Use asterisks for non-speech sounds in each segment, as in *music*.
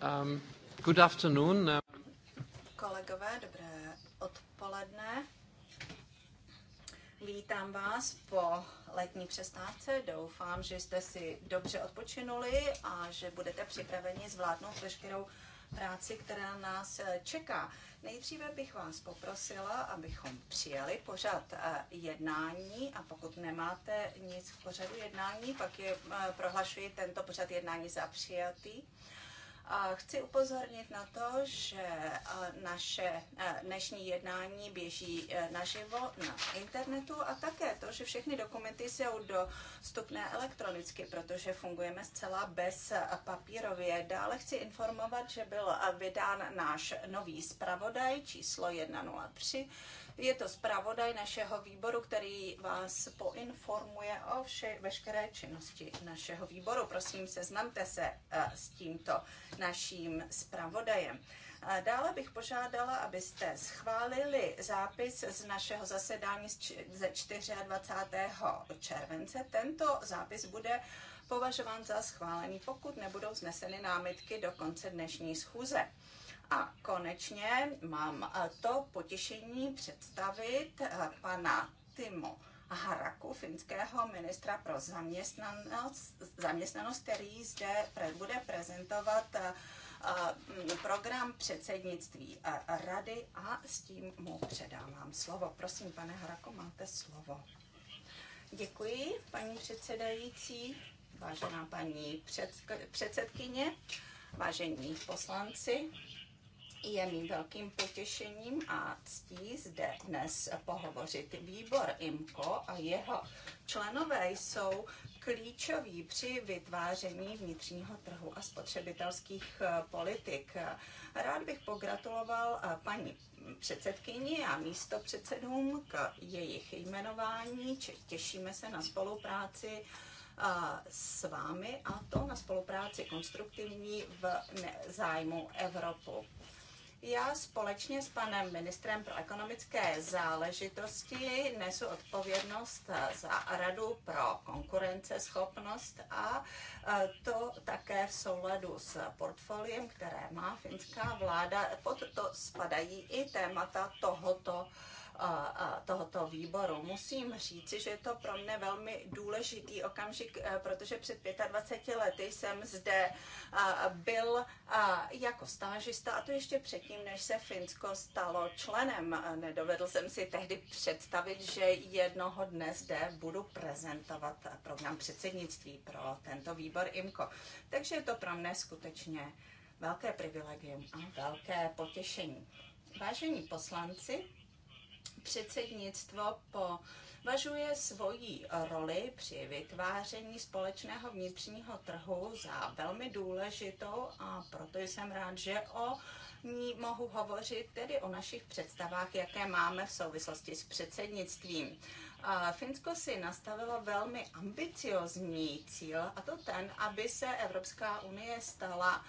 Um, good afternoon. Uh, Kolegové, dobré odpoledne. Vítám vás po letní přestávce. Doufám, že jste si dobře odpočinuli a že budete připraveni zvládnout veškerou práci, která nás eh, čeká. Nejdříve bych vás poprosila, abychom přijali pořad eh, jednání a pokud nemáte nic v pořadu jednání, pak je eh, prohlašuji tento pořad jednání za přijatý. Chci upozornit na to, že eh, naše eh, dnešní jednání běží eh, naživo na internetu a také to, že všechny dokumenty jsou dostupné elektronicky, protože fungujeme zcela bez papírově. Dále chci informovat, že byl vydán náš nový zpravodaj číslo 103 je to zpravodaj našeho výboru, který vás poinformuje o vše, veškeré činnosti našeho výboru. Prosím, seznamte se eh, s tímto naším zpravodajem. Eh, dále bych požádala, abyste schválili zápis z našeho zasedání ze 24. července. Tento zápis bude považován za schválený, pokud nebudou zneseny námitky do konce dnešní schůze. A konečně mám eh, to potěšení představit eh, pana Timo Haraku, finského ministra pro zaměstnanost, zaměstnanost který zde bude prezentovat eh, program předsednictví rady a s tím mu předávám slovo. Prosím, pane Harako, máte slovo. Děkuji, paní předsedající, vážená paní předsedkyně, vážení poslanci, je mým velkým potěšením a ctí zde dnes pohovořit výbor Imko a jeho členové jsou klíčoví při vytváření vnitřního trhu a spotřebitelských eh, politik. Rád bych pogratuloval eh, paní předsedkyni a místo předsedům k jejich jmenování. Těšíme se na spolupráci eh, s vámi a to na spolupráci konstruktivní v zájmu Evropu. Já společně s panem ministrem pro ekonomické záležitosti nesu odpovědnost eh, za Radu pro konkurenceschopnost a eh, to také v souladu s portfoliem, které má finská vláda. Pod to spadají i témata tohoto uh, tohoto výboru. Musím říci, že je to pro mne velmi důležitý okamžik, eh, protože před 25 lety jsem zde eh, byl eh, jako stážista a to ještě předtím, než se Finsko stalo členem. Nedovedl jsem si tehdy představit, že jednoho dne zde budu prezentovat program předsednictví pro tento výbor IMCO. Takže je to pro mne skutečně velké privilegium a velké potěšení. Vážení poslanci, předsednictvo považuje svoji roli při vytváření společného vnitřního trhu za velmi důležitou a proto jsem rád, že o ní mohu hovořit tedy o našich představách, jaké máme v souvislosti s předsednictvím. Finsko si nastavilo velmi ambiciozní cíl, a to ten, aby se Evropská unie stala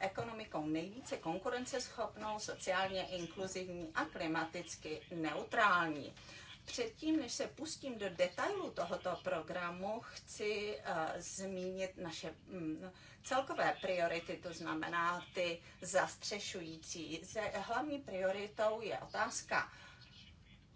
ekonomikou nejvíce konkurenceschopnou, sociálně inkluzivní a klimaticky neutrální. Předtím, než se pustím do detailů tohoto programu, chci uh, zmínit naše mm, celkové priority, to znamená ty zastřešující. Ze, hlavní prioritou je otázka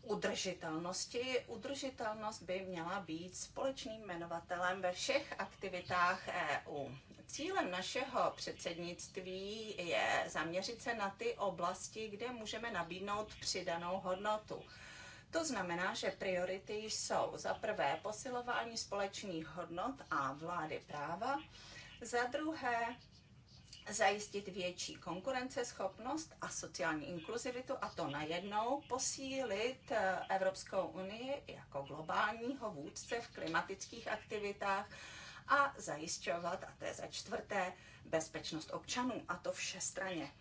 udržitelnosti. Udržitelnost by měla být společným jmenovatelem ve všech aktivitách EU. Cílem našeho předsednictví je zaměřit se na ty oblasti, kde můžeme nabídnout přidanou hodnotu. To znamená, že priority jsou za prvé posilování společných hodnot a vlády práva, za druhé zajistit větší konkurenceschopnost a sociální inkluzivitu a to najednou posílit eh, Evropskou unii jako globálního vůdce v klimatických aktivitách a zajišťovat, a to je za čtvrté, bezpečnost občanů, a to straně.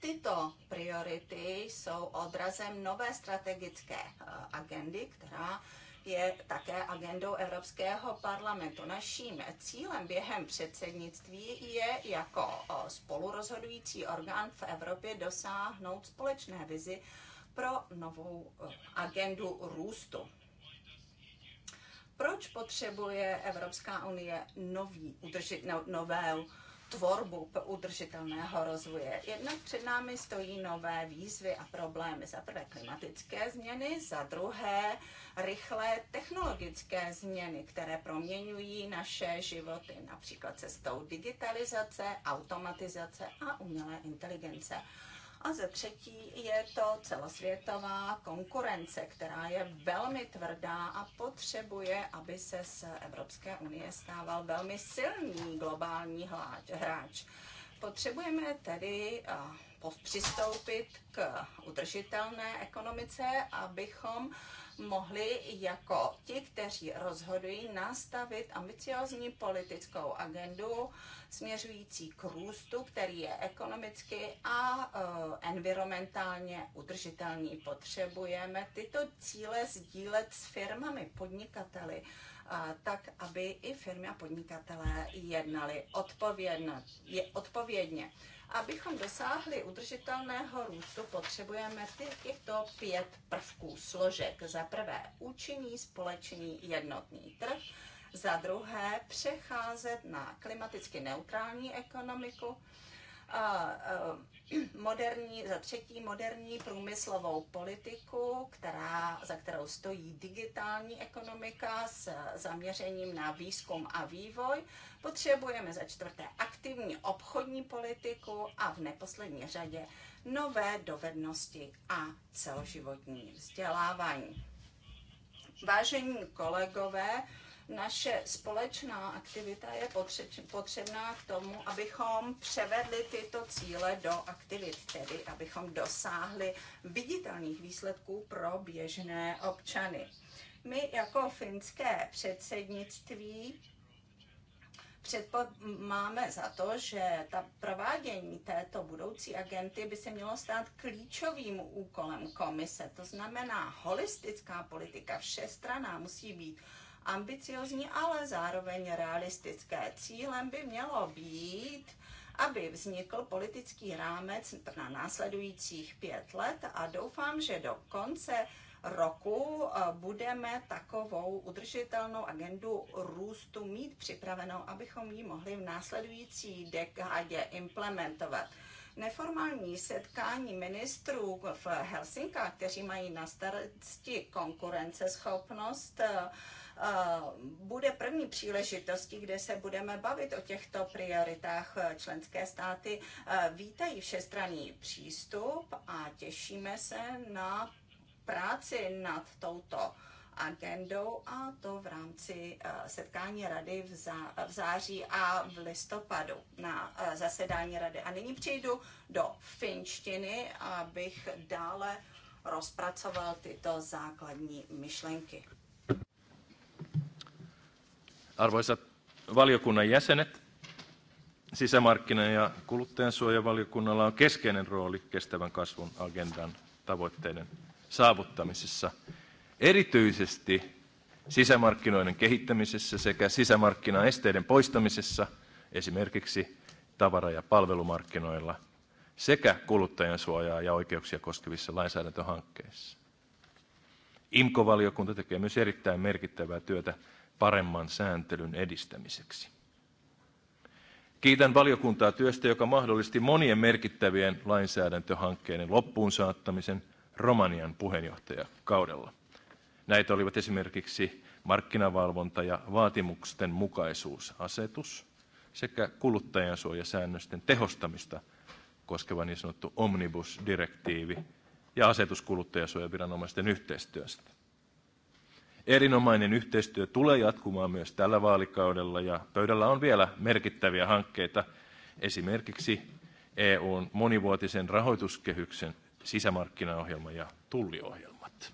Tyto priority jsou odrazem nové strategické eh, agendy, která je také agendou Evropského parlamentu. Naším cílem během předsednictví je jako eh, spolurozhodující orgán v Evropě dosáhnout společné vizi pro novou eh, agendu růstu. Proč potřebuje Evropská unie nový, udrži, no, novou tvorbu udržitelného rozvoje. Jednak před námi stojí nové výzvy a problémy. Za prvé klimatické změny, za druhé rychlé technologické změny, které proměňují naše životy, například cestou digitalizace, automatizace a umělé inteligence. A ze třetí je to celosvětová konkurence, která je velmi tvrdá a potřebuje, aby se z Evropské unie stával velmi silný globální hráč. Potřebujeme tedy přistoupit k udržitelné ekonomice, abychom mohli jako ti, kteří rozhodují, nastavit ambiciozní politickou agendu směřující k růstu, který je ekonomicky a eh, environmentálně udržitelný. Potřebujeme tyto cíle sdílet s firmami, podnikateli, tak aby i firmy a podnikatelé jednali odpovědně. Abychom dosáhli udržitelného růstu, potřebujeme těchto pět prvků složek. Za prvé účinný společný jednotný trh, za druhé přecházet na klimaticky neutrální ekonomiku, a, a, moderní, za třetí moderní průmyslovou politiku, která, za kterou stojí digitální ekonomika s zaměřením na výzkum a vývoj. Potřebujeme za čtvrté aktivní obchodní politiku a v neposlední řadě nové dovednosti a celoživotní vzdělávání. Vážení kolegové, naše společná aktivita je potřebná k tomu, abychom převedli tyto cíle do aktivit, tedy abychom dosáhli viditelných výsledků pro běžné občany. My jako finské předsednictví předpo- máme za to, že ta provádění této budoucí agenty by se mělo stát klíčovým úkolem komise. To znamená, holistická politika všestraná musí být ambiciozní, ale zároveň realistické. Cílem by mělo být, aby vznikl politický rámec na následujících pět let a doufám, že do konce roku eh, budeme takovou udržitelnou agendu růstu mít připravenou, abychom ji mohli v následující dekádě implementovat. Neformální setkání ministrů v Helsinkách, kteří mají na starosti konkurenceschopnost, eh, Eh, bude první příležitostí, kde se budeme bavit o těchto prioritách. Eh, členské státy eh, vítají všestranný přístup a těšíme se na práci nad touto agendou a to v rámci setkání rady v, září a v listopadu na zasedání rady. A nyní přejdu do finštiny, abych dále rozpracoval tyto základní myšlenky. Arvoisat valiokunnan jäsenet, sisämarkkina- ja kuluttajansuojavaliokunnalla on keskeinen rooli kestävän kasvun agendan tavoitteiden saavuttamisessa, erityisesti sisämarkkinoiden kehittämisessä sekä sisämarkkinaesteiden poistamisessa, esimerkiksi tavara- ja palvelumarkkinoilla, sekä kuluttajansuojaa ja oikeuksia koskevissa lainsäädäntöhankkeissa. IMKO-valiokunta tekee myös erittäin merkittävää työtä paremman sääntelyn edistämiseksi. Kiitän valiokuntaa työstä, joka mahdollisti monien merkittävien lainsäädäntöhankkeiden loppuun saattamisen Romanian puheenjohtajakaudella. Näitä olivat esimerkiksi markkinavalvonta ja vaatimusten mukaisuusasetus sekä kuluttajansuojasäännösten tehostamista koskeva niin sanottu omnibus-direktiivi ja asetus kuluttajansuojaviranomaisten yhteistyöstä. Erinomainen yhteistyö tulee jatkumaan myös tällä vaalikaudella ja pöydällä on vielä merkittäviä hankkeita, esimerkiksi EUn monivuotisen rahoituskehyksen sisämarkkinaohjelma ja tulliohjelmat.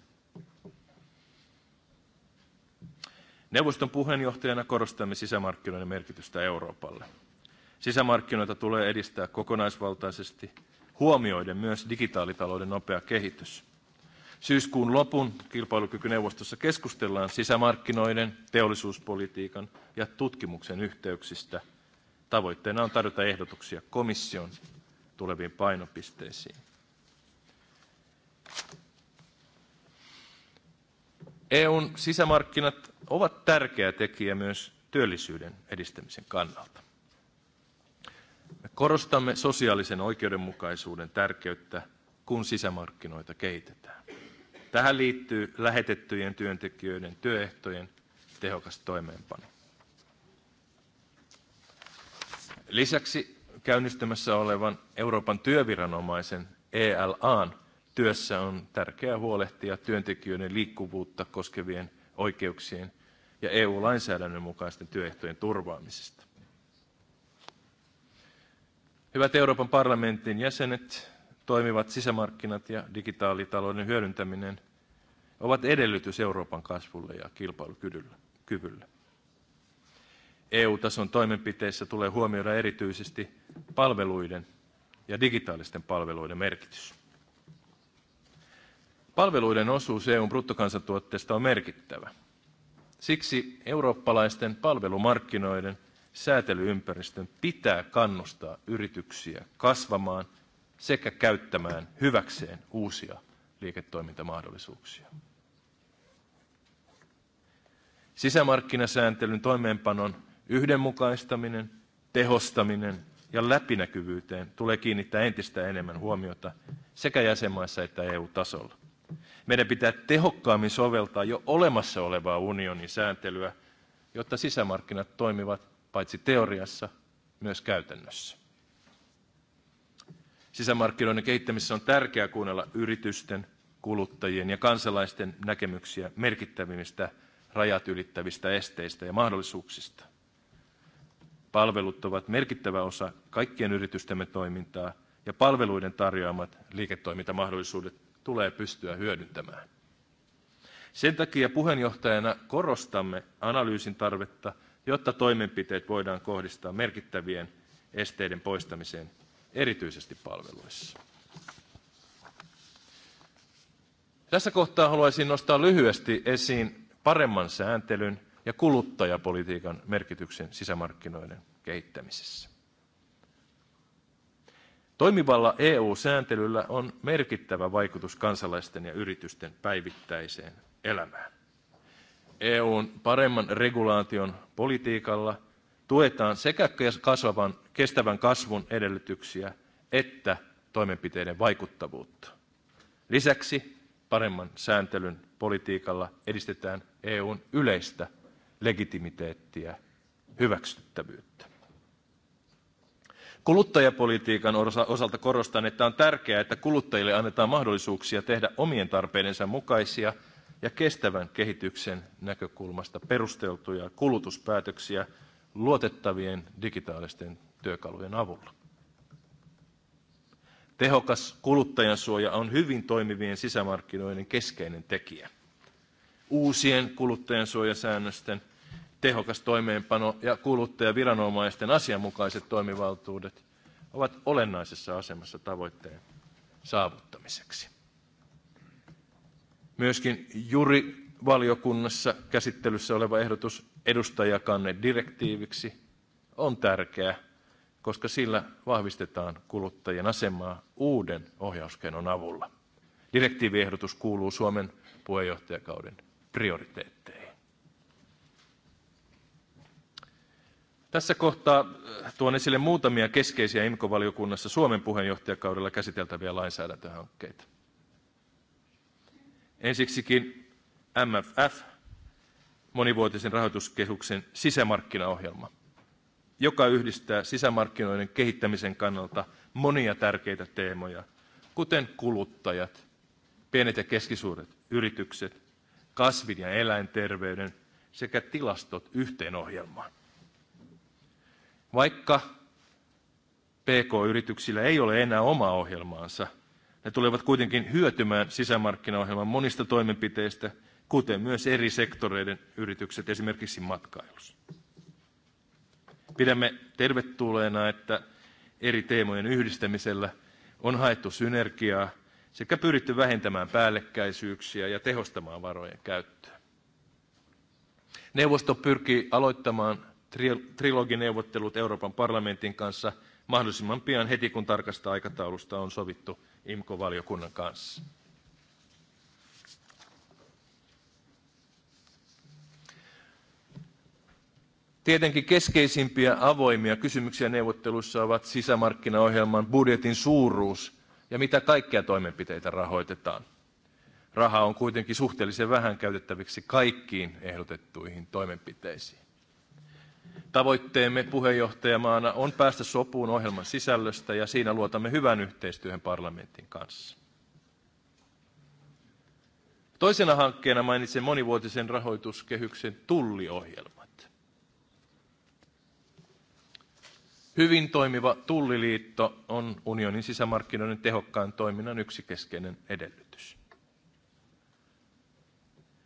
Neuvoston puheenjohtajana korostamme sisämarkkinoiden merkitystä Euroopalle. Sisämarkkinoita tulee edistää kokonaisvaltaisesti, huomioiden myös digitaalitalouden nopea kehitys. Syyskuun lopun kilpailukykyneuvostossa keskustellaan sisämarkkinoiden, teollisuuspolitiikan ja tutkimuksen yhteyksistä. Tavoitteena on tarjota ehdotuksia komission tuleviin painopisteisiin. EUn sisämarkkinat ovat tärkeä tekijä myös työllisyyden edistämisen kannalta. Me korostamme sosiaalisen oikeudenmukaisuuden tärkeyttä, kun sisämarkkinoita kehitetään. Tähän liittyy lähetettyjen työntekijöiden työehtojen tehokas toimeenpano. Lisäksi käynnistymässä olevan Euroopan työviranomaisen ELAn työssä on tärkeää huolehtia työntekijöiden liikkuvuutta koskevien oikeuksien ja EU-lainsäädännön mukaisten työehtojen turvaamisesta. Hyvät Euroopan parlamentin jäsenet, toimivat sisämarkkinat ja digitaalitalouden hyödyntäminen ovat edellytys Euroopan kasvulle ja kilpailukyvylle. EU-tason e toimenpiteissä tulee huomioida erityisesti palveluiden ja digitaalisten palveluiden merkitys. Palveluiden osuus EUn bruttokansantuotteesta on merkittävä. Siksi eurooppalaisten palvelumarkkinoiden säätelyympäristön pitää kannustaa yrityksiä kasvamaan – sekä käyttämään hyväkseen uusia liiketoimintamahdollisuuksia. Sisämarkkinasääntelyn toimeenpanon yhdenmukaistaminen, tehostaminen ja läpinäkyvyyteen tulee kiinnittää entistä enemmän huomiota sekä jäsenmaissa että EU-tasolla. Meidän pitää tehokkaammin soveltaa jo olemassa olevaa unionin sääntelyä, jotta sisämarkkinat toimivat paitsi teoriassa, myös käytännössä. Sisämarkkinoiden kehittämisessä on tärkeää kuunnella yritysten, kuluttajien ja kansalaisten näkemyksiä merkittävimmistä rajat ylittävistä esteistä ja mahdollisuuksista. Palvelut ovat merkittävä osa kaikkien yritystemme toimintaa ja palveluiden tarjoamat liiketoimintamahdollisuudet tulee pystyä hyödyntämään. Sen takia puheenjohtajana korostamme analyysin tarvetta, jotta toimenpiteet voidaan kohdistaa merkittävien esteiden poistamiseen erityisesti palveluissa. Tässä kohtaa haluaisin nostaa lyhyesti esiin paremman sääntelyn ja kuluttajapolitiikan merkityksen sisämarkkinoiden kehittämisessä. Toimivalla EU-sääntelyllä on merkittävä vaikutus kansalaisten ja yritysten päivittäiseen elämään. EUn paremman regulaation politiikalla – tuetaan sekä kasvavan, kestävän kasvun edellytyksiä että toimenpiteiden vaikuttavuutta. Lisäksi paremman sääntelyn politiikalla edistetään EUn yleistä legitimiteettiä hyväksyttävyyttä. Kuluttajapolitiikan osalta korostan, että on tärkeää, että kuluttajille annetaan mahdollisuuksia tehdä omien tarpeidensa mukaisia ja kestävän kehityksen näkökulmasta perusteltuja kulutuspäätöksiä luotettavien digitaalisten työkalujen avulla. Tehokas kuluttajansuoja on hyvin toimivien sisämarkkinoiden keskeinen tekijä. Uusien kuluttajansuojasäännösten tehokas toimeenpano ja kuluttajaviranomaisten asianmukaiset toimivaltuudet ovat olennaisessa asemassa tavoitteen saavuttamiseksi. Myöskin juri valiokunnassa käsittelyssä oleva ehdotus edustajakanne direktiiviksi on tärkeä, koska sillä vahvistetaan kuluttajien asemaa uuden ohjauskeinon avulla. Direktiiviehdotus kuuluu Suomen puheenjohtajakauden prioriteetteihin. Tässä kohtaa äh, tuon esille muutamia keskeisiä IMCO-valiokunnassa Suomen puheenjohtajakaudella käsiteltäviä lainsäädäntöhankkeita. Ensiksikin MFF monivuotisen rahoituskehuksen sisämarkkinaohjelma, joka yhdistää sisämarkkinoiden kehittämisen kannalta monia tärkeitä teemoja, kuten kuluttajat, pienet ja keskisuuret yritykset, kasvin ja eläinterveyden sekä tilastot yhteen ohjelmaan. Vaikka PK-yrityksillä ei ole enää omaa ohjelmaansa, ne tulevat kuitenkin hyötymään sisämarkkinaohjelman monista toimenpiteistä – kuten myös eri sektoreiden yritykset esimerkiksi matkailussa. Pidämme tervetulleena, että eri teemojen yhdistämisellä on haettu synergiaa sekä pyritty vähentämään päällekkäisyyksiä ja tehostamaan varojen käyttöä. Neuvosto pyrkii aloittamaan trilogineuvottelut Euroopan parlamentin kanssa mahdollisimman pian heti, kun tarkasta aikataulusta on sovittu IMKO-valiokunnan kanssa. Tietenkin keskeisimpiä avoimia kysymyksiä neuvotteluissa ovat sisämarkkinaohjelman budjetin suuruus ja mitä kaikkia toimenpiteitä rahoitetaan. Raha on kuitenkin suhteellisen vähän käytettäviksi kaikkiin ehdotettuihin toimenpiteisiin. Tavoitteemme puheenjohtajamaana on päästä sopuun ohjelman sisällöstä ja siinä luotamme hyvän yhteistyöhön parlamentin kanssa. Toisena hankkeena mainitsen monivuotisen rahoituskehyksen tulliohjelma. Hyvin toimiva tulliliitto on unionin sisämarkkinoiden tehokkaan toiminnan yksi keskeinen edellytys.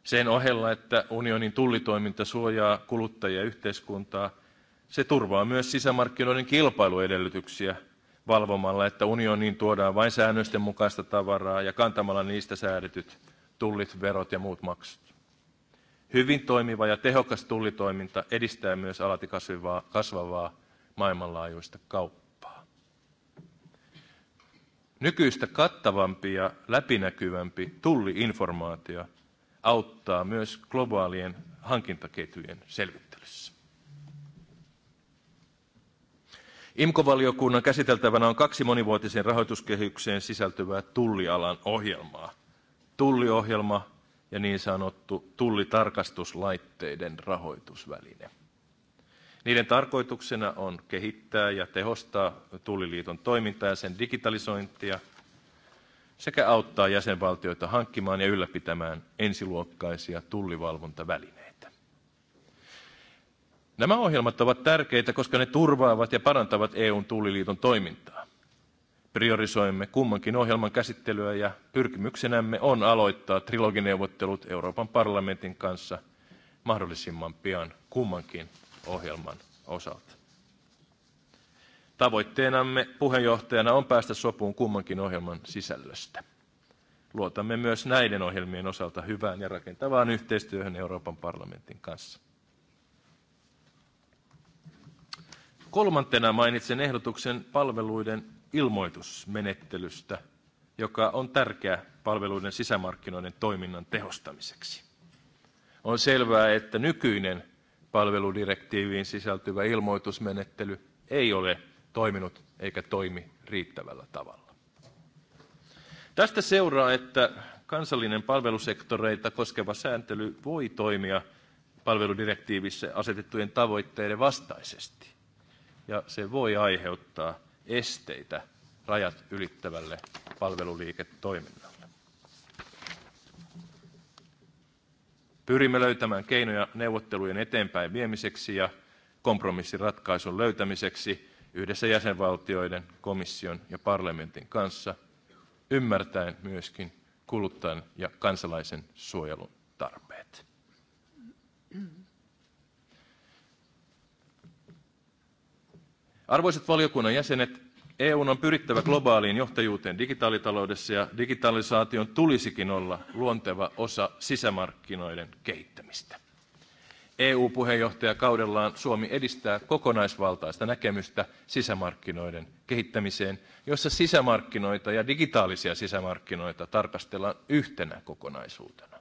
Sen ohella, että unionin tullitoiminta suojaa kuluttajia yhteiskuntaa, se turvaa myös sisämarkkinoiden kilpailuedellytyksiä valvomalla, että unioniin tuodaan vain säännösten mukaista tavaraa ja kantamalla niistä säädetyt tullit, verot ja muut maksut. Hyvin toimiva ja tehokas tullitoiminta edistää myös alati kasvavaa maailmanlaajuista kauppaa. Nykyistä kattavampi ja läpinäkyvämpi tulliinformaatio auttaa myös globaalien hankintaketjujen selvittelyssä. IMCO-valiokunnan käsiteltävänä on kaksi monivuotisen rahoituskehykseen sisältyvää tullialan ohjelmaa. Tulliohjelma ja niin sanottu tullitarkastuslaitteiden rahoitusväline. Niiden tarkoituksena on kehittää ja tehostaa Tulliliiton toimintaa ja sen digitalisointia sekä auttaa jäsenvaltioita hankkimaan ja ylläpitämään ensiluokkaisia tullivalvontavälineitä. Nämä ohjelmat ovat tärkeitä, koska ne turvaavat ja parantavat EUn tulliliiton toimintaa. Priorisoimme kummankin ohjelman käsittelyä ja pyrkimyksenämme on aloittaa trilogineuvottelut Euroopan parlamentin kanssa mahdollisimman pian kummankin ohjelman osalta. Tavoitteenamme puheenjohtajana on päästä sopuun kummankin ohjelman sisällöstä. Luotamme myös näiden ohjelmien osalta hyvään ja rakentavaan yhteistyöhön Euroopan parlamentin kanssa. Kolmantena mainitsen ehdotuksen palveluiden ilmoitusmenettelystä, joka on tärkeä palveluiden sisämarkkinoiden toiminnan tehostamiseksi. On selvää, että nykyinen palveludirektiiviin sisältyvä ilmoitusmenettely ei ole toiminut eikä toimi riittävällä tavalla. Tästä seuraa, että kansallinen palvelusektoreita koskeva sääntely voi toimia palveludirektiivissä asetettujen tavoitteiden vastaisesti, ja se voi aiheuttaa esteitä rajat ylittävälle palveluliiketoiminnalle. Pyrimme löytämään keinoja neuvottelujen eteenpäin viemiseksi ja kompromissiratkaisun löytämiseksi yhdessä jäsenvaltioiden, komission ja parlamentin kanssa, ymmärtäen myöskin kuluttajan ja kansalaisen suojelun tarpeet. Arvoisat valiokunnan jäsenet, EUn on pyrittävä globaaliin johtajuuteen digitaalitaloudessa ja digitalisaation tulisikin olla luonteva osa sisämarkkinoiden kehittämistä. EU-puheenjohtajakaudellaan Suomi edistää kokonaisvaltaista näkemystä sisämarkkinoiden kehittämiseen, jossa sisämarkkinoita ja digitaalisia sisämarkkinoita tarkastellaan yhtenä kokonaisuutena.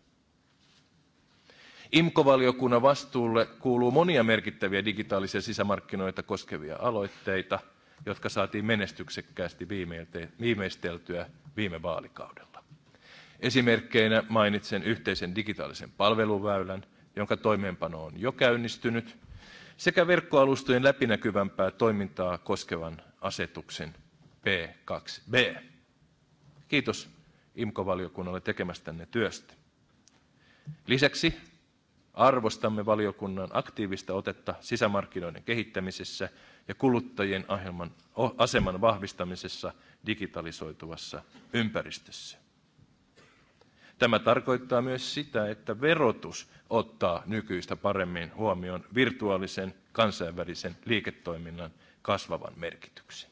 IMKO-valiokunnan vastuulle kuuluu monia merkittäviä digitaalisia sisämarkkinoita koskevia aloitteita – jotka saatiin menestyksekkäästi viimeisteltyä viime vaalikaudella. Esimerkkeinä mainitsen yhteisen digitaalisen palveluväylän, jonka toimeenpano on jo käynnistynyt, sekä verkkoalustojen läpinäkyvämpää toimintaa koskevan asetuksen P2B. Kiitos IMCO-valiokunnalle tekemästänne työstä. Lisäksi arvostamme valiokunnan aktiivista otetta sisämarkkinoiden kehittämisessä ja kuluttajien aseman vahvistamisessa digitalisoituvassa ympäristössä. Tämä tarkoittaa myös sitä, että verotus ottaa nykyistä paremmin huomioon virtuaalisen kansainvälisen liiketoiminnan kasvavan merkityksen.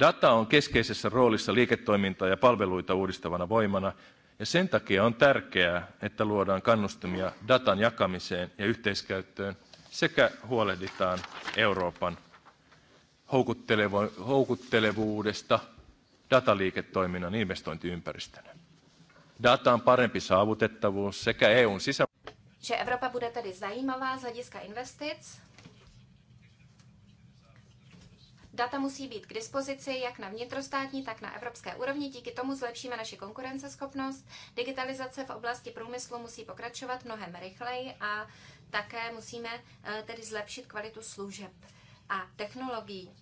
Data on keskeisessä roolissa liiketoimintaa ja palveluita uudistavana voimana, ja sen takia on tärkeää että luodaan kannustimia datan jakamiseen ja yhteiskäyttöön sekä huolehditaan euroopan houkuttelevu houkuttelevuudesta dataliiketoiminnan investointiympäristönä. Datan parempi saavutettavuus sekä EUn sisä... Že Evropa bude tedy zajímavá z hlediska investic Data musí být k dispozici jak na vnitrostátní, tak na evropské úrovni. Díky tomu zlepšíme naši konkurenceschopnost. Digitalizace v oblasti průmyslu musí pokračovat mnohem rychleji a také musíme eh, tedy zlepšit kvalitu služeb a technologií.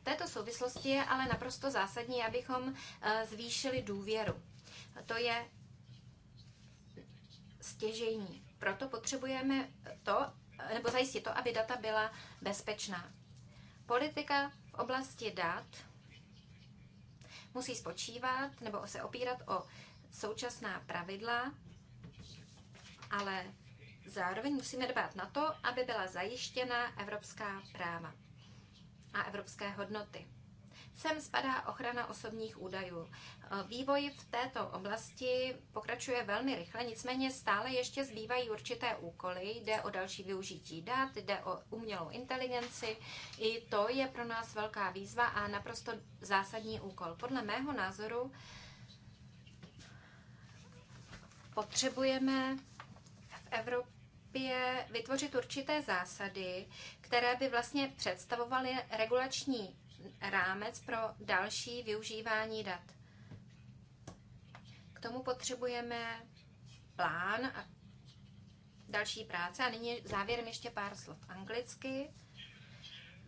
V této souvislosti je ale naprosto zásadní, abychom eh, zvýšili důvěru. To je stěžejní. Proto potřebujeme to, eh, nebo zajistit to, aby data byla bezpečná. Politika v oblasti dat musí spočívat nebo se opírat o současná pravidla, ale zároveň musíme dbát na to, aby byla zajištěna evropská práva a evropské hodnoty. Sem spadá ochrana osobních údajů. E, vývoj v této oblasti pokračuje velmi rychle, nicméně stále ještě zbývají určité úkoly. Jde o další využití dat, jde o umělou inteligenci. I to je pro nás velká výzva a naprosto zásadní úkol. Podle mého názoru potřebujeme v Evropě vytvořit určité zásady, které by vlastně představovaly regulační rámec pro další využívání dat. K tomu potřebujeme plán a další práce. A nyní závěrem ještě pár slov anglicky.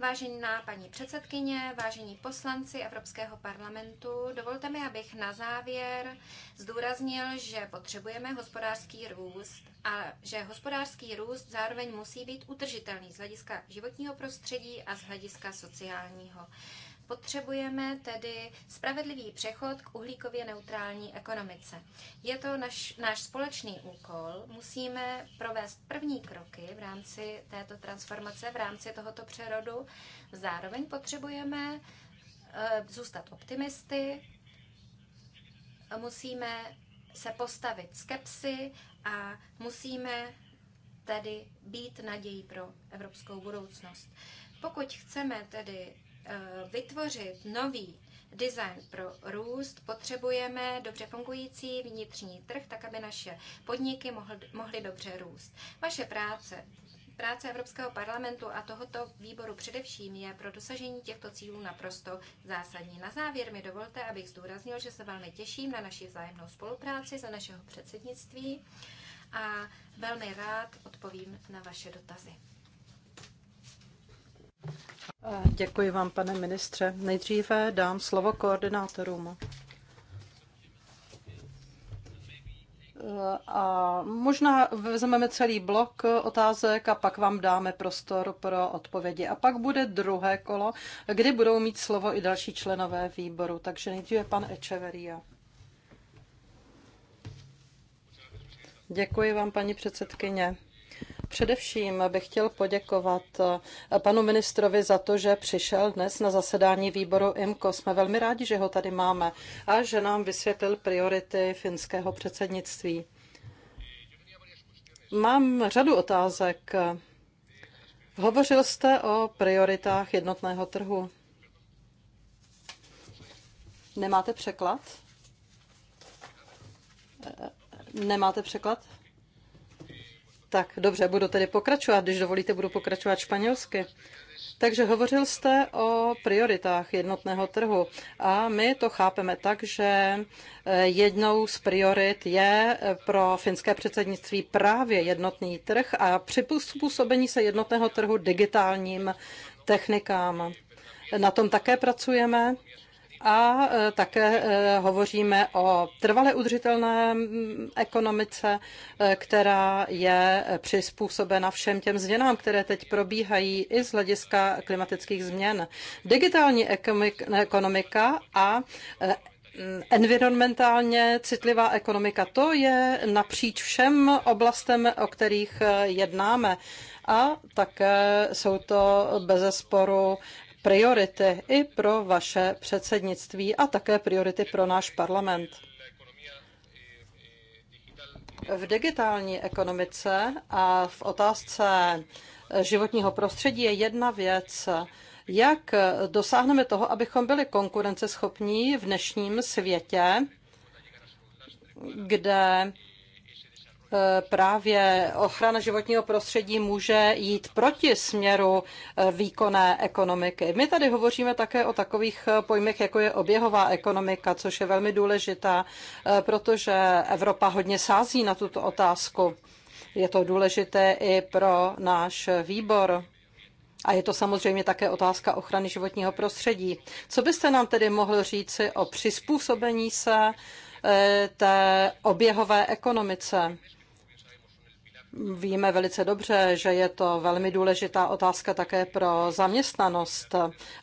Vážená paní předsedkyně, vážení poslanci Evropského parlamentu, dovolte mi, abych na závěr zdůraznil, že potřebujeme hospodářský růst a že hospodářský růst zároveň musí být utržitelný z hlediska životního prostředí a z hlediska sociálního. Potřebujeme tedy spravedlivý přechod k uhlíkově neutrální ekonomice. Je to naš, náš společný úkol. Musíme provést první kroky v rámci této transformace, v rámci tohoto přerodu. Zároveň potřebujeme eh, zůstat optimisty, musíme se postavit skepsy a musíme tedy být nadějí pro evropskou budoucnost. Pokud chceme tedy Eh, vytvořit nový design pro růst, potřebujeme dobře fungující vnitřní trh, tak aby naše podniky mohly dobře růst. Vaše práce práce Evropského parlamentu a tohoto výboru především je pro dosažení těchto cílů naprosto zásadní. Na závěr mi dovolte, abych zdůraznil, že se velmi těším na naši vzájemnou spolupráci za našeho předsednictví a velmi rád odpovím na vaše dotazy. Děkuji vám, pane ministře. Nejdříve dám slovo koordinátorům. A možná vezmeme celý blok otázek a pak vám dáme prostor pro odpovědi. A pak bude druhé kolo, kdy budou mít slovo i další členové výboru. Takže nejdříve pan Echeveria. Děkuji vám, paní předsedkyně. Především bych chtěl poděkovat eh, panu ministrovi za to, že přišel dnes na zasedání výboru IMCO. Jsme velmi rádi, že ho tady máme a že nám vysvětlil priority finského předsednictví. Mám řadu otázek. Hovořil jste o prioritách jednotného trhu. Nemáte překlad? Eh, nemáte překlad? Tak dobře, budu tedy pokračovat, když dovolíte, budu pokračovat španělsky. Takže hovořil jste o prioritách jednotného trhu a my to chápeme tak, že eh, jednou z priorit je eh, pro finské předsednictví právě jednotný trh a přizpůsobení se jednotného trhu digitálním technikám. Na tom také pracujeme a e, také e, hovoříme o trvale udržitelné ekonomice, e, která je přizpůsobena všem těm změnám, které teď probíhají i z hlediska klimatických změn. Digitální ekonomika a environmentálně citlivá ekonomika, to je napříč všem oblastem, o kterých jednáme. A také jsou to bezesporu priority i pro vaše předsednictví a také priority pro náš parlament. V digitální ekonomice a v otázce životního prostředí je jedna věc, jak dosáhneme toho, abychom byli konkurenceschopní v dnešním světě, kde Eh, právě ochrana životního prostředí může jít proti směru eh, výkonné ekonomiky. My tady hovoříme také o takových eh, pojmech, jako je oběhová ekonomika, což je velmi důležitá, protože Evropa hodně sází na tuto otázku. Je to důležité i pro náš výbor. A je to samozřejmě také otázka ochrany životního prostředí. Co byste nám tedy mohl říci o přizpůsobení se té oběhové ekonomice? Víme velice dobře, že je to velmi důležitá otázka také pro zaměstnanost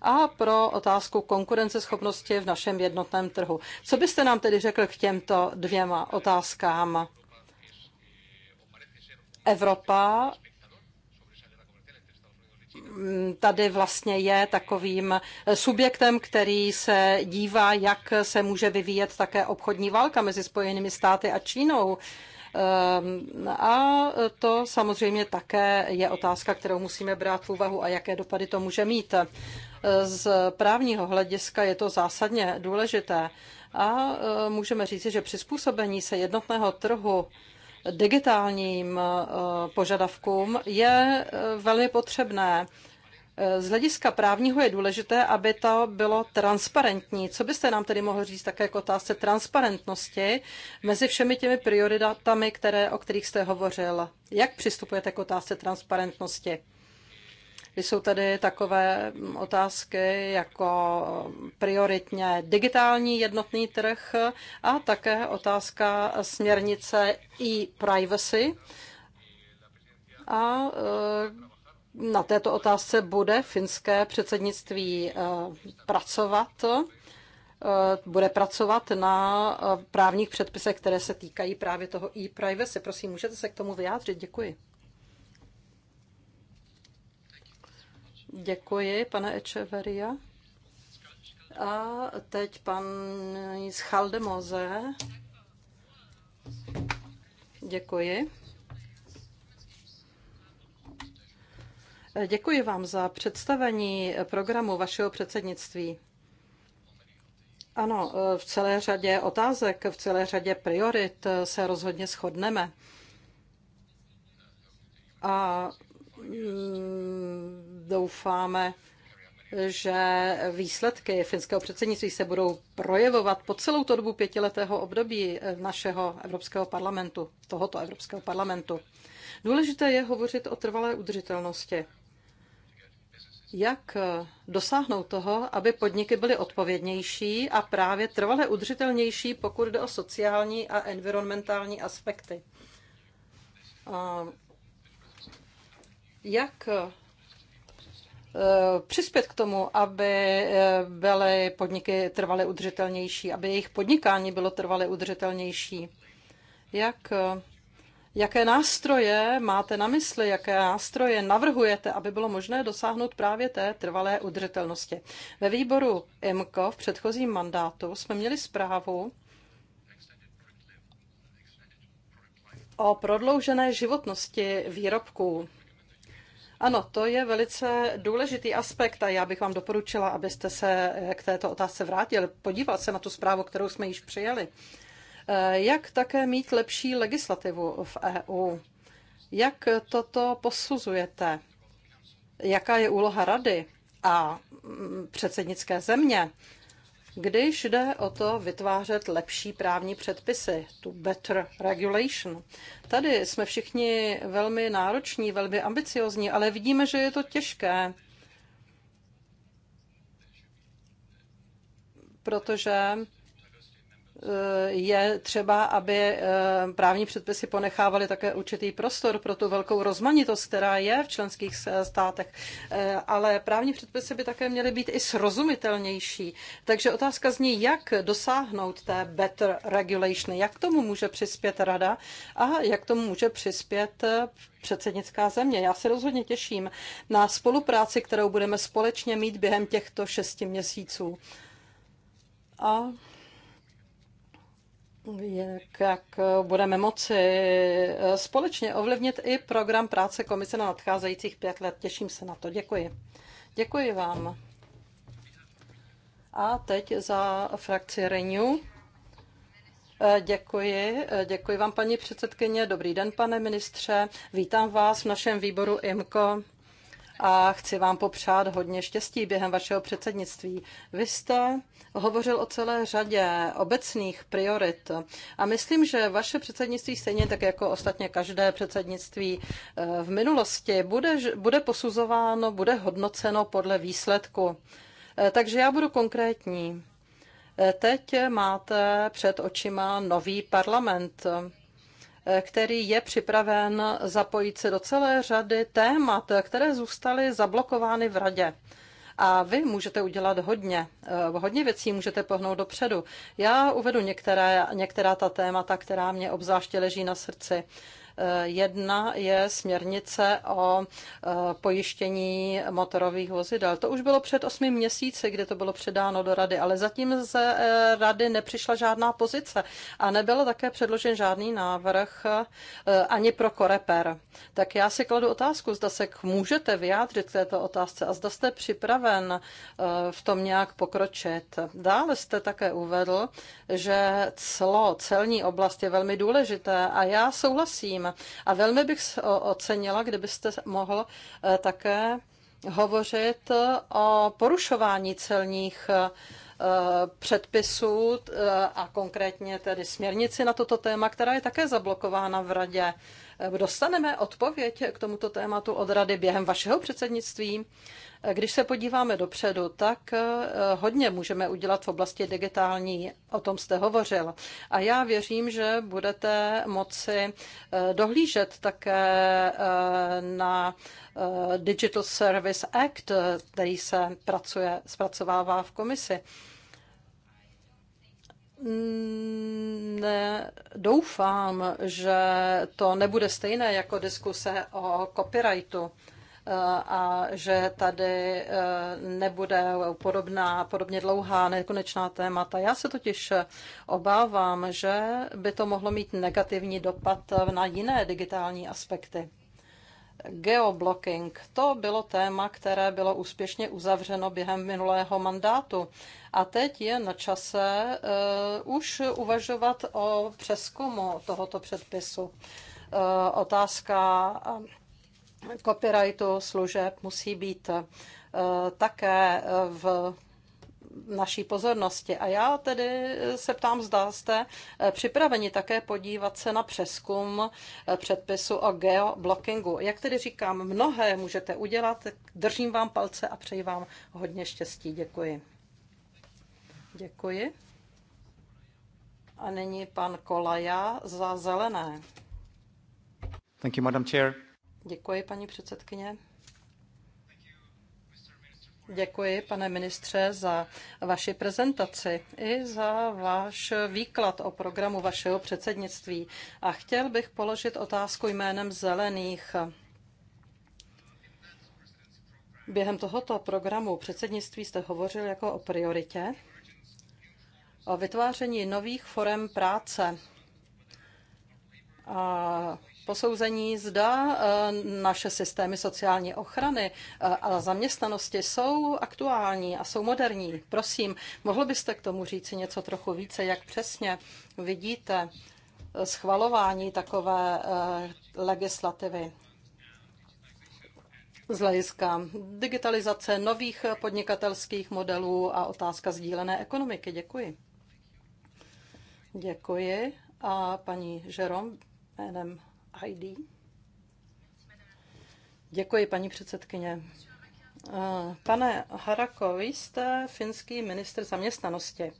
a pro otázku konkurenceschopnosti v našem jednotném trhu. Co byste nám tedy řekl k těmto dvěma otázkám? Evropa tady vlastně je takovým subjektem, který se dívá, jak se může vyvíjet také obchodní válka mezi Spojenými státy a Čínou. Ehm, a to samozřejmě také je otázka, kterou musíme brát v úvahu a jaké dopady to může mít. Z právního hlediska je to zásadně důležité a e, můžeme říci, že přizpůsobení se jednotného trhu digitálním e, požadavkům je e, velmi potřebné z hlediska právního je důležité, aby to bylo transparentní. Co byste nám tedy mohl říct také k otázce transparentnosti mezi všemi těmi prioritami, které, o kterých jste hovořil? Jak přistupujete k otázce transparentnosti? Jsou tady takové otázky jako prioritně digitální jednotný trh a také otázka směrnice e-privacy a e, na této otázce bude finské předsednictví eh, pracovat. Eh, bude pracovat na eh, právních předpisech, které se týkají právě toho e-privacy. Prosím, můžete se k tomu vyjádřit? Děkuji. Děkuji, pane Echeveria. A teď pan Schaldemose. Děkuji. Děkuji vám za představení programu vašeho předsednictví. Ano, v celé řadě otázek, v celé řadě priorit se rozhodně shodneme. A mm, doufáme, že výsledky finského předsednictví se budou projevovat po celou tu dobu pětiletého období našeho Evropského parlamentu, tohoto Evropského parlamentu. Důležité je hovořit o trvalé udržitelnosti jak eh, dosáhnout toho, aby podniky byly odpovědnější a právě trvale udržitelnější, pokud jde o sociální a environmentální aspekty. Eh, jak eh, přispět k tomu, aby byly podniky trvale udržitelnější, aby jejich podnikání bylo trvale udržitelnější? Jak Jaké nástroje máte na mysli, jaké nástroje navrhujete, aby bylo možné dosáhnout právě té trvalé udržitelnosti? Ve výboru IMCO v předchozím mandátu jsme měli zprávu o prodloužené životnosti výrobků. Ano, to je velice důležitý aspekt a já bych vám doporučila, abyste se k této otázce vrátil, podíval se na tu zprávu, kterou jsme již přijali. Eh, jak také mít lepší legislativu v EU. Jak toto posuzujete? Jaká je úloha rady a mm, předsednické země, když jde o to vytvářet lepší právní předpisy, tu better regulation? Tady jsme všichni velmi nároční, velmi ambiciozní, ale vidíme, že je to těžké. protože je třeba, aby eh, právní předpisy ponechávaly také určitý prostor pro tu velkou rozmanitost, která je v členských státech. Eh, ale právní předpisy by také měly být i srozumitelnější. Takže otázka zní, jak dosáhnout té better regulation, jak tomu může přispět rada a jak tomu může přispět eh, předsednická země. Já se rozhodně těším na spolupráci, kterou budeme společně mít během těchto šesti měsíců. A jak, jak budeme moci eh, společně ovlivnit i program práce komise na nadcházejících pět let. Těším se na to. Děkuji. Děkuji vám. A teď za frakci Renew. Eh, děkuji. Eh, děkuji vám, paní předsedkyně. Dobrý den, pane ministře. Vítám vás v našem výboru IMCO a chci vám popřát hodně štěstí během vašeho předsednictví. Vy jste hovořil o celé řadě obecných priorit a myslím, že vaše předsednictví stejně tak jako ostatně každé předsednictví eh, v minulosti bude, bude posuzováno, bude hodnoceno podle výsledku. Eh, takže já budu konkrétní. Eh, teď máte před očima nový parlament který je připraven zapojit se do celé řady témat, které zůstaly zablokovány v radě. A vy můžete udělat hodně. Eh, hodně věcí můžete pohnout dopředu. Já uvedu některé, některá ta témata, která mě obzvláště leží na srdci. Jedna je směrnice o e, pojištění motorových vozidel. To už bylo před osmi měsíci, kdy to bylo předáno do rady, ale zatím z e, rady nepřišla žádná pozice a nebyl také předložen žádný návrh e, ani pro koreper. Tak já si kladu otázku, zda se můžete vyjádřit k této otázce a zda jste připraven v tom nějak pokročit. Dále jste také uvedl, že clo, celní oblast je velmi důležité a já souhlasím, a velmi bych ocenila, kdybyste mohl eh, také hovořit eh, o porušování celních eh, předpisů a konkrétně tedy směrnici na toto téma, která je také zablokována v radě. Dostaneme odpověď k tomuto tématu od Rady během vašeho předsednictví? Když se podíváme dopředu, tak eh, hodně můžeme udělat v oblasti digitální, o tom jste hovořil. A já věřím, že budete moci eh, dohlížet také eh, na Digital Service Act, který se pracuje, zpracovává v komisi. Mm, ne, doufám, že to nebude stejné jako diskuse o copyrightu eh, a že tady eh, nebude podobná, podobně dlouhá nekonečná témata. Já se totiž obávám, že by to mohlo mít negativní dopad na jiné digitální aspekty. Geoblocking, to bylo téma, které bylo úspěšně uzavřeno během minulého mandátu. A teď je na čase uh, už uvažovat o přeskumu tohoto předpisu. Uh, otázka eh, copyrightu služeb musí být také v naší pozornosti. A já tedy se ptám, zda jste eh, připraveni také podívat se na přeskum eh, předpisu o geoblockingu. Jak tedy říkám, mnohé můžete udělat. Držím vám palce a přeji vám hodně štěstí. Děkuji. Děkuji. A nyní pan Kolaja za zelené. Thank you, Madam Chair. Děkuji, paní předsedkyně. Děkuji, pane ministře, za vaši prezentaci i za váš výklad o programu vašeho předsednictví. A chtěl bych položit otázku jménem Zelených. Během tohoto programu předsednictví jste hovořil jako o prioritě, o vytváření nových forem práce a posouzení, zda eh, naše systémy sociální ochrany eh, a zaměstnanosti jsou aktuální a jsou moderní. Prosím, mohl byste k tomu říci něco trochu více, jak přesně vidíte eh, schvalování takové legislativy? z hlediska digitalizace nových podnikatelských modelů a otázka sdílené ekonomiky. Děkuji. Děkuji. A paní Žerom jménem Děkuji, paní předsedkyně. Eh, pane Harako, vy jste finský ministr zaměstnanosti.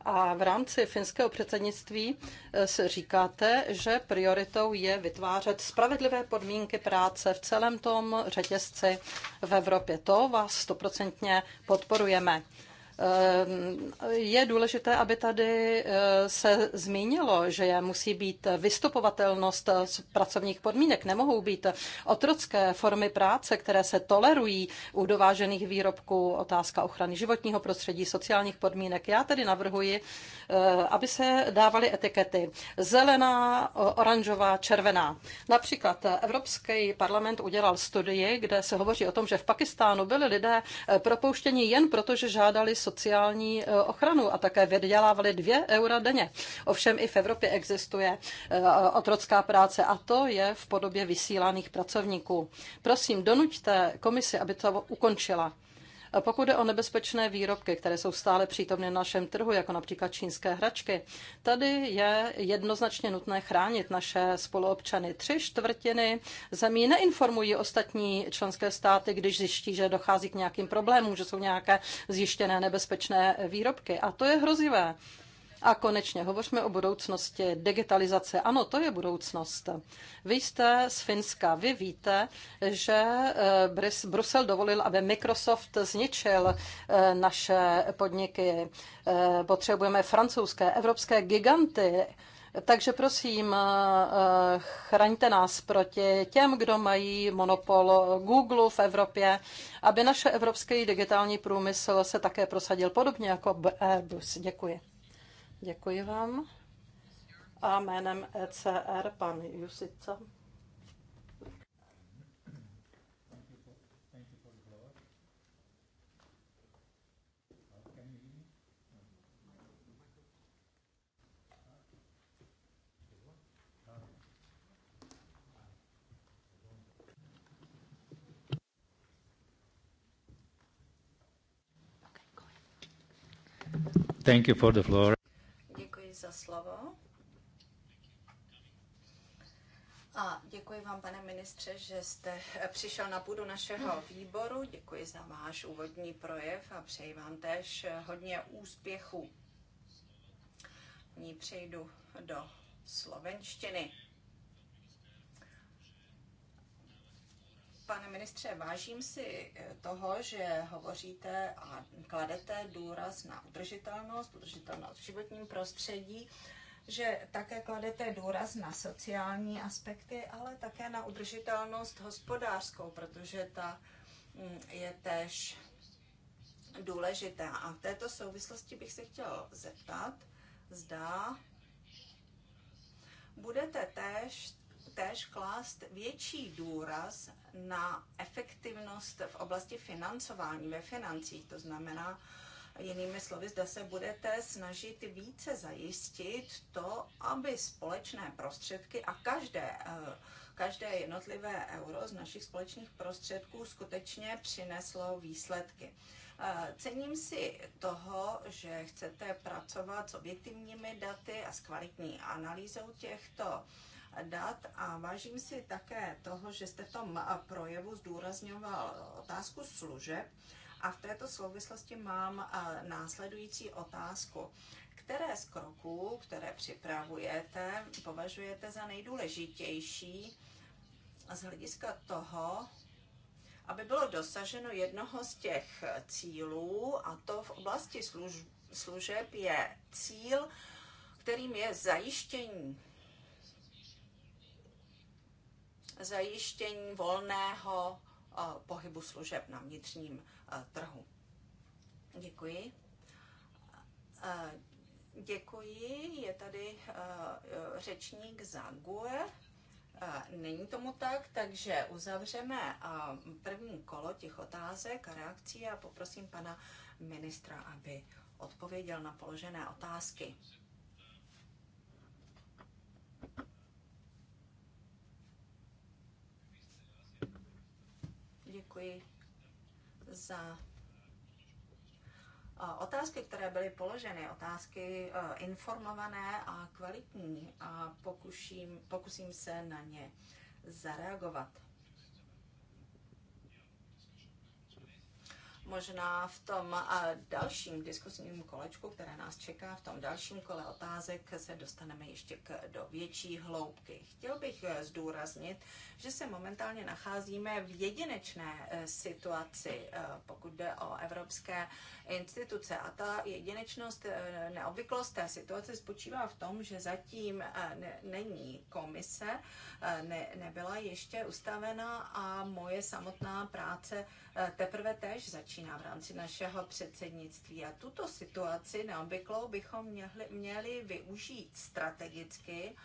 A v rámci finského předsednictví eh, se říkáte, že prioritou je vytvářet spravedlivé podmínky práce v celém tom řetězci v Evropě. To vás stoprocentně podporujeme. Ehm, je důležité, aby tady eh, se zmínilo, že musí být vystupovatelnost eh, pracovních podmínek. Nemohou být otrocké formy práce, které se tolerují u dovážených výrobků. Otázka ochrany životního prostředí, sociálních podmínek. Já tedy navrhuji, eh, aby se dávaly etikety zelená, oranžová, červená. Například Evropský parlament udělal studii, kde se hovoří o tom, že v Pakistánu byli lidé propouštěni jen proto, že žádali sociální eh, ochranu a také vydělávali 2 eura denně. Ovšem i v Evropě existuje eh, otrocká práce a to je v podobě vysílaných pracovníků. Prosím, donuďte komisi, aby to ukončila. Pokud jde o nebezpečné výrobky, které jsou stále přítomny na našem trhu, jako například čínské hračky, tady je jednoznačně nutné chránit naše spoluobčany. Tři čtvrtiny zemí neinformují ostatní členské státy, když zjiští, že dochází k nějakým problémům, že jsou nějaké zjištěné nebezpečné výrobky. A to je hrozivé. A konečně hovořme o budoucnosti digitalizace. Ano, to je budoucnost. Vy jste z Finska, vy víte, že eh, Brusel dovolil, aby Microsoft zničil eh, naše podniky. Eh, potřebujeme francouzské, evropské giganty. Takže prosím, chraňte nás proti těm, kdo mají monopol Google v Evropě, aby naše evropský digitální průmysl se také prosadil podobně jako Airbus. Děkuji. Děkuji vám. A jménem ECR pan Jusica. Thank you for the floor za slovo. A děkuji vám, pane ministře, že jste přišel na půdu našeho výboru. Děkuji za váš úvodní projev a přeji vám též hodně úspěchů. Ní přejdu do slovenštiny. Pane ministře, vážím si eh, toho, že hovoříte a kladete důraz na udržitelnost, udržitelnost v životním prostředí, že také kladete důraz na sociální aspekty, ale také na udržitelnost hospodářskou, protože ta mm, je též důležitá. A v této souvislosti bych se chtěl zeptat, zda budete též též klást větší důraz na efektivnost v oblasti financování, ve financích. To znamená, jinými slovy, zda se budete snažit více zajistit to, aby společné prostředky a každé eh, každé jednotlivé euro z našich společných prostředků skutečně přineslo výsledky. Eh, cením si toho, že chcete pracovat s objektivními daty a s kvalitní analýzou těchto dat a vážím si také toho, že jste v tom projevu zdůrazňoval otázku služeb a v této souvislosti mám následující otázku. Které z kroků, které připravujete, považujete za nejdůležitější z hlediska toho, aby bylo dosaženo jednoho z těch cílů, a to v oblasti služeb je cíl, kterým je zajištění zajištění volného eh, pohybu služeb na vnitřním eh, trhu. Děkuji. Eh, děkuji. Je tady řečník za GUE. Není tomu tak, takže uzavřeme první kolo těch otázek a reakcí a poprosím pana ministra, aby odpověděl na položené otázky. děkuji za Otázky, které byly položeny, otázky e, informované a kvalitní a pokuším, pokusím se na ně zareagovat. možná v tom dalším diskusním kolečku, které nás čeká, v tom dalším kole otázek se dostaneme ještě k, do větší hloubky. Chtěl bych eh, zdůraznit, že se momentálně nacházíme v jedinečné eh, situaci, eh, pokud jde o evropské instituce. A ta jedinečnost, neobvyklost té situace spočívá v tom, že zatím není komise, ne, nebyla ještě ustavena a moje samotná práce Eh, teprve též začíná v rámci našeho předsednictví. A tuto situaci neobvyklou bychom měli, měli využít strategicky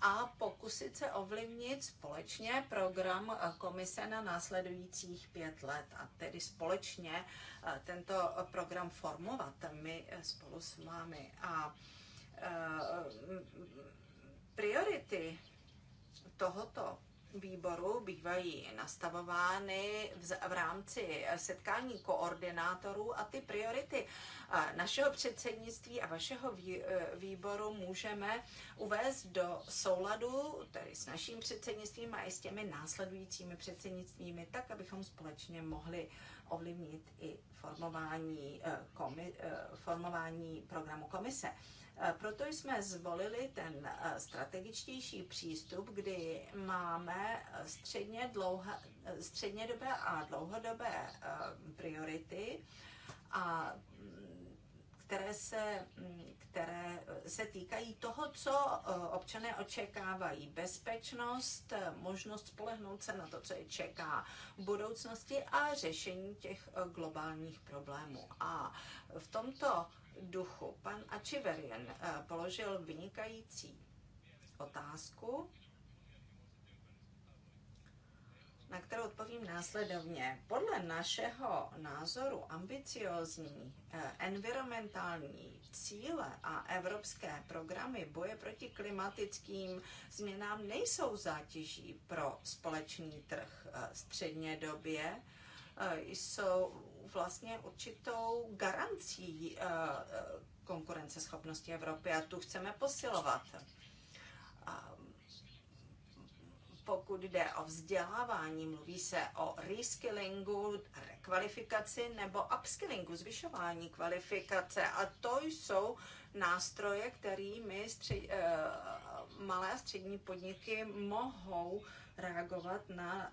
a pokusit se ovlivnit společně program eh, komise na následujících pět let a tedy společně eh, tento program formovat my spolu s vámi. A priority tohoto výboru bývají nastavovány v, v rámci eh, setkání koordinátorů a ty priority eh, našeho předsednictví a vašeho vý, eh, výboru můžeme uvést do souladu tedy s naším předsednictvím a i s těmi následujícími předsednictvími, tak abychom společně mohli ovlivnit i formování, komi, formování programu komise. Proto jsme zvolili ten strategičtější přístup, kdy máme středně, středně střednědobé a dlouhodobé priority, a mm, které se, mm, které se týkají toho, co občané očekávají. Bezpečnost, možnost spolehnout se na to, co je čeká v budoucnosti a řešení těch globálních problémů. A v tomto duchu. Pan Achiverian eh, položil vynikající otázku, na kterou odpovím následovně. Podle našeho názoru ambiciozní eh, environmentální cíle a evropské programy boje proti klimatickým změnám nejsou zátěží pro společný trh eh, středně době. Jsou vlastně určitou garancí eh, eh, konkurenceschopnosti Evropy a tu chceme posilovat. pokud jde o vzdělávání, mluví se o reskillingu, rekvalifikaci nebo upskillingu, zvyšování kvalifikace. A to jsou nástroje, kterými stři- eh, malé a střední podniky mohou reagovat na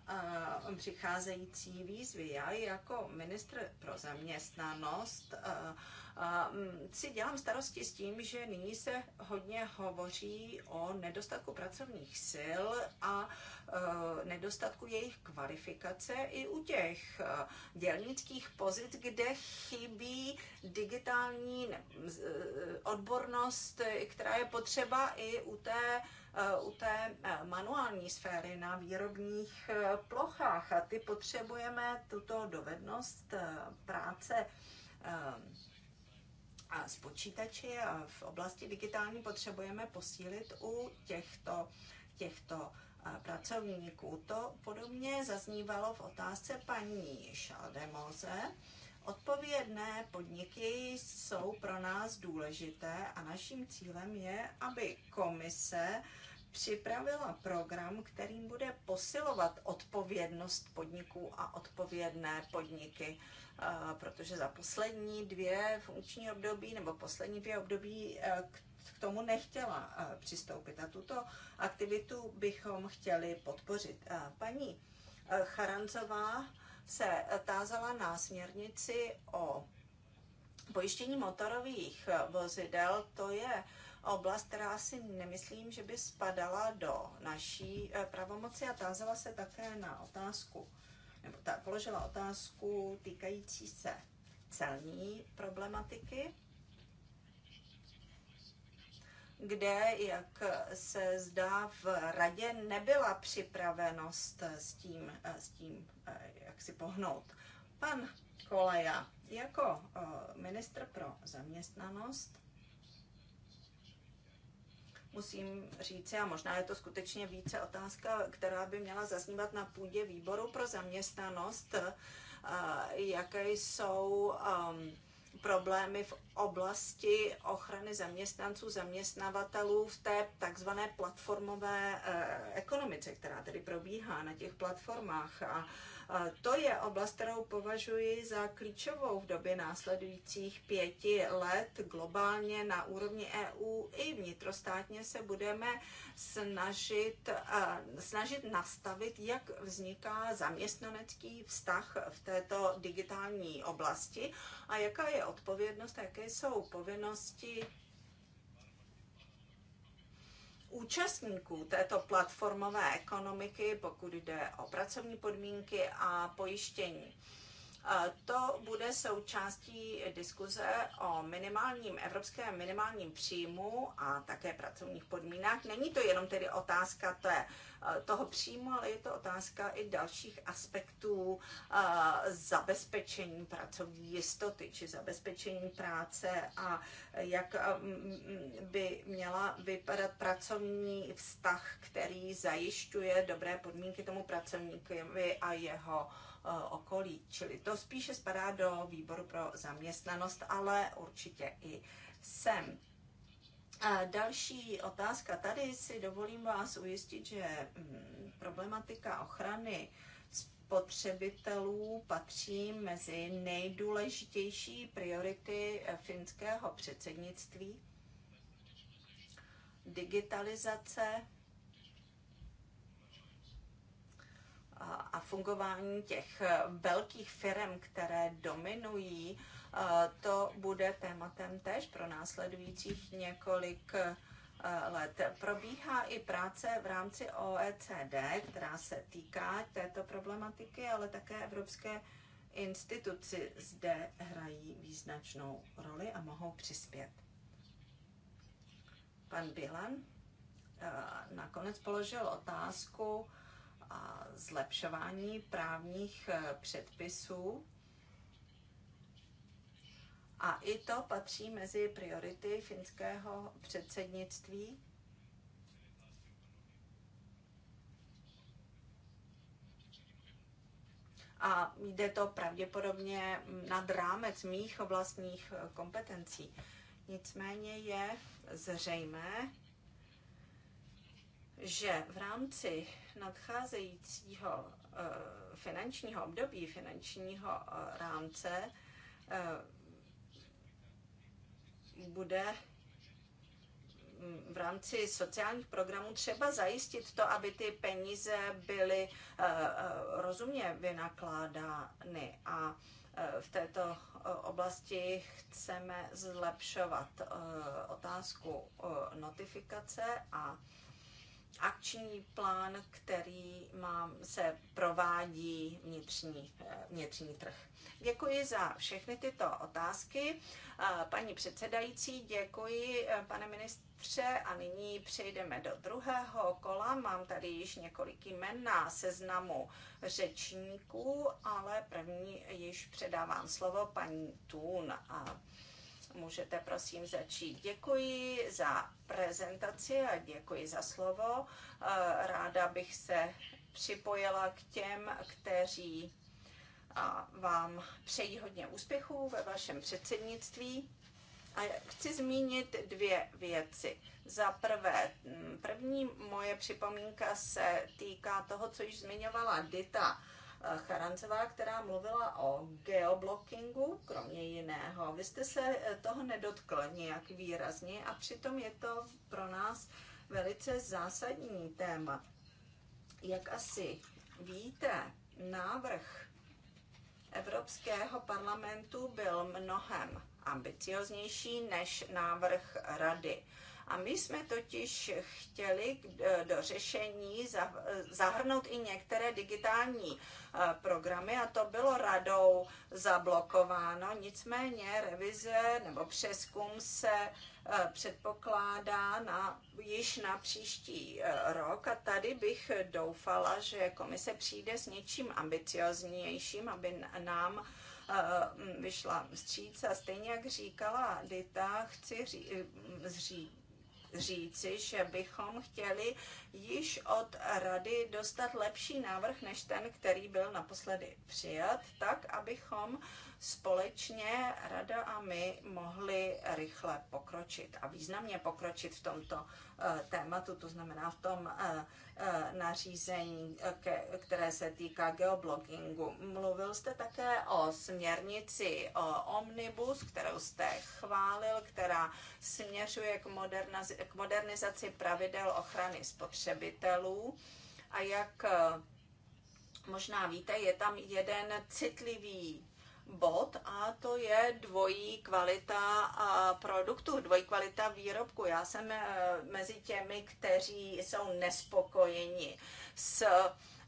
uh, přicházející výzvy. Já jako ministr pro zaměstnanost uh, Mm, si dělám starosti s tím, že nyní se hodně hovoří o nedostatku pracovních sil a e, nedostatku jejich kvalifikace i u těch e, dělnických pozic, kde chybí digitální e, odbornost, která je potřeba i u té u té manuální sféry na výrobních plochách a ty potřebujeme tuto dovednost práce a s počítači a v oblasti digitální potřebujeme posílit u těchto, těchto pracovníků. To podobně zaznívalo v otázce paní Šaldemoze. Odpovědné podniky jsou pro nás důležité a naším cílem je, aby komise připravila program, kterým bude posilovat odpovědnost podniků a odpovědné podniky protože za poslední dvě funkční období nebo poslední dvě období e, k tomu nechtěla e, přistoupit. A tuto aktivitu bychom chtěli podpořit. E, paní Charanzová se tázala na směrnici o pojištění motorových vozidel. To je oblast, která si nemyslím, že by spadala do naší pravomoci a tázala se také na otázku nebo ta položila otázku týkající se celní problematiky, kde, jak se zdá, v radě nebyla připravenost s tím, eh, s tím eh, jak si pohnout. Pan Koleja jako eh, ministr pro zaměstnanost musím říci, a možná je to skutečně více otázka, která by měla zaznívat na půdě výboru pro zaměstnanost, eh, jaké jsou ehm, problémy v oblasti ochrany zaměstnanců, zaměstnavatelů v té takzvané platformové eh, ekonomice, která tedy probíhá na těch platformách. A to je oblast, kterou považuji za klíčovou v době následujících pěti let globálně na úrovni EU i vnitrostátně se budeme snažit, snažit nastavit, jak vzniká zaměstnanecký vztah v této digitální oblasti a jaká je odpovědnost, jaké jsou povinnosti účastníků této platformové ekonomiky, pokud jde o pracovní podmínky a pojištění. To bude součástí diskuze o minimálním evropském minimálním příjmu a také pracovních podmínkách. Není to jenom tedy otázka té, eh, toho příjmu, ale je to otázka i dalších aspektů eh, zabezpečení pracovní jistoty či zabezpečení práce a jak eh, by měla vypadat pracovní vztah, který zajišťuje dobré podmínky tomu pracovníkovi a jeho Eh, okolí. Čili to spíše spadá do výboru pro zaměstnanost, ale určitě i sem. A další otázka. Tady si dovolím vás ujistit, že mm, problematika ochrany spotřebitelů patří mezi nejdůležitější priority eh, finského předsednictví. Digitalizace a fungování těch eh, velkých firm, které dominují, eh, to bude tématem též pro následujících několik eh, let. Probíhá i práce v rámci OECD, která se týká této problematiky, ale také Evropské instituci zde hrají význačnou roli a mohou přispět. Pan Bilan nakonec položil otázku, a zlepšování právních eh, předpisů. A i to patří mezi priority finského předsednictví. a jde to pravděpodobně nad rámec mých vlastních eh, kompetencí. Nicméně je zřejmé, že v rámci nadcházejícího eh, finančního období, finančního eh, rámce eh, bude mm, v rámci sociálních programů třeba zajistit to, aby ty peníze byly rozumně vynakládány. A v této oblasti chceme zlepšovat otázku notifikace a akční plán, který má, se provádí vnitřní, eh, vnitřní trh. Děkuji za všechny tyto otázky. Eh, paní předsedající, děkuji, eh, pane ministře, a nyní přejdeme do druhého kola. Mám tady již několik jmen na seznamu řečníků, ale první již předávám slovo paní Tún. A Můžete prosím začít. Děkuji za prezentaci a děkuji za slovo. Eh, ráda bych se připojila k těm, kteří eh, vám přejí hodně úspěchů ve vašem předsednictví. A chci zmínit dvě věci. Za prvé, mm, první moje připomínka se týká toho, co již zmiňovala Dita Eh, Charanzová, která mluvila o geoblockingu, kromě jiného. Vy jste se eh, toho nedotkl nějak výrazně a přitom je to pro nás velice zásadní téma. Jak asi víte, návrh Evropského parlamentu byl mnohem ambicioznější než návrh Rady. A my jsme totiž chtěli e, do řešení zahrnout i některé digitální e, programy a to bylo radou zablokováno. Nicméně revize nebo přeskum se e, předpokládá na, již na příští rok a tady bych doufala, že komise přijde s něčím ambicioznějším, aby nám vyšla stříc a stejně jak říkala Dita, chci zří, říci, že bychom chtěli již od rady dostat lepší návrh než ten, který byl naposledy přijat, tak abychom společně Rada a my mohli rychle pokročit a významně pokročit v tomto eh, tématu, to znamená v tom eh, eh, nařízení, které se týká geoblockingu. Mluvil jste také o směrnici o Omnibus, kterou jste chválil, která směřuje k, k modernizaci pravidel ochrany spotřebitelů. A jak možná víte, je tam jeden citlivý bod a to je dvojí kvalita produktu, dvojí kvalita výrobku. Já jsem e, mezi těmi, kteří jsou nespokojeni s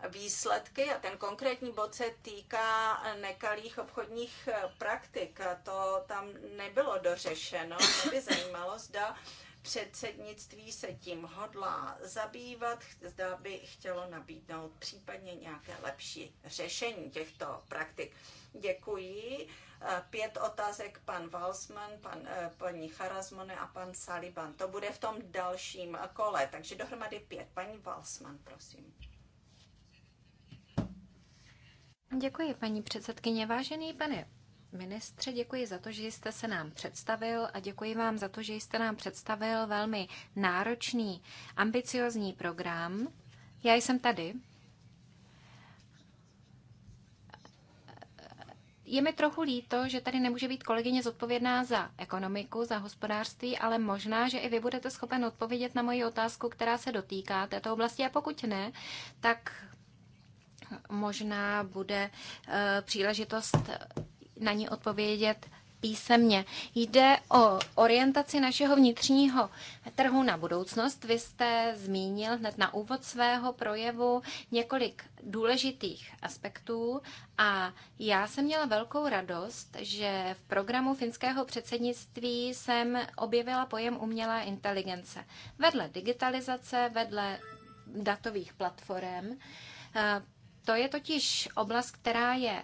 výsledky a ten konkrétní bod se týká nekalých obchodních e, praktik. A to tam nebylo dořešeno. Mě by zajímalo, zda předsednictví se tím hodlá zabývat, zda by chtělo nabídnout případně nějaké lepší řešení těchto praktik. Děkuji. Eh, pět otázek pan Valsman, pan, eh, paní Charazmone a pan Saliban. To bude v tom dalším kole, takže dohromady pět. Paní Valsman, prosím. Děkuji, paní předsedkyně. Vážený pane ministře, děkuji za to, že jste se nám představil a děkuji vám za to, že jste nám představil velmi náročný, ambiciozní program. Já jsem tady, je mi trochu líto, že tady nemůže být kolegyně zodpovědná za ekonomiku, za hospodářství, ale možná, že i vy budete schopen odpovědět na moji otázku, která se dotýká této oblasti. A pokud ne, tak možná bude eh, příležitost na ní odpovědět písemně. Jde o orientaci našeho vnitřního trhu na budoucnost. Vy jste zmínil hned na úvod svého projevu několik důležitých aspektů a já jsem měla velkou radost, že v programu finského předsednictví jsem objevila pojem umělá inteligence. Vedle digitalizace, vedle datových platform, eh, to je totiž oblast, která je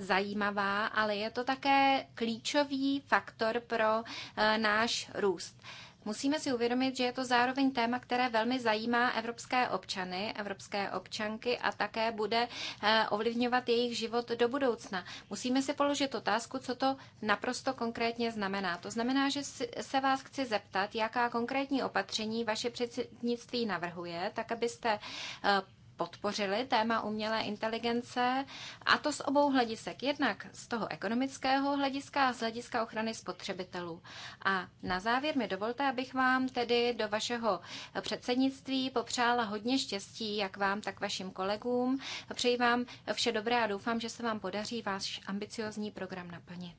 zajímavá, ale je to také klíčový faktor pro eh, náš růst. Musíme si uvědomit, že je to zároveň téma, které velmi zajímá evropské občany, evropské občanky a také bude eh, ovlivňovat jejich život do budoucna. Musíme si položit otázku, co to naprosto konkrétně znamená. To znamená, že se vás chci zeptat, jaká konkrétní opatření vaše předsednictví navrhuje, tak abyste eh, podpořili téma umělé inteligence a to z obou hledisek. Jednak z toho ekonomického hlediska a z hlediska ochrany spotřebitelů. A na závěr mi dovolte, abych vám tedy do vašeho předsednictví popřála hodně štěstí, jak vám, tak vašim kolegům. Přeji vám vše dobré a doufám, že se vám podaří váš ambiciozní program naplnit.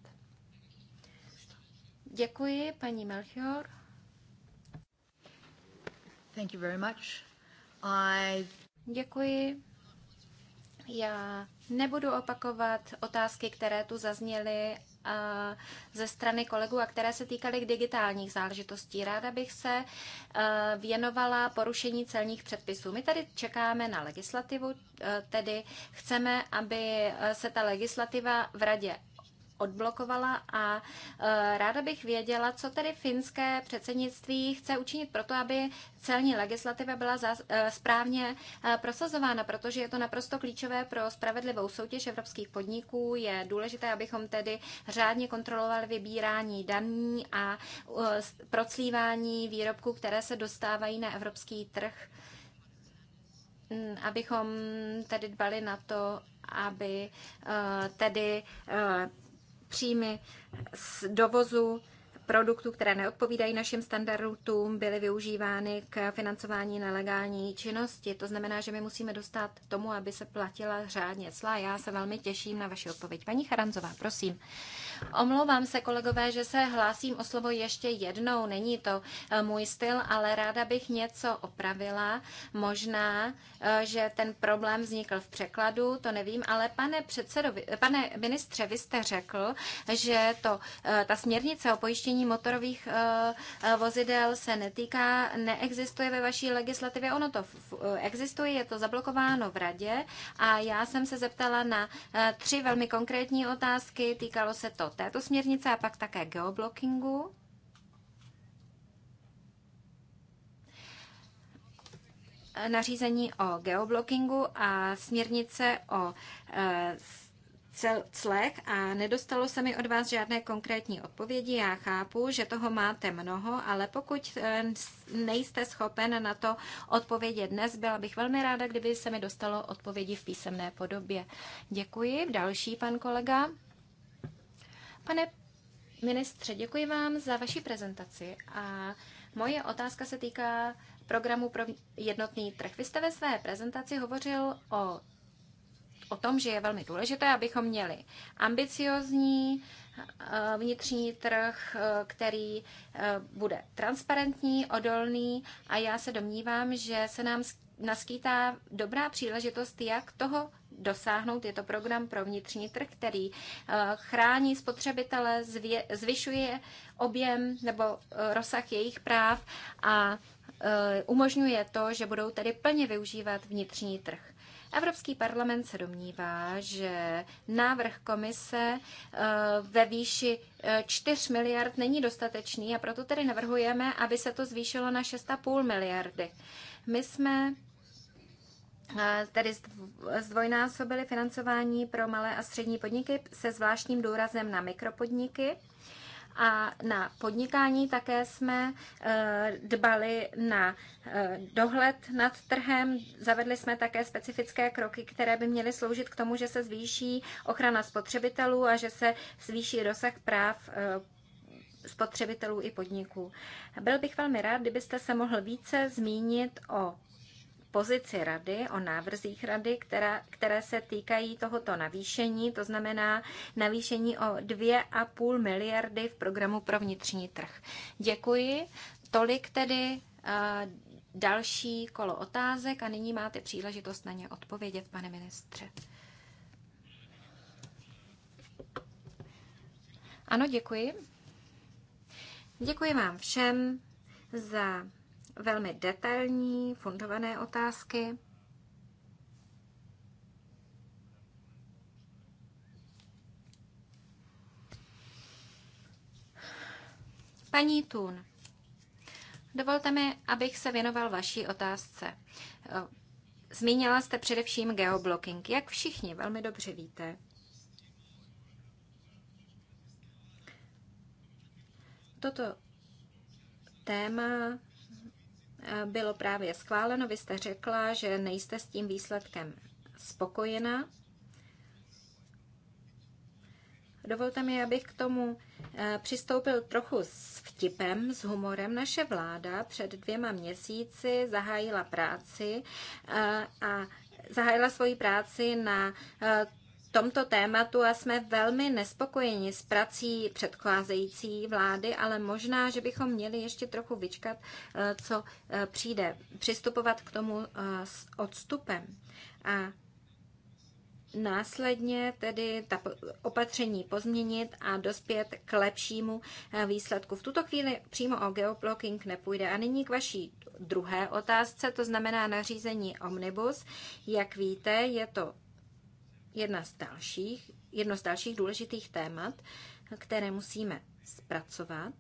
Děkuji, paní Melchior. Thank you very much. I Děkuji. Já nebudu opakovat otázky, které tu zazněly ze strany kolegů a které se týkaly digitálních záležitostí. Ráda bych se e, věnovala porušení celních předpisů. My tady čekáme na legislativu, e, tedy chceme, aby e, se ta legislativa v radě odblokovala a eh, ráda bych věděla, co tedy finské předsednictví chce učinit proto, aby celní legislativa byla eh, správně eh, prosazována, protože je to naprosto klíčové pro spravedlivou soutěž evropských podniků. Je důležité, abychom tedy řádně kontrolovali vybírání daní a proclívání výrobků, které se dostávají na evropský trh mm, abychom tedy dbali na to, aby tedy Příjmy z dovozu produktů, které neodpovídají našim standardům, byly využívány k financování nelegální činnosti. To znamená, že my musíme dostat tomu, aby se platila řádně cla. Já se velmi těším na vaši odpověď. Paní Charanzová, prosím. Omlouvám se, kolegové, že se hlásím o slovo ještě jednou. Není to eh, můj styl, ale ráda bych něco opravila. Možná, eh, že ten problém vznikl v překladu, to nevím, ale pane, předsedo, eh, pane ministře, vy jste řekl, že to, ta směrnice o pojištění motorových vozidel se netýká, neexistuje ve vaší legislativě. Ono to existuje, je to zablokováno v radě a já jsem se zeptala na tři velmi konkrétní otázky. Týkalo se to této směrnice a pak také geoblockingu. Nařízení o geoblockingu a směrnice o e, cel, clech a nedostalo se mi od vás žádné konkrétní odpovědi. Já chápu, že toho máte mnoho, ale pokud e, nejste schopen na to odpovědět dnes, byla bych velmi ráda, kdyby se mi dostalo odpovědi v písemné podobě. Děkuji. Další pan kolega. Pane ministře, děkuji vám za vaši prezentaci a moje otázka se týká programu pro jednotný trh. Vy jste ve své prezentaci hovořil o, o tom, že je velmi důležité, abychom měli ambiciozní eh, vnitřní trh, eh, který eh, bude transparentní, odolný a já se domnívám, že se nám naskýtá dobrá příležitost, jak toho dosáhnout. Je to program pro vnitřní trh, který eh, chrání spotřebitele, zvyšuje objem nebo eh, rozsah jejich práv a eh, umožňuje to, že budou tedy plně využívat vnitřní trh. Evropský parlament se domnívá, že návrh komise ve výši 4 miliard není dostatečný a proto tedy navrhujeme, aby se to zvýšilo na 6,5 miliardy. My jsme tedy zdvojnásobili financování pro malé a střední podniky se zvláštním důrazem na mikropodniky. A na podnikání také jsme e, dbali na e, dohled nad trhem. Zavedli jsme také specifické kroky, které by měly sloužit k tomu, že se zvýší ochrana spotřebitelů a že se zvýší rozsah práv e, spotřebitelů i podniků. Byl bych velmi rád, kdybyste se mohl více zmínit o pozici rady, o návrzích rady, která, které se týkají tohoto navýšení, to znamená navýšení o 2,5 miliardy v programu pro vnitřní trh. Děkuji. Tolik tedy eh, další kolo otázek a nyní máte příležitost na ně odpovědět, pane ministře. Ano, děkuji. Děkuji vám všem za velmi detailní, fundované otázky. Paní Tun, dovolte mi, abych se věnoval vaší otázce. Zmínila jste především geoblocking. Jak všichni velmi dobře víte, toto téma Eh, bylo právě schváleno. Vy jste řekla, že nejste s tím výsledkem spokojená. Dovolte mi, abych k tomu eh, přistoupil trochu s vtipem, s humorem. Naše vláda před dvěma měsíci zahájila práci eh, a zahájila svoji práci na tomto tématu a jsme velmi nespokojeni s prací předklázející vlády, ale možná, že bychom měli ještě trochu vyčkat, eh, co eh, přijde, přistupovat k tomu eh, s odstupem. A následně tedy ta opatření pozměnit a dospět k lepšímu výsledku. V tuto chvíli přímo o geoblocking nepůjde. A nyní k vaší druhé otázce, to znamená nařízení Omnibus. Jak víte, je to jedna z dalších, jedno z dalších důležitých témat, které musíme zpracovat.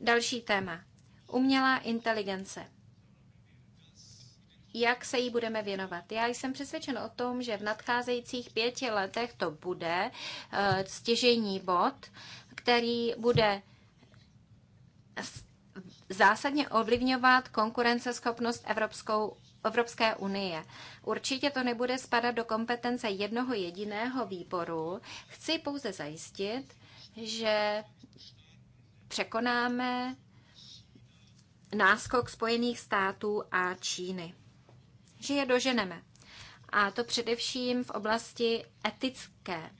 Další téma. Umělá inteligence. Jak se jí budeme věnovat? Já jsem přesvědčen o tom, že v nadcházejících pěti letech to bude eh, stěžení bod, který bude zásadně ovlivňovat konkurenceschopnost Evropskou, Evropské unie. Určitě to nebude spadat do kompetence jednoho jediného výboru. Chci pouze zajistit, že překonáme náskok Spojených států a Číny. Že je doženeme. A to především v oblasti etické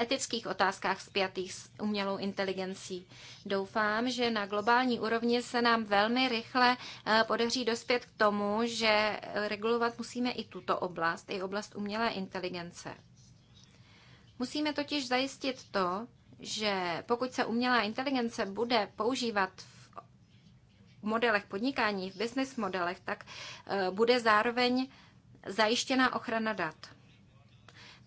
etických otázkách spjatých s umělou inteligencí. Doufám, že na globální úrovni se nám velmi rychle eh, podaří dospět k tomu, že eh, regulovat musíme i tuto oblast, i oblast umělé inteligence. Musíme totiž zajistit to, že pokud se umělá inteligence bude používat v modelech podnikání, v business modelech, tak eh, bude zároveň zajištěná ochrana dat.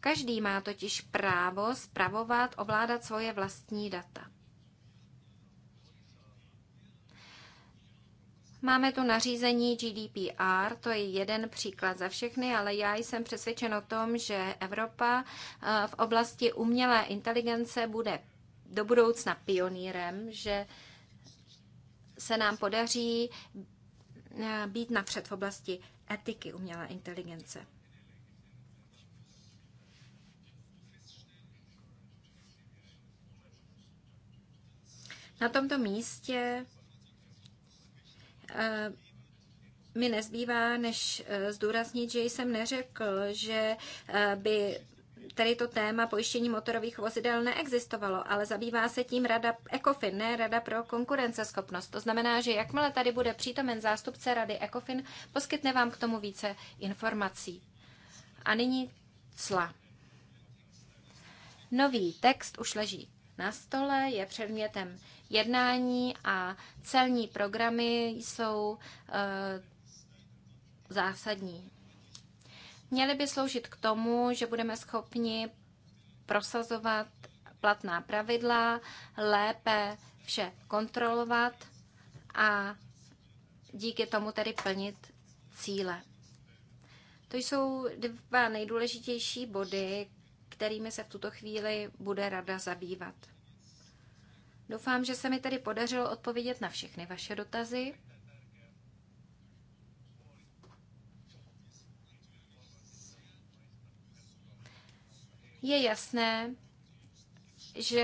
Každý má totiž právo spravovat, ovládat svoje vlastní data. Máme tu nařízení GDPR, to je jeden příklad za všechny, ale já jsem přesvědčen o tom, že Evropa eh, v oblasti umělé inteligence bude do budoucna pionýrem, že se nám podaří eh, být napřed v oblasti etiky umělé inteligence. Na tomto místě eh, mi nezbývá, než eh, zdůraznit, že jsem neřekl, že eh, by tady to téma pojištění motorových vozidel neexistovalo, ale zabývá se tím rada ECOFIN, ne rada pro konkurenceschopnost. To znamená, že jakmile tady bude přítomen zástupce rady ECOFIN, poskytne vám k tomu více informací. A nyní cla. Nový text už leží na stole, je předmětem jednání a celní programy jsou eh, zásadní. Měly by sloužit k tomu, že budeme schopni prosazovat platná pravidla, lépe vše kontrolovat a díky tomu tedy plnit cíle. To jsou dva nejdůležitější body, kterými se v tuto chvíli bude rada zabývat. Doufám, že se mi tedy podařilo odpovědět na všechny vaše dotazy. Je jasné, že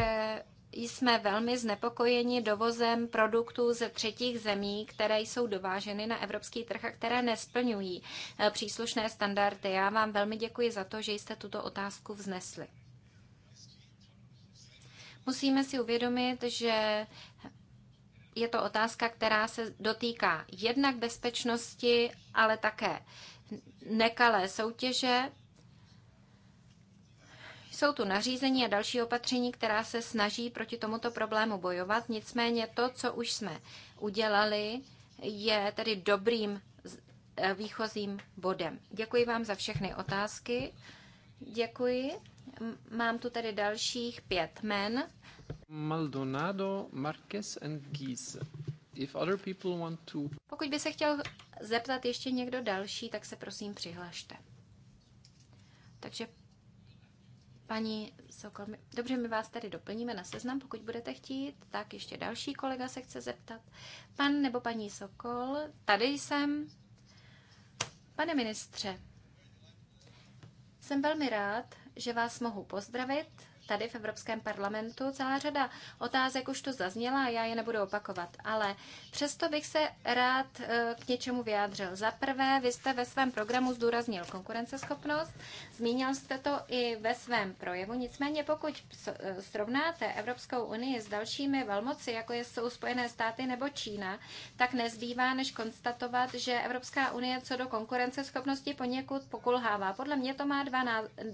jsme velmi znepokojeni dovozem produktů ze třetích zemí, které jsou dováženy na evropský trh a které nesplňují eh, příslušné standardy. Já vám velmi děkuji za to, že jste tuto otázku vznesli. Musíme si uvědomit, že je to otázka, která se dotýká jednak bezpečnosti, ale také nekalé soutěže. Jsou tu nařízení a další opatření, která se snaží proti tomuto problému bojovat. Nicméně to, co už jsme udělali, je tedy dobrým eh, výchozím bodem. Děkuji vám za všechny otázky. Děkuji. Mám tu tedy dalších pět men. Maldonado, Marquez and Gies. If other people want to... Pokud by se chtěl zeptat ještě někdo další, tak se prosím přihlašte. Takže paní Sokol, dobře, my vás tady doplníme na seznam, pokud budete chtít, tak ještě další kolega se chce zeptat. Pan nebo paní Sokol, tady jsem. Pane ministře, jsem velmi rád, že vás mohu pozdravit tady v Evropském parlamentu. Celá řada otázek už tu zazněla a já je nebudu opakovat, ale přesto bych se rád eh, k něčemu vyjádřil. Za prvé, vy jste ve svém programu zdůraznil konkurenceschopnost, zmínil jste to i ve svém projevu, nicméně pokud eh, srovnáte Evropskou unii s dalšími velmoci, jako jsou Spojené státy nebo Čína, tak nezbývá než konstatovat, že Evropská unie co do konkurenceschopnosti poněkud pokulhává. Podle mě to má dva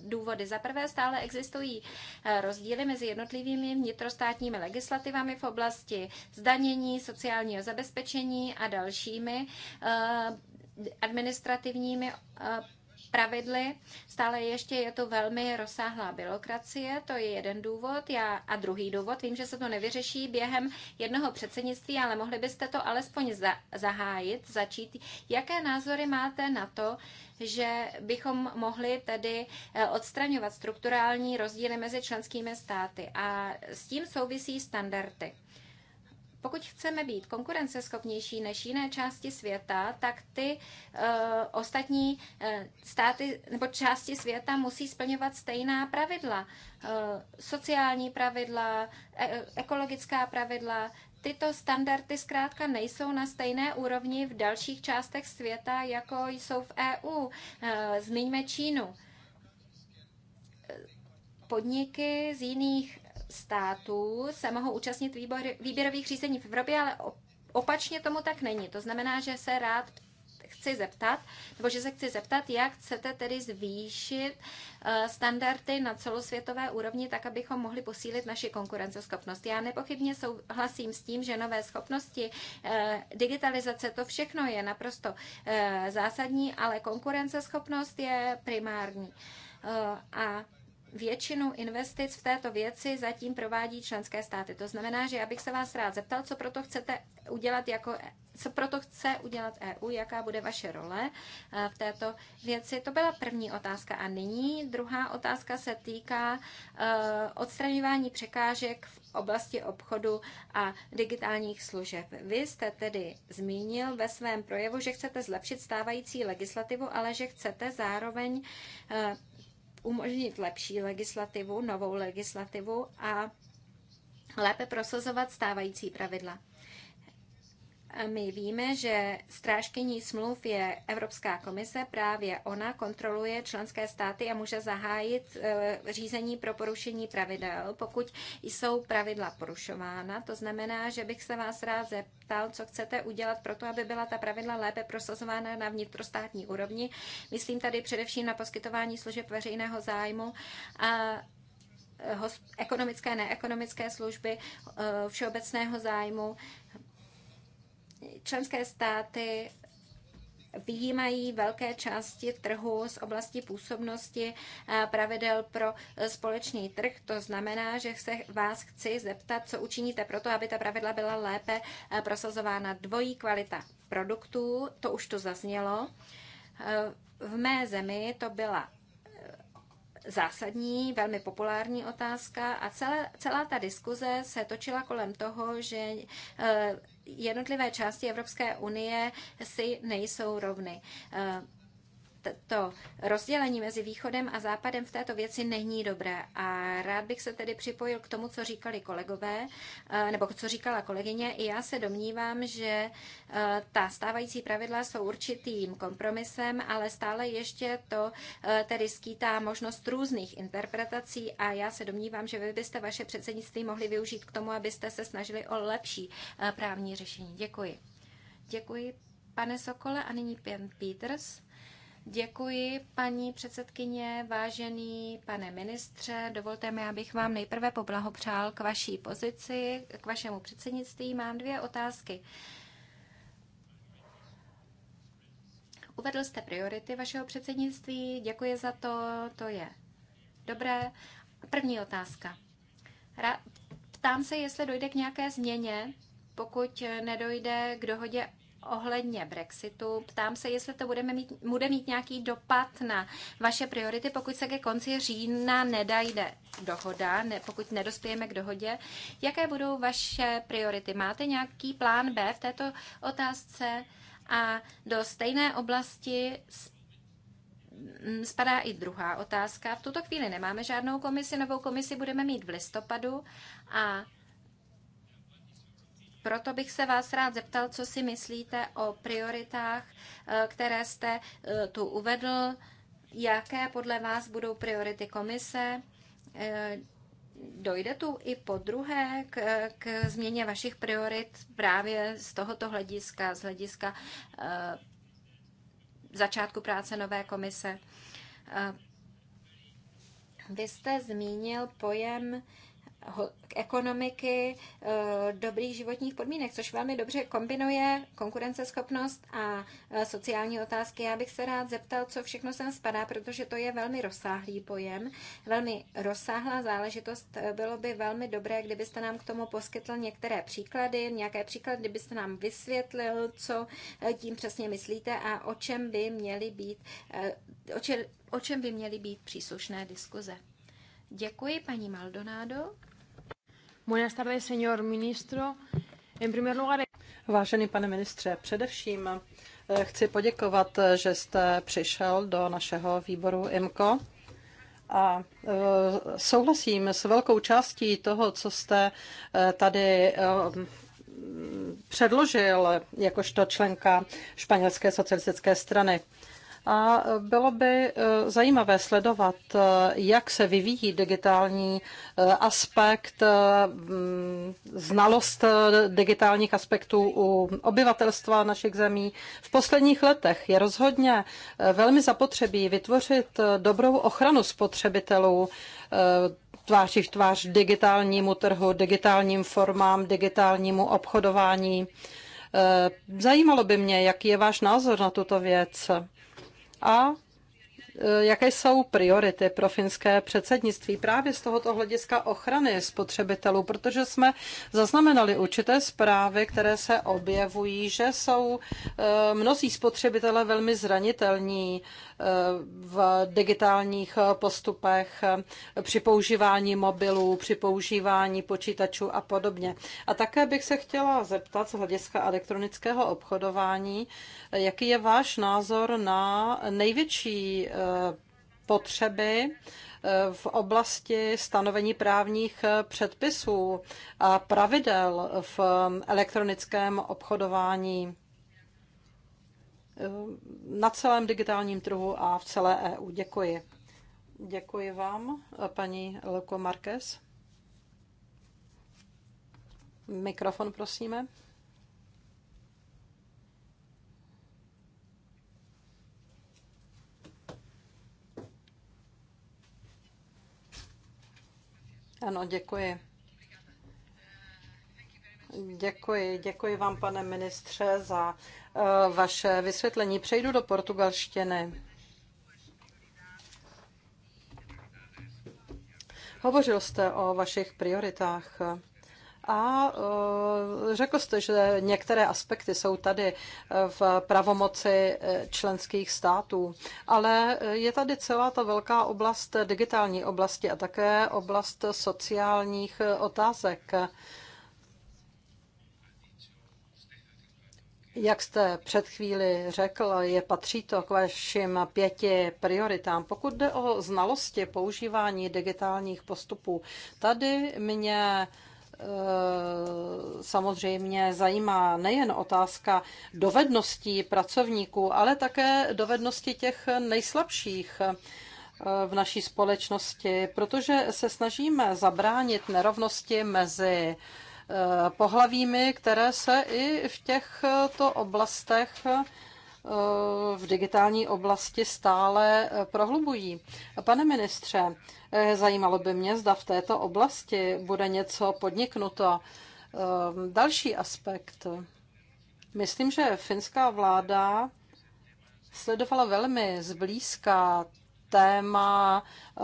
důvody. Za prvé stále existují rozdíly mezi jednotlivými vnitrostátními legislativami v oblasti zdanění, sociálního zabezpečení a dalšími eh, administrativními eh, pravidly. Stále ještě je to velmi rozsáhlá byrokracie, to je jeden důvod. Já, a druhý důvod, vím, že se to nevyřeší během jednoho předsednictví, ale mohli byste to alespoň za, zahájit, začít. Jaké názory máte na to, že bychom mohli tedy eh, odstraňovat strukturální rozdíly mezi členskými státy a s tím souvisí standardy. Pokud chceme být konkurenceschopnější než jiné části světa, tak ty uh, ostatní uh, státy nebo části světa musí splňovat stejná pravidla. Uh, sociální pravidla, e- ekologická pravidla, tyto standardy zkrátka nejsou na stejné úrovni v dalších částech světa, jako jsou v EU. Zmiňme Čínu. Podniky z jiných států se mohou účastnit výbor, výběrových řízení v Evropě, ale opačně tomu tak není. To znamená, že se rád chci zeptat, nebo že se chci zeptat, jak chcete tedy zvýšit eh, standardy na celosvětové úrovni, tak abychom mohli posílit naši konkurenceschopnost. Já nepochybně souhlasím s tím, že nové schopnosti, eh, digitalizace, to všechno je naprosto eh, zásadní, ale konkurenceschopnost je primární. A většinu investic v této věci zatím provádí členské státy. To znamená, že já bych se vás rád zeptal, co proto chcete udělat jako e- co proto chce udělat EU, jaká bude vaše role e, v této věci. To byla první otázka. A nyní druhá otázka se týká e, odstraňování překážek v oblasti obchodu a digitálních služeb. Vy jste tedy zmínil ve svém projevu, že chcete zlepšit stávající legislativu, ale že chcete zároveň umožnit lepší legislativu, novou legislativu a lépe prosazovat stávající pravidla. My víme, že strážkyní smluv je Evropská komise, právě ona kontroluje členské státy a může zahájit e, řízení pro porušení pravidel, pokud jsou pravidla porušována. To znamená, že bych se vás rád zeptal, co chcete udělat pro to, aby byla ta pravidla lépe prosazována na vnitrostátní úrovni. Myslím tady především na poskytování služeb veřejného zájmu a e, ekonomické, neekonomické služby e, všeobecného zájmu, členské státy vyjímají velké části trhu z oblasti působnosti eh, pravidel pro společný trh. To znamená, že se vás chci zeptat, co učiníte pro to, aby ta pravidla byla lépe eh, prosazována. Dvojí kvalita produktů, to už to zaznělo. Eh, v mé zemi to byla zásadní, velmi populární otázka a celé, celá ta diskuze se točila kolem toho, že jednotlivé části Evropské unie si nejsou rovny. Eh, to rozdělení mezi východem a západem v této věci není dobré. A rád bych se tedy připojil k tomu, co říkali kolegové, eh, nebo co říkala kolegyně. I já se domnívám, že eh, ta stávající pravidla jsou určitým kompromisem, ale stále ještě to eh, tedy skýtá možnost různých interpretací a já se domnívám, že vy byste vaše předsednictví mohli využít k tomu, abyste se snažili o lepší právní řešení. Děkuji. Děkuji, pane Sokole, a nyní pan Peters. Děkuji, paní předsedkyně, vážený pane ministře. Dovolte mi, abych vám nejprve poblahopřál k vaší pozici, k vašemu předsednictví. Mám dvě otázky. Uvedl jste priority vašeho předsednictví, děkuji za to, to je dobré. První otázka. Ptám se, jestli dojde k nějaké změně, pokud nedojde k dohodě ohledně Brexitu. Ptám se, jestli to budeme mít, bude mít nějaký dopad na vaše priority, pokud se ke konci října nedajde dohoda, ne, pokud nedospějeme k dohodě. Jaké budou vaše priority? Máte nějaký plán B v této otázce? A do stejné oblasti spadá i druhá otázka. V tuto chvíli nemáme žádnou komisi, novou komisi budeme mít v listopadu a proto bych se vás rád zeptal, co si myslíte o prioritách, eh, které jste eh, tu uvedl, jaké podle vás budou priority komise, eh, dojde tu i po druhé k, k změně vašich priorit právě z tohoto hlediska, z hlediska začátku práce nové komise. vy jste zmínil pojem ekonomiky, eh, dobrých životních podmínek, což velmi dobře kombinuje konkurenceschopnost a eh, sociální otázky. Já bych se rád zeptal, co všechno sem spadá, protože to je velmi rozsáhlý pojem, velmi rozsáhlá záležitost. Eh, bylo by velmi dobré, kdybyste nám k tomu poskytl některé příklady, nějaké příklady, kdybyste nám vysvětlil, co tím přesně myslíte a o čem by měly být, o čem, o čem by měly být příslušné diskuze. Děkuji, paní Maldonado. Buenas tardes, señor ministro. En primer lugar... Vážený pane ministře, především eh, chci poděkovat, eh, že jste přišel do našeho výboru IMCO a eh, souhlasím s velkou částí toho, co jste tady předložil jakožto členka španělské socialistické strany. A bylo by eh, zajímavé sledovat, eh, jak se vyvíjí digitální eh, aspekt, mm, znalost digitálních aspektů u obyvatelstva našich zemí. V posledních letech je rozhodně velmi zapotřebí vytvořit dobrou ochranu spotřebitelů tváří v tvář digitálnímu trhu, digitálním formám, digitálnímu obchodování. Zajímalo by mě, jaký je váš názor na tuto věc a Eh, jaké jsou priority pro finské předsednictví právě z tohoto hlediska ochrany spotřebitelů? Protože jsme zaznamenali určité zprávy, které se objevují, že jsou eh, mnozí spotřebitelé velmi zranitelní eh, v digitálních postupech při používání mobilů, při používání počítačů a podobně. A také bych se chtěla zeptat z hlediska elektronického obchodování, jaký je váš názor na největší Eh, potřeby eh, v oblasti stanovení právních eh, předpisů a pravidel v elektronickém obchodování na celém digitálním trhu a v celé EU. Děkuji. Děkuji vám, paní Loko Marquez. Mikrofon, prosíme. Ano, děkuji. Děkuji, děkuji vám, pane ministře, za eh, vaše vysvětlení. Přejdu do portugalštiny. Hovořil jste o vašich prioritách. A eh, řekl jste, že některé aspekty jsou tady eh, v pravomoci eh, členských států, ale je tady celá ta velká oblast digitální oblasti a také oblast sociálních otázek. Jak jste před chvíli řekl, je patří to k vašim pěti prioritám. Pokud jde o znalosti používání digitálních postupů, tady mě Eh, samozřejmě zajímá nejen otázka dovedností pracovníků, ale také dovednosti těch nejslabších eh, v naší společnosti, protože se snažíme zabránit nerovnosti mezi eh, pohlavími, které se i v těchto oblastech v digitální oblasti stále prohlubují. Pane ministře, Eh, zajímalo by mě, zda v této oblasti bude něco podniknuto. Ehm, další aspekt. Myslím, že finská vláda sledovala velmi zblízka téma eh,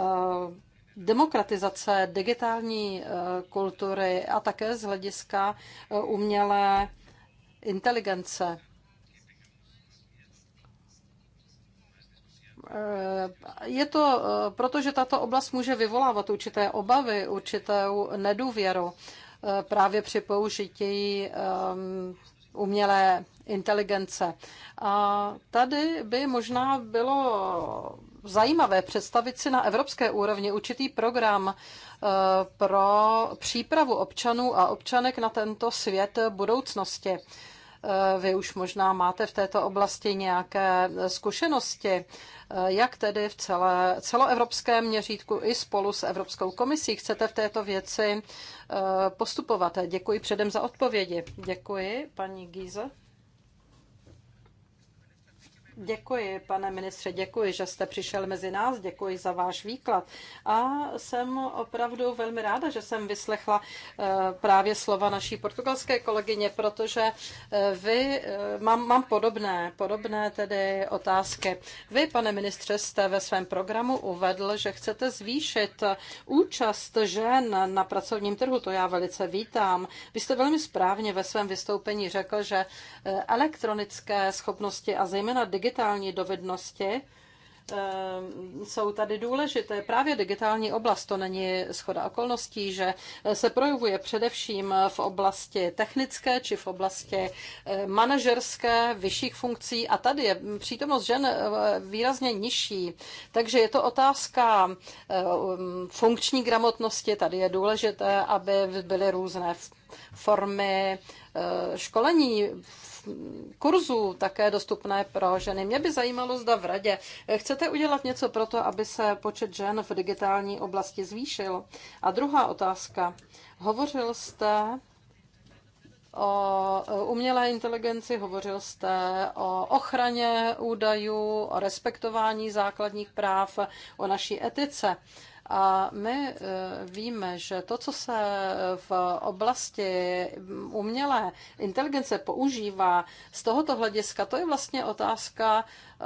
demokratizace digitální eh, kultury a také z hlediska umělé inteligence. Eh, je to eh, proto, že tato oblast může vyvolávat určité obavy, určitou nedůvěru eh, právě při použití umělé inteligence. A tady by možná bylo zajímavé představit si na evropské úrovni určitý program pro přípravu občanů a občanek na tento svět budoucnosti. Eh, vy už možná máte v této oblasti nějaké eh, zkušenosti. Eh, jak tedy v celé, celoevropském měřítku i spolu s Evropskou komisí chcete v této věci postupovat? Děkuji předem za odpovědi. Děkuji, paní Gíze. Děkuji, pane ministře, děkuji, že jste přišel mezi nás, děkuji za váš výklad. A jsem opravdu velmi ráda, že jsem vyslechla eh, právě slova naší portugalské kolegyně, protože eh, vy, eh, mám, mám podobné, podobné tedy otázky. Vy, pane ministře, jste ve svém programu uvedl, že chcete zvýšit účast žen na pracovním trhu, to já velice vítám. Vy jste velmi správně ve svém vystoupení řekl, že elektronické schopnosti a zejména digitální digitální dovednosti ehm, jsou tady důležité. Právě digitální oblast, to není schoda okolností, že se projevuje především v oblasti technické či v oblasti eh, manažerské, vyšších funkcí a tady je přítomnost žen eh, výrazně nižší. Takže je to otázka eh, funkční gramotnosti, tady je důležité, aby byly různé formy školení kurzů také dostupné pro ženy. Mě by zajímalo, zda v radě chcete udělat něco pro to, aby se počet žen v digitální oblasti zvýšil. A druhá otázka. Hovořil jste o umělé inteligenci, hovořil jste o ochraně údajů, o respektování základních práv, o naší etice. A my eh, víme, že to, co se eh, v oblasti mm, umělé inteligence používá z tohoto hlediska, to je vlastně otázka eh,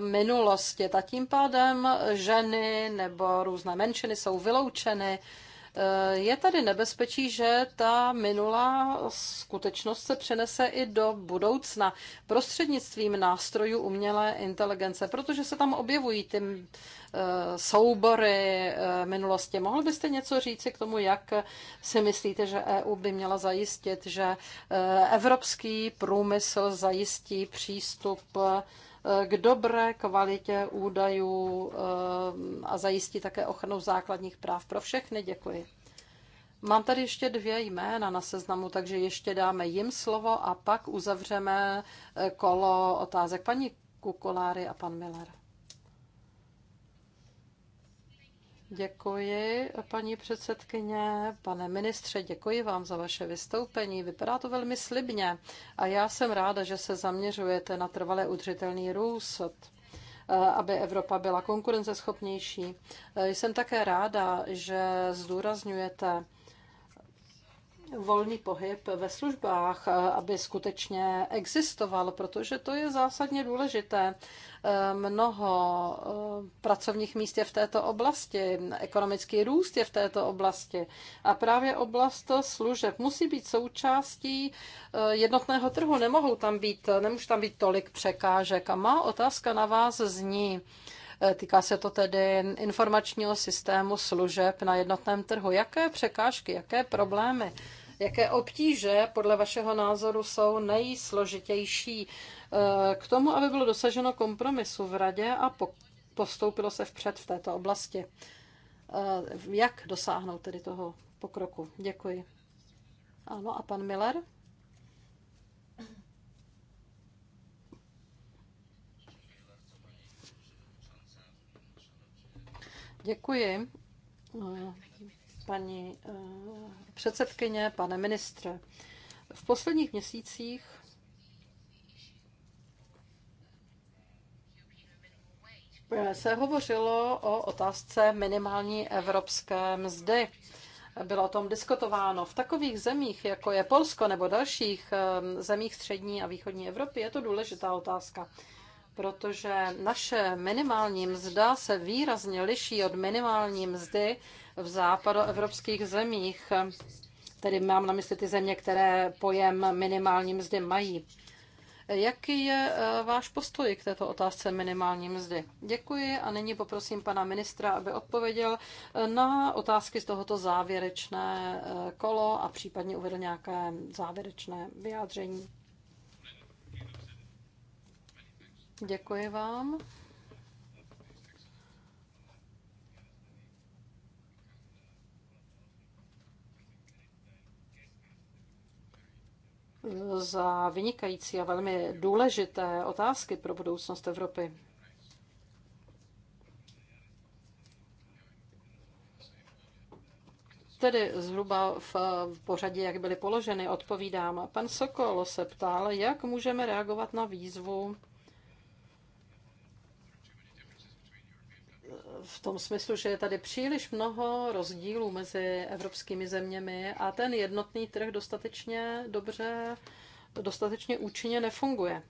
minulosti. A tím pádem ženy nebo různé menšiny jsou vyloučeny Eh, je tady nebezpečí, že ta minulá skutečnost se přenese i do budoucna prostřednictvím nástrojů umělé inteligence, protože se tam objevují ty eh, soubory eh, minulosti. Mohl byste něco říci k tomu, jak si myslíte, že EU by měla zajistit, že evropský průmysl zajistí přístup k dobré kvalitě údajů eh, a zajistí také ochranu základních práv pro všechny. Děkuji. Mám tady ještě dvě jména na seznamu, takže ještě dáme jim slovo a pak uzavřeme eh, kolo otázek paní Kukoláry a pan Miller. Děkuji, paní předsedkyně, pane ministře, děkuji vám za vaše vystoupení. Vypadá to velmi slibně a já jsem ráda, že se zaměřujete na trvalé udržitelný růst aby Evropa byla konkurenceschopnější. Jsem také ráda, že zdůrazňujete volný pohyb ve službách, eh, aby skutečně existoval, protože to je zásadně důležité. Eh, mnoho eh, pracovních míst je v této oblasti, ekonomický růst je v této oblasti a právě oblast služeb musí být součástí jednotného trhu. Nemohou tam být, nemůže tam být tolik překážek. A má otázka na vás zní, Týká se to tedy informačního systému služeb na jednotném trhu. Jaké překážky, jaké problémy Jaké obtíže podle vašeho názoru jsou nejsložitější eh, k tomu, aby bylo dosaženo kompromisu v radě a postoupilo se vpřed v této oblasti? Eh, jak dosáhnout tedy toho pokroku? Děkuji. Ano, a pan Miller? Děkuji. Eh, paní eh, předsedkyně, pane ministře. V posledních měsících se hovořilo o otázce minimální evropské mzdy. Bylo o tom diskutováno. V takových zemích, jako je Polsko nebo dalších eh, zemích střední a východní Evropy, je to důležitá otázka protože naše minimální mzda se výrazně liší od minimální mzdy v západoevropských zemích. Tedy mám na mysli ty země, které pojem minimální mzdy mají. Jaký je e, váš postoj k této otázce minimální mzdy? Děkuji a nyní poprosím pana ministra, aby odpověděl e, na otázky z tohoto závěrečné e, kolo a případně uvedl nějaké závěrečné vyjádření. Děkuji vám. za vynikající a velmi důležité otázky pro budoucnost Evropy. Tedy zhruba v, pořadí, jak byly položeny, odpovídám. Pan Sokol se ptal, jak můžeme reagovat na výzvu v tom smyslu, že je tady příliš mnoho rozdílů mezi evropskými zeměmi a ten jednotný trh dostatečně dobře, dostatečně účinně nefunguje.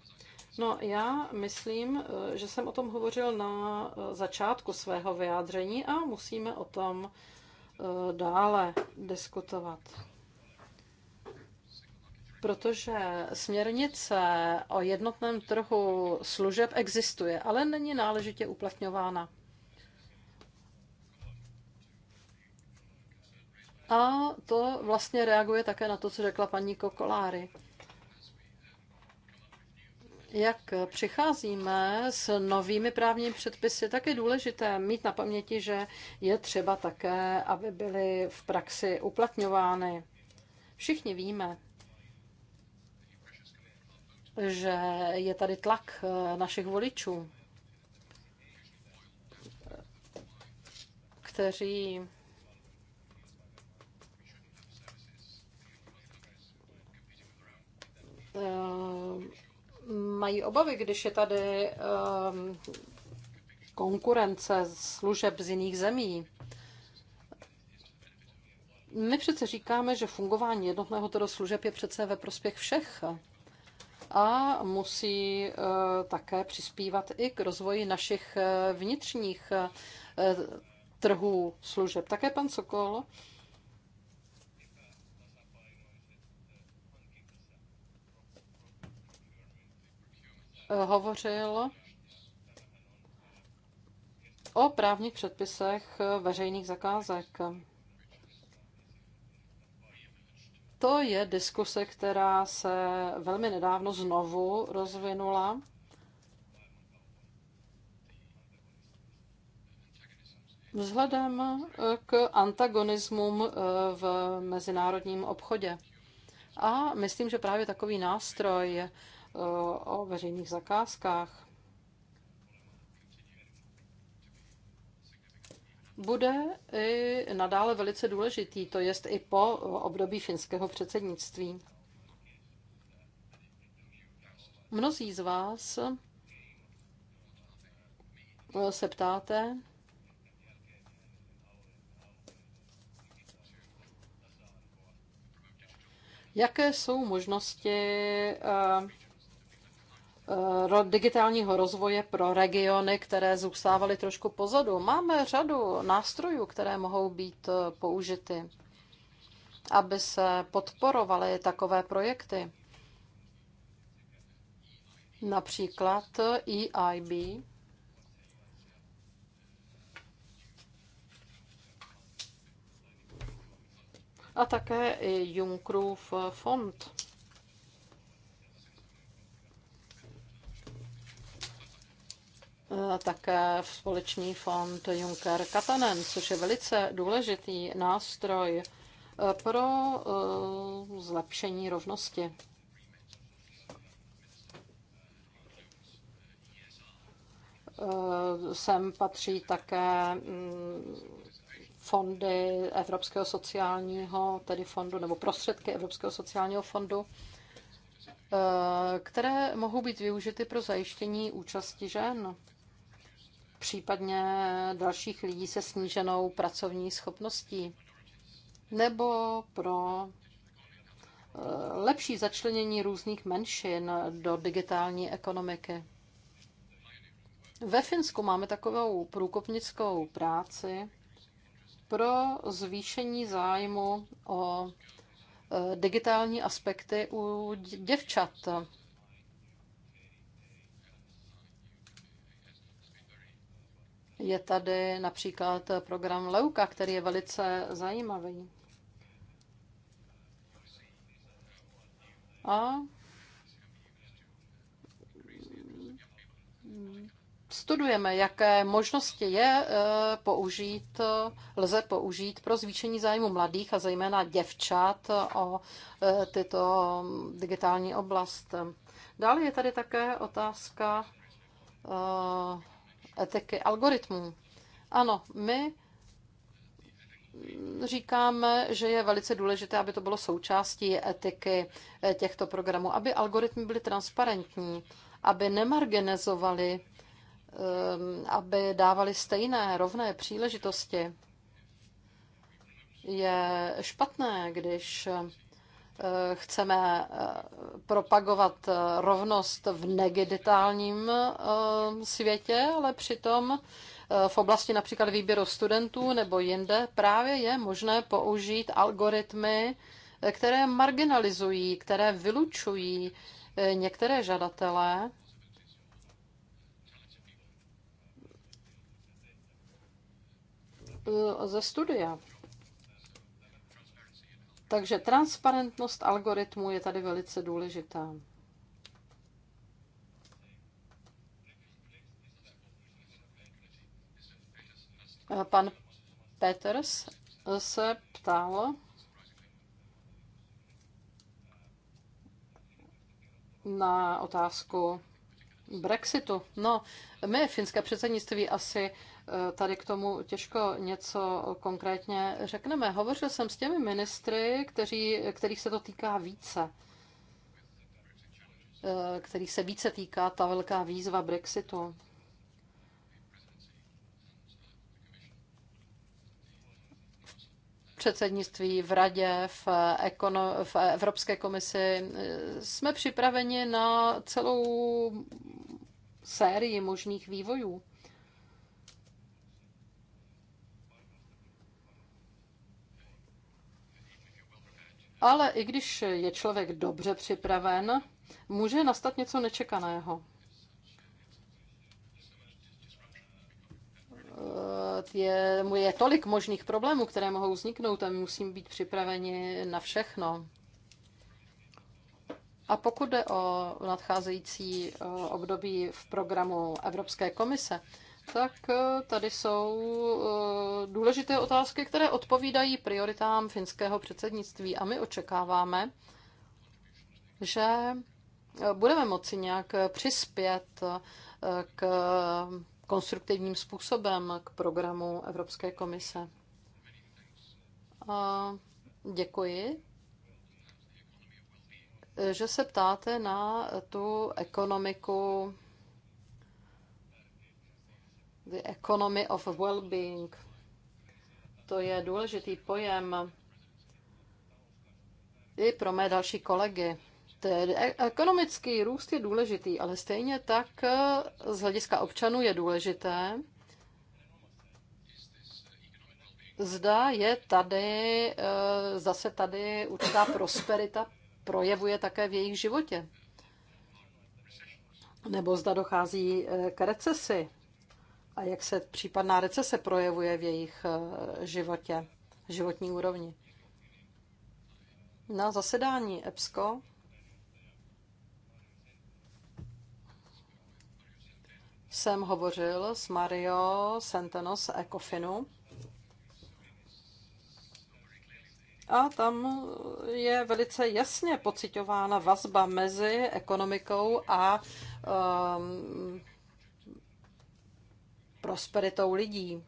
No, já myslím, že jsem o tom hovořil na začátku svého vyjádření a musíme o tom eh, dále diskutovat. Protože směrnice o jednotném trhu služeb existuje, ale není náležitě uplatňována. A to vlastně reaguje také na to, co řekla paní Kokoláry. Jak přicházíme s novými právními předpisy, tak je důležité mít na paměti, že je třeba také, aby byly v praxi uplatňovány. Všichni víme, že je tady tlak eh, našich voličů, kteří Eh, mají obavy, když je tady eh, konkurence služeb z jiných zemí. My přece říkáme, že fungování jednotného trhu služeb je přece ve prospěch všech a musí eh, také přispívat i k rozvoji našich vnitřních trhů služeb. Také pan Sokol hovořil o právních předpisech veřejných zakázek. To je diskuse, která se velmi nedávno znovu rozvinula. Vzhledem k antagonismům eh, v mezinárodním obchodě. A myslím, že právě takový nástroj o veřejných zakázkách bude i nadále velice důležitý, to jest i po období finského předsednictví. Mnozí z vás se ptáte, jaké jsou možnosti eh, Eh, digitálního rozvoje pro regiony, které zůstávaly trošku pozadu. Máme řadu nástrojů, které mohou být eh, použity, aby se podporovaly takové projekty. Například EIB, eh, e a také i Junckerův fond. Eh, také v eh, společný fond Juncker Katanen, což je velice důležitý nástroj eh, pro zlepšení rovnosti. Sem patří také mm, fondy Evropského sociálního, tedy fondu, nebo prostředky Evropského sociálního fondu, které mohou být využity pro zajištění účasti žen případně dalších lidí se sníženou pracovní schopností, nebo pro eh, lepší začlenění různých menšin do digitální ekonomiky. Ve Finsku máme takovou průkopnickou práci pro zvýšení zájmu o eh, digitální aspekty u děvčat Je tady například program Leuka, který je velice zajímavý. A studujeme, jaké možnosti je eh, použít, lze použít pro zvýšení zájmu mladých a zejména děvčat o eh, tyto digitální oblast. Dále je tady také otázka eh, etiky algoritmů. Ano, my říkáme, že je velice důležité, aby to bylo součástí etiky eh, těchto programů, aby algoritmy byly transparentní, aby nemarginalizovaly, eh, aby dávali stejné, rovné příležitosti. Je špatné, když Eh, chceme eh, propagovat eh, rovnost v negeditálním světě, ale přitom v oblasti například výběru studentů nebo jinde právě je možné použít algoritmy, které marginalizují, které vylučují některé žadatelé. ze studia. Takže transparentnost algoritmu je tady velice důležitá. Pan Peters se ptal, na otázku Brexitu. No, my, finské předsednictví, asi Eh, tady k tomu těžko něco konkrétně řekneme. Hovořil jsem s těmi ministry, kteří, kterých se to týká více eh, kterých se více týká ta velká výzva Brexitu. předsednictví, v radě, v, ekono, v Evropské komisi. Eh, jsme připraveni na celou sérii možných vývojů. Ale i když je člověk dobře připraven, může nastat něco nečekaného. Eh, je, je tolik možných problémů, které mohou vzniknout a my musíme být připraveni na všechno. A pokud jde o nadcházející eh, období v programu Evropské komise, tak eh, tady jsou eh, důležité otázky, které odpovídají prioritám finského předsednictví a my očekáváme, že eh, budeme moci nějak přispět k konstruktivním způsobem k programu Evropské komise. A děkuji, že se ptáte na tu ekonomiku The Economy of well-being. To je důležitý pojem i pro mé další kolegy. Tedy ekonomický růst je důležitý, ale stejně tak eh, z hlediska občanů je důležité, zda je tady, eh, zase tady určitá prosperita projevuje také v jejich životě. Nebo zda dochází eh, k recesi a jak se případná recese projevuje v jejich eh, životě, životní úrovni. Na zasedání EPSCO jsem hovořil s Mario Centeno z Ecofinu a tam je velice jasně pocitována vazba mezi ekonomikou a um, prosperitou lidí.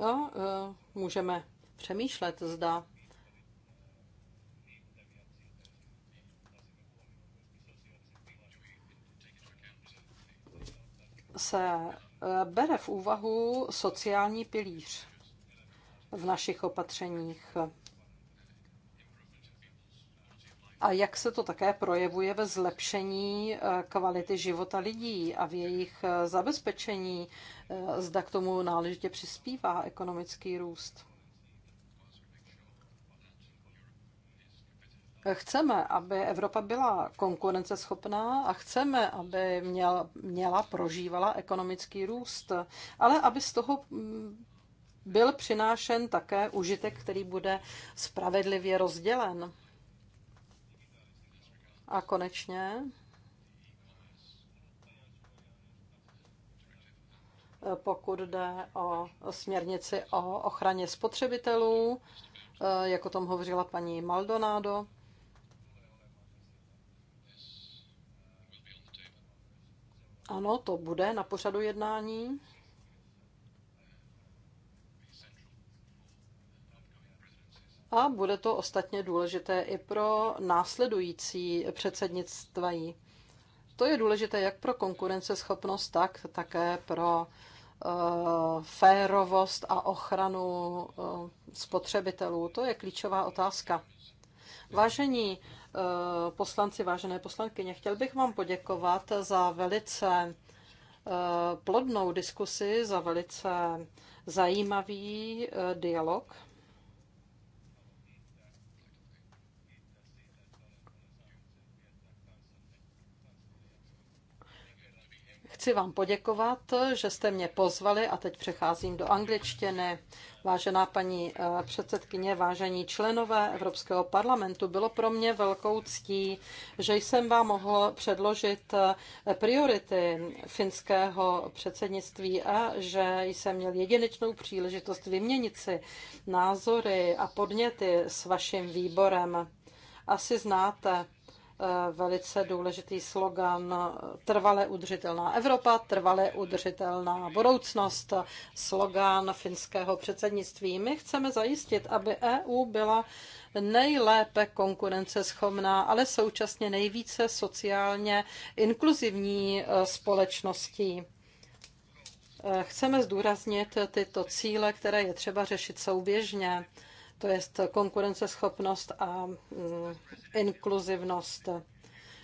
No, eh, můžeme přemýšlet, zda se eh, bere v úvahu sociální pilíř v našich opatřeních a jak se to také projevuje ve zlepšení eh, kvality života lidí a v jejich eh, zabezpečení, eh, zda k tomu náležitě přispívá ekonomický růst. Chceme, aby Evropa byla konkurenceschopná a chceme, aby měla, měla prožívala ekonomický růst, ale aby z toho mm, byl přinášen také užitek, který bude spravedlivě rozdělen. A konečně pokud jde o směrnici o ochraně spotřebitelů, eh, jak o tom hovořila paní Maldonado. Ano, to bude na pořadu jednání. a bude to ostatně důležité i pro následující předsednictví. To je důležité jak pro konkurenceschopnost, tak také pro uh, férovost a ochranu uh, spotřebitelů. To je klíčová otázka. Vážení uh, poslanci, vážené poslankyně, chtěl bych vám poděkovat za velice plodnou diskusi, za velice zajímavý dialog. Chci vám poděkovat, že jste mě pozvali a teď přecházím do angličtiny. Vážená paní eh, předsedkyně, vážení členové Evropského parlamentu, bylo pro mě velkou ctí, že jsem vám mohl předložit eh, priority finského předsednictví a že jsem měl jedinečnou příležitost vyměnit si názory a podněty s vaším výborem. Asi znáte Eh, velice důležitý slogan Trvale udržitelná Evropa, trvale udržitelná budoucnost, slogan finského předsednictví. My chceme zajistit, aby EU byla nejlépe konkurenceschopná, ale současně nejvíce sociálně inkluzivní eh, společností. Eh, chceme zdůraznit tyto cíle, které je třeba řešit souběžně to je konkurenceschopnost a mm, inkluzivnost.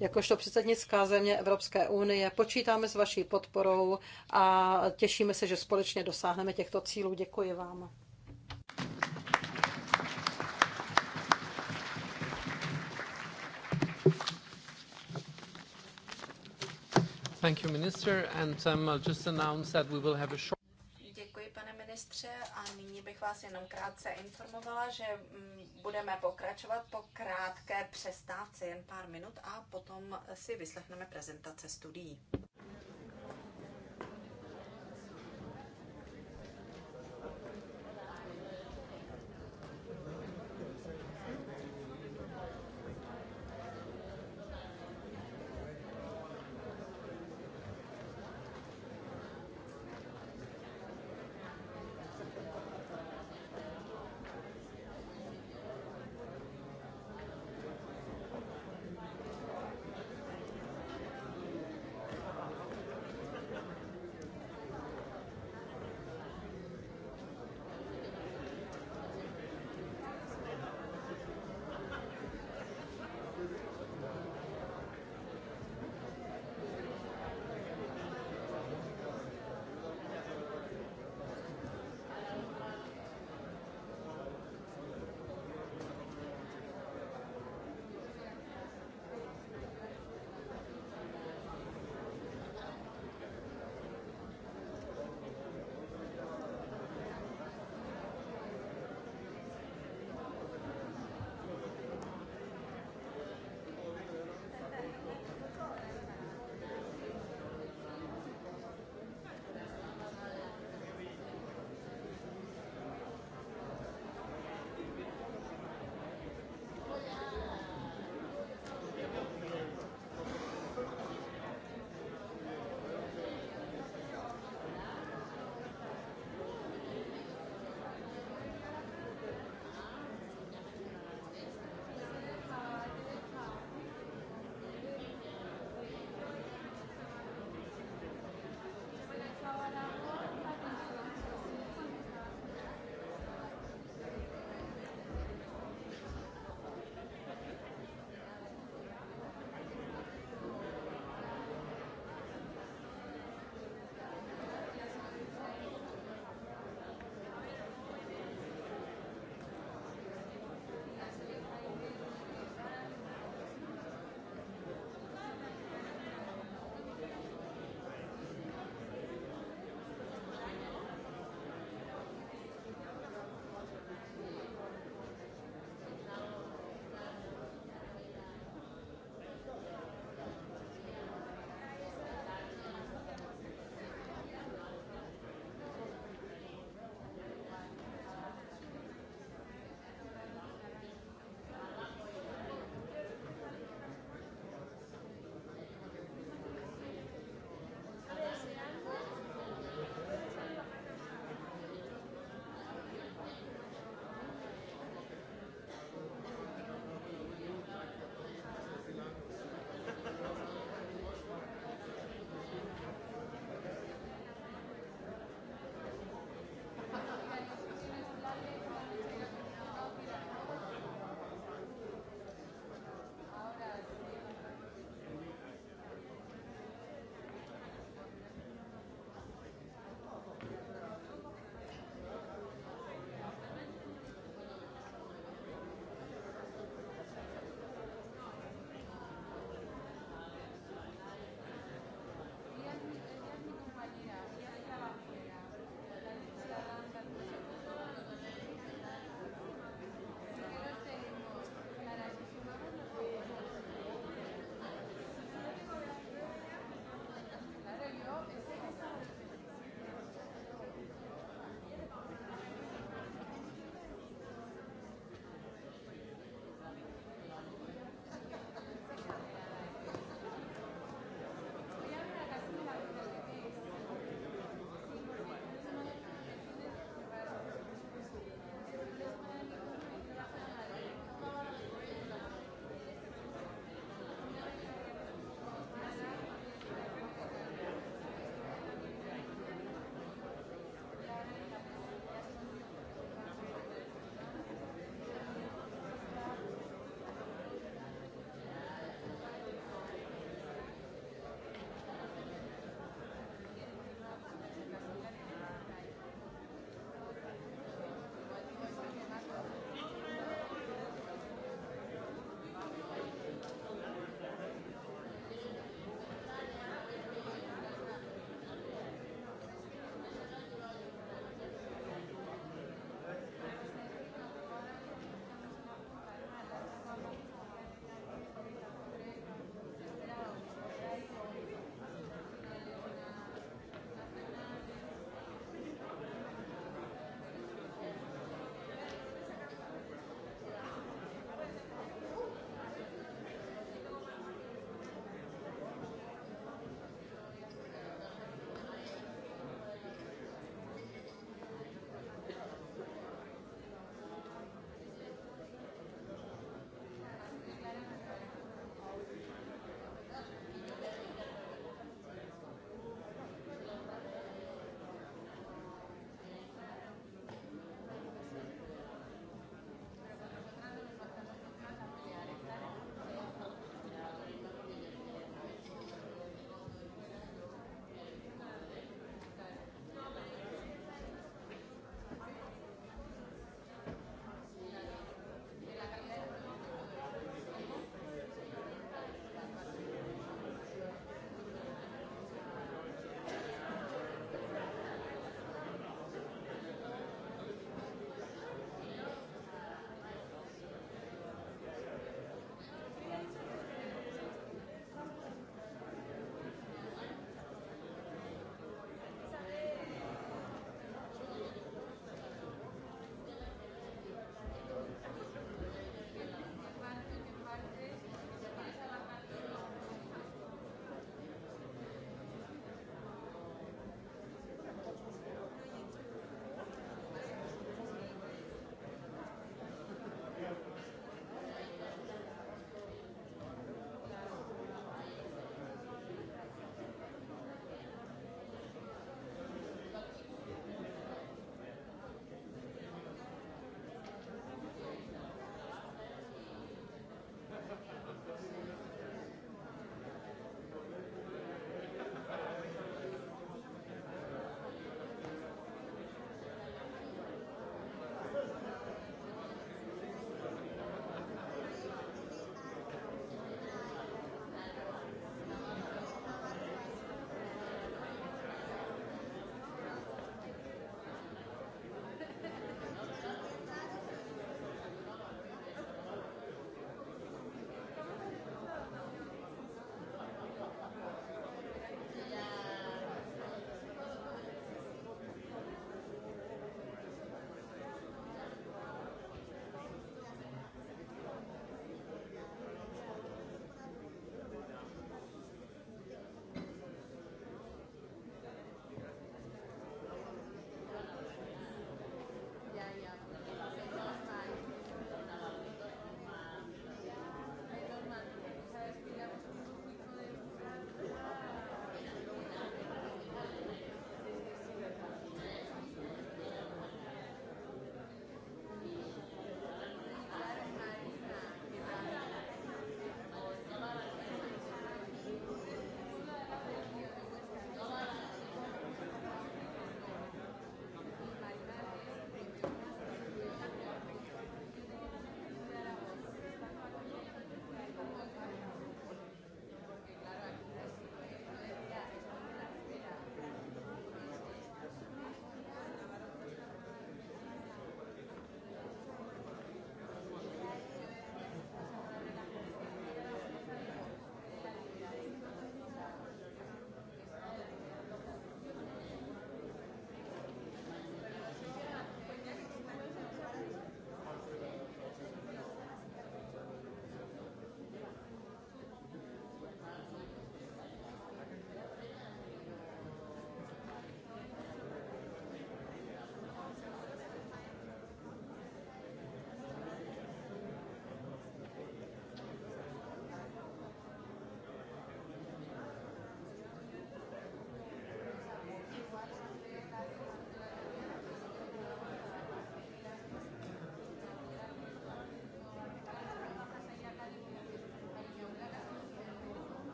Jakožto předsednická země Evropské unie počítáme s vaší podporou a těšíme se, že společně dosáhneme těchto cílů. Děkuji vám. Thank you, Minister. And um, I'll just announce that we will have a short Nyní bych vás jenom krátce informovala, že mm, budeme pokračovat po krátké přestávce, jen pár minut, a potom si vyslechneme prezentace studií.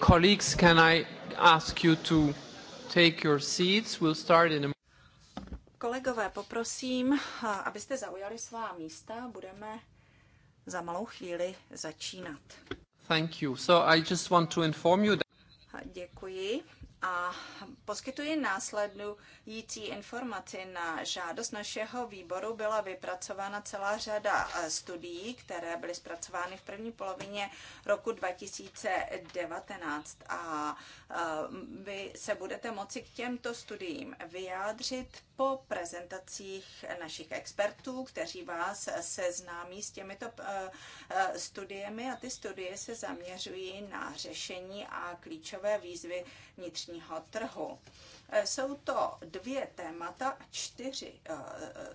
Colleagues, can I ask you to take your seats? We'll start in a Kolegové, poprosím, eh, abyste zaujali svá místa. Budeme za malou chvíli začínat. Thank you. So I just want to inform you that Poskytuji následující informaci. Na žádost našeho výboru byla vypracována celá řada eh, studií, které byly zpracovány v první polovině roku 2019 a eh, vy se budete moci k těmto studiím vyjádřit po prezentacích našich expertů, kteří vás seznámí s těmito eh, eh, studiemi a ty studie se zaměřují na řešení a klíčové výzvy vnitřního trhu. Jsou to dvě témata a čtyři eh,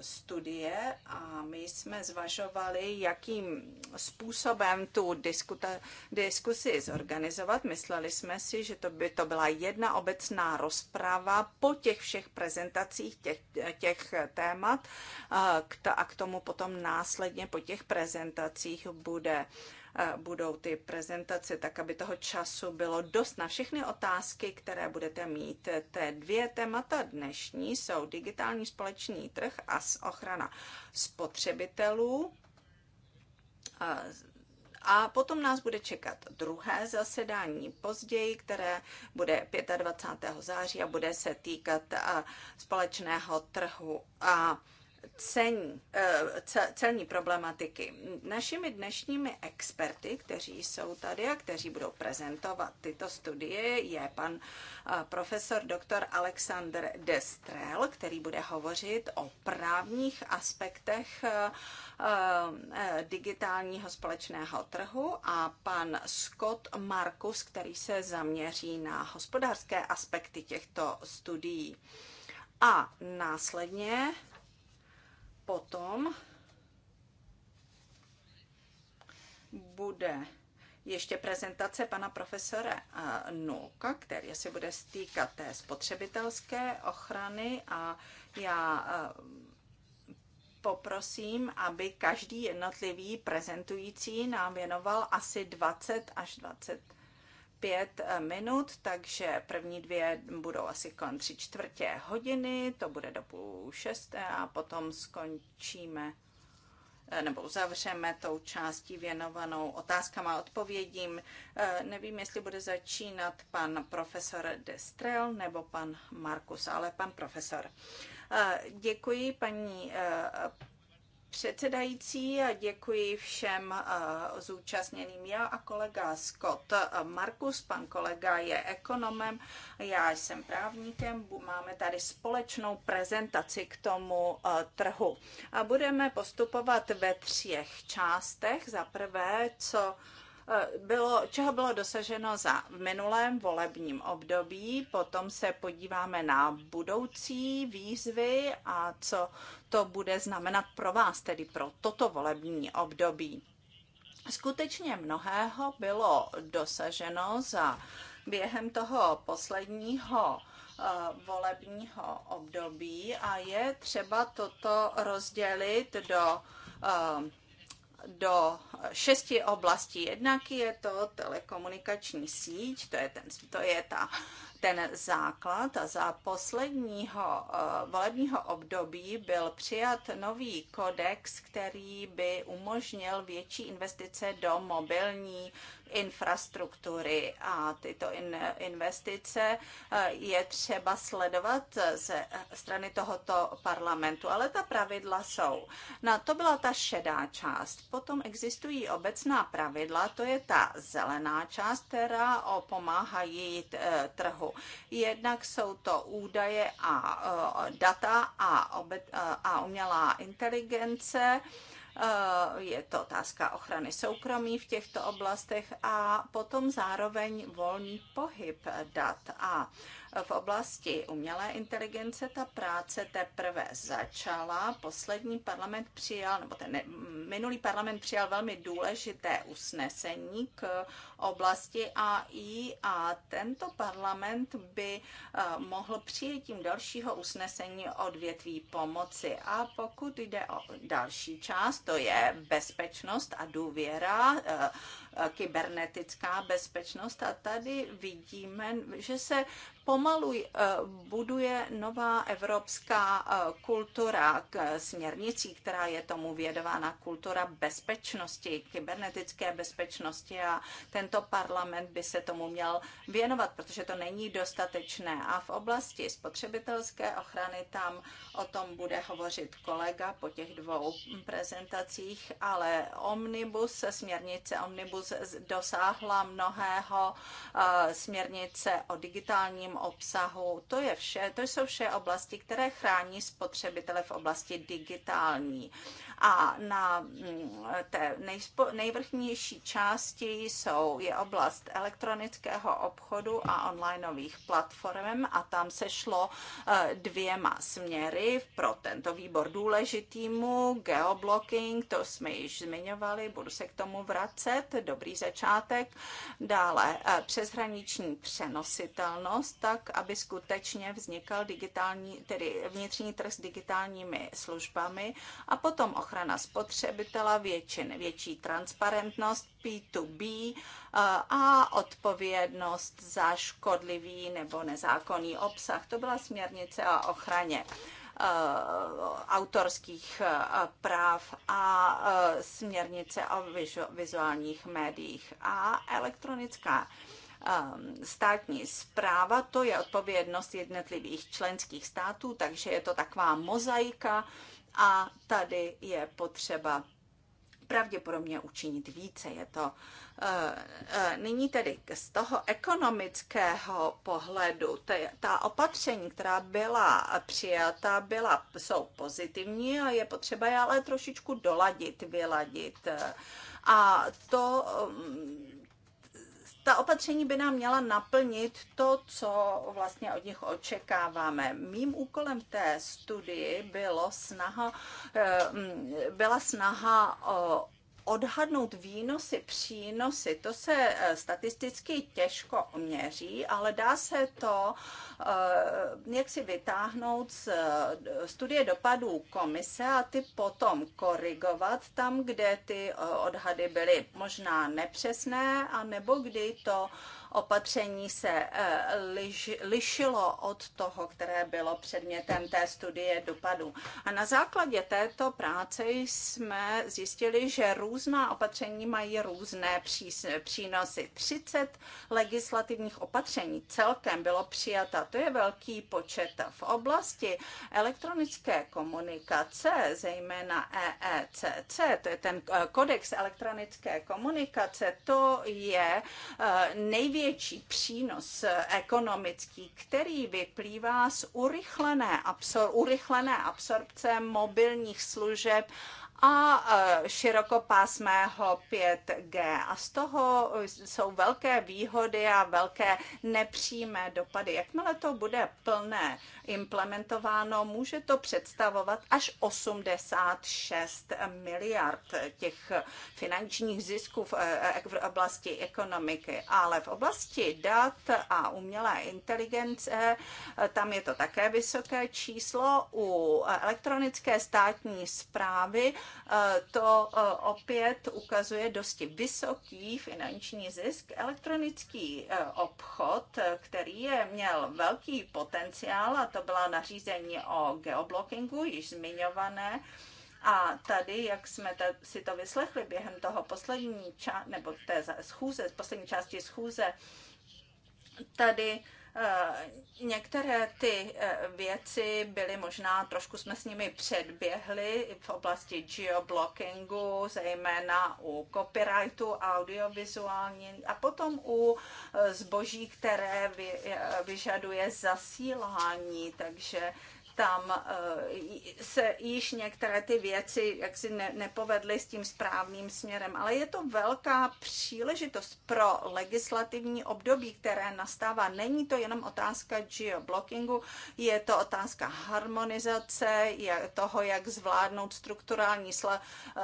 studie a my jsme zvažovali, jakým způsobem tu diskuta, diskusi zorganizovat. Mysleli jsme si, že to by to byla jedna obecná rozprava po těch všech prezentacích těch, těch témat eh, a k tomu potom následně po těch prezentacích bude budou ty prezentace, tak aby toho času bylo dost na všechny otázky, které budete mít. Té dvě témata dnešní jsou digitální společný trh a ochrana spotřebitelů. A potom nás bude čekat druhé zasedání později, které bude 25. září a bude se týkat společného trhu a cení, eh, celní problematiky. Našimi dnešními experty, kteří jsou tady a kteří budou prezentovat tyto studie, je pan eh, profesor dr. Alexander Destrel, který bude hovořit o právních aspektech eh, digitálního společného trhu a pan Scott Markus, který se zaměří na hospodářské aspekty těchto studií. A následně potom bude ještě prezentace pana profesora eh, Nulka, který se bude stýkat té spotřebitelské ochrany a já eh, poprosím, aby každý jednotlivý prezentující nám věnoval asi 20 až 20 pět eh, minut, takže první dvě budou asi kolem tři čtvrtě hodiny, to bude do půl šesté a potom skončíme eh, nebo uzavřeme tou částí věnovanou otázkama a odpovědím. Eh, nevím, jestli bude začínat pan profesor Destrel nebo pan Markus, ale pan profesor. Děkuji paní předsedající a děkuji všem eh, zúčastněným. Já a kolega Scott eh, Markus, pan kolega je ekonomem, já jsem právníkem, máme tady společnou prezentaci k tomu eh, trhu. A budeme postupovat ve třech částech. Za prvé, co Eh, bylo, čeho bylo dosaženo za v minulém volebním období. Potom se podíváme na budoucí výzvy a co to bude znamenat pro vás, tedy pro toto volební období. Skutečně mnohého bylo dosaženo za během toho posledního eh, volebního období a je třeba toto rozdělit do eh, do šesti oblastí. Jednak je to telekomunikační síť, to je, ten, to je ta ten základ a za posledního eh, volebního období byl přijat nový kodex, který by umožnil větší investice do mobilní infrastruktury a tyto in, investice eh, je třeba sledovat ze strany tohoto parlamentu, ale ta pravidla jsou. Na to byla ta šedá část. Potom existují obecná pravidla, to je ta zelená část, která pomáhají eh, trhu. Jednak jsou to údaje a eh, data a, obet, eh, a umělá inteligence eh, je to otázka ochrany soukromí v těchto oblastech a potom zároveň volný pohyb dat a v oblasti umělé inteligence ta práce teprve začala. Poslední parlament přijal, nebo ten minulý parlament přijal velmi důležité usnesení k oblasti AI a tento parlament by eh, mohl přijetím dalšího usnesení odvětví pomoci. A pokud jde o další část, to je bezpečnost a důvěra, eh, eh, kybernetická bezpečnost a tady vidíme, že se pomalu eh, buduje nová evropská eh, kultura k směrnicí, která je tomu vědována kultura bezpečnosti, kybernetické bezpečnosti a tento parlament by se tomu měl věnovat, protože to není dostatečné. A v oblasti spotřebitelské ochrany tam o tom bude hovořit kolega po těch dvou prezentacích, ale omnibus, směrnice omnibus dosáhla mnohého eh, směrnice o digitálním obsahu. To je vše, to jsou vše oblasti, které chrání spotřebitele v oblasti digitální a na mm, té nejspo, nejvrchnější části jsou, je oblast elektronického obchodu a onlineových platform a tam se šlo eh, dvěma směry pro tento výbor důležitýmu. Geoblocking, to jsme již zmiňovali, budu se k tomu vracet, dobrý začátek. Dále eh, přeshraniční přenositelnost, tak aby skutečně vznikal digitální, tedy vnitřní trh s digitálními službami a potom ochrana spotřebitela, většin, větší transparentnost P2B eh, a odpovědnost za škodlivý nebo nezákonný obsah. To byla směrnice o ochraně eh, autorských eh, práv a směrnice o vizuálních médiích a elektronická státní zpráva, to je odpovědnost jednotlivých členských států, takže je to taková mozaika a tady je potřeba pravděpodobně učinit více. Je to eh, eh, nyní tedy z toho ekonomického pohledu. Ta opatření, která byla přijata, byla, jsou pozitivní a je potřeba je ale trošičku doladit, vyladit. A to mm, ta opatření by nám měla naplnit to, co vlastně od nich očekáváme. Mým úkolem té studii bylo snaha, eh, byla snaha o odhadnout výnosy, přínosy, to se eh, statisticky těžko měří, ale dá se to eh, jak si vytáhnout z eh, studie dopadů komise a ty potom korigovat tam, kde ty odhady byly možná nepřesné, a nebo kdy to opatření se eh, lišilo od toho, které bylo předmětem té studie dopadu. A na základě této práce jsme zjistili, že různá opatření mají různé přínosy. 30 legislativních opatření celkem bylo přijata. To je velký počet. V oblasti elektronické komunikace, zejména EECC, to je ten eh, kodex elektronické komunikace, to je eh, největší největší přínos ekonomický, který vyplývá z urychlené, absor- urychlené absorpce mobilních služeb a e, širokopásmého 5G. A z toho jsou velké výhody a velké nepřímé dopady. Jakmile to bude plné implementováno, může to představovat až 86 miliard těch finančních zisků e, e, v oblasti ekonomiky. Ale v oblasti dat a umělé inteligence, tam je to také vysoké číslo. U elektronické státní zprávy to e, opět ukazuje dosti vysoký finanční zisk. Elektronický e, obchod, e, který je, měl velký potenciál, a to byla nařízení o geoblockingu, již zmiňované, a tady, jak jsme si to vyslechli během toho poslední ča- nebo té schůze, poslední části schůze, tady Eh, některé ty eh, věci byly možná, trošku jsme s nimi předběhli v oblasti geoblockingu, zejména u copyrightu audiovizuální a potom u eh, zboží, které vyžaduje zasílání, takže tam eh, se již některé ty věci jaksi ne, nepovedly s tím správným směrem. Ale je to velká příležitost pro legislativní období, které nastává. Není to jenom otázka geoblockingu, je to otázka harmonizace, je toho, jak zvládnout strukturální eh,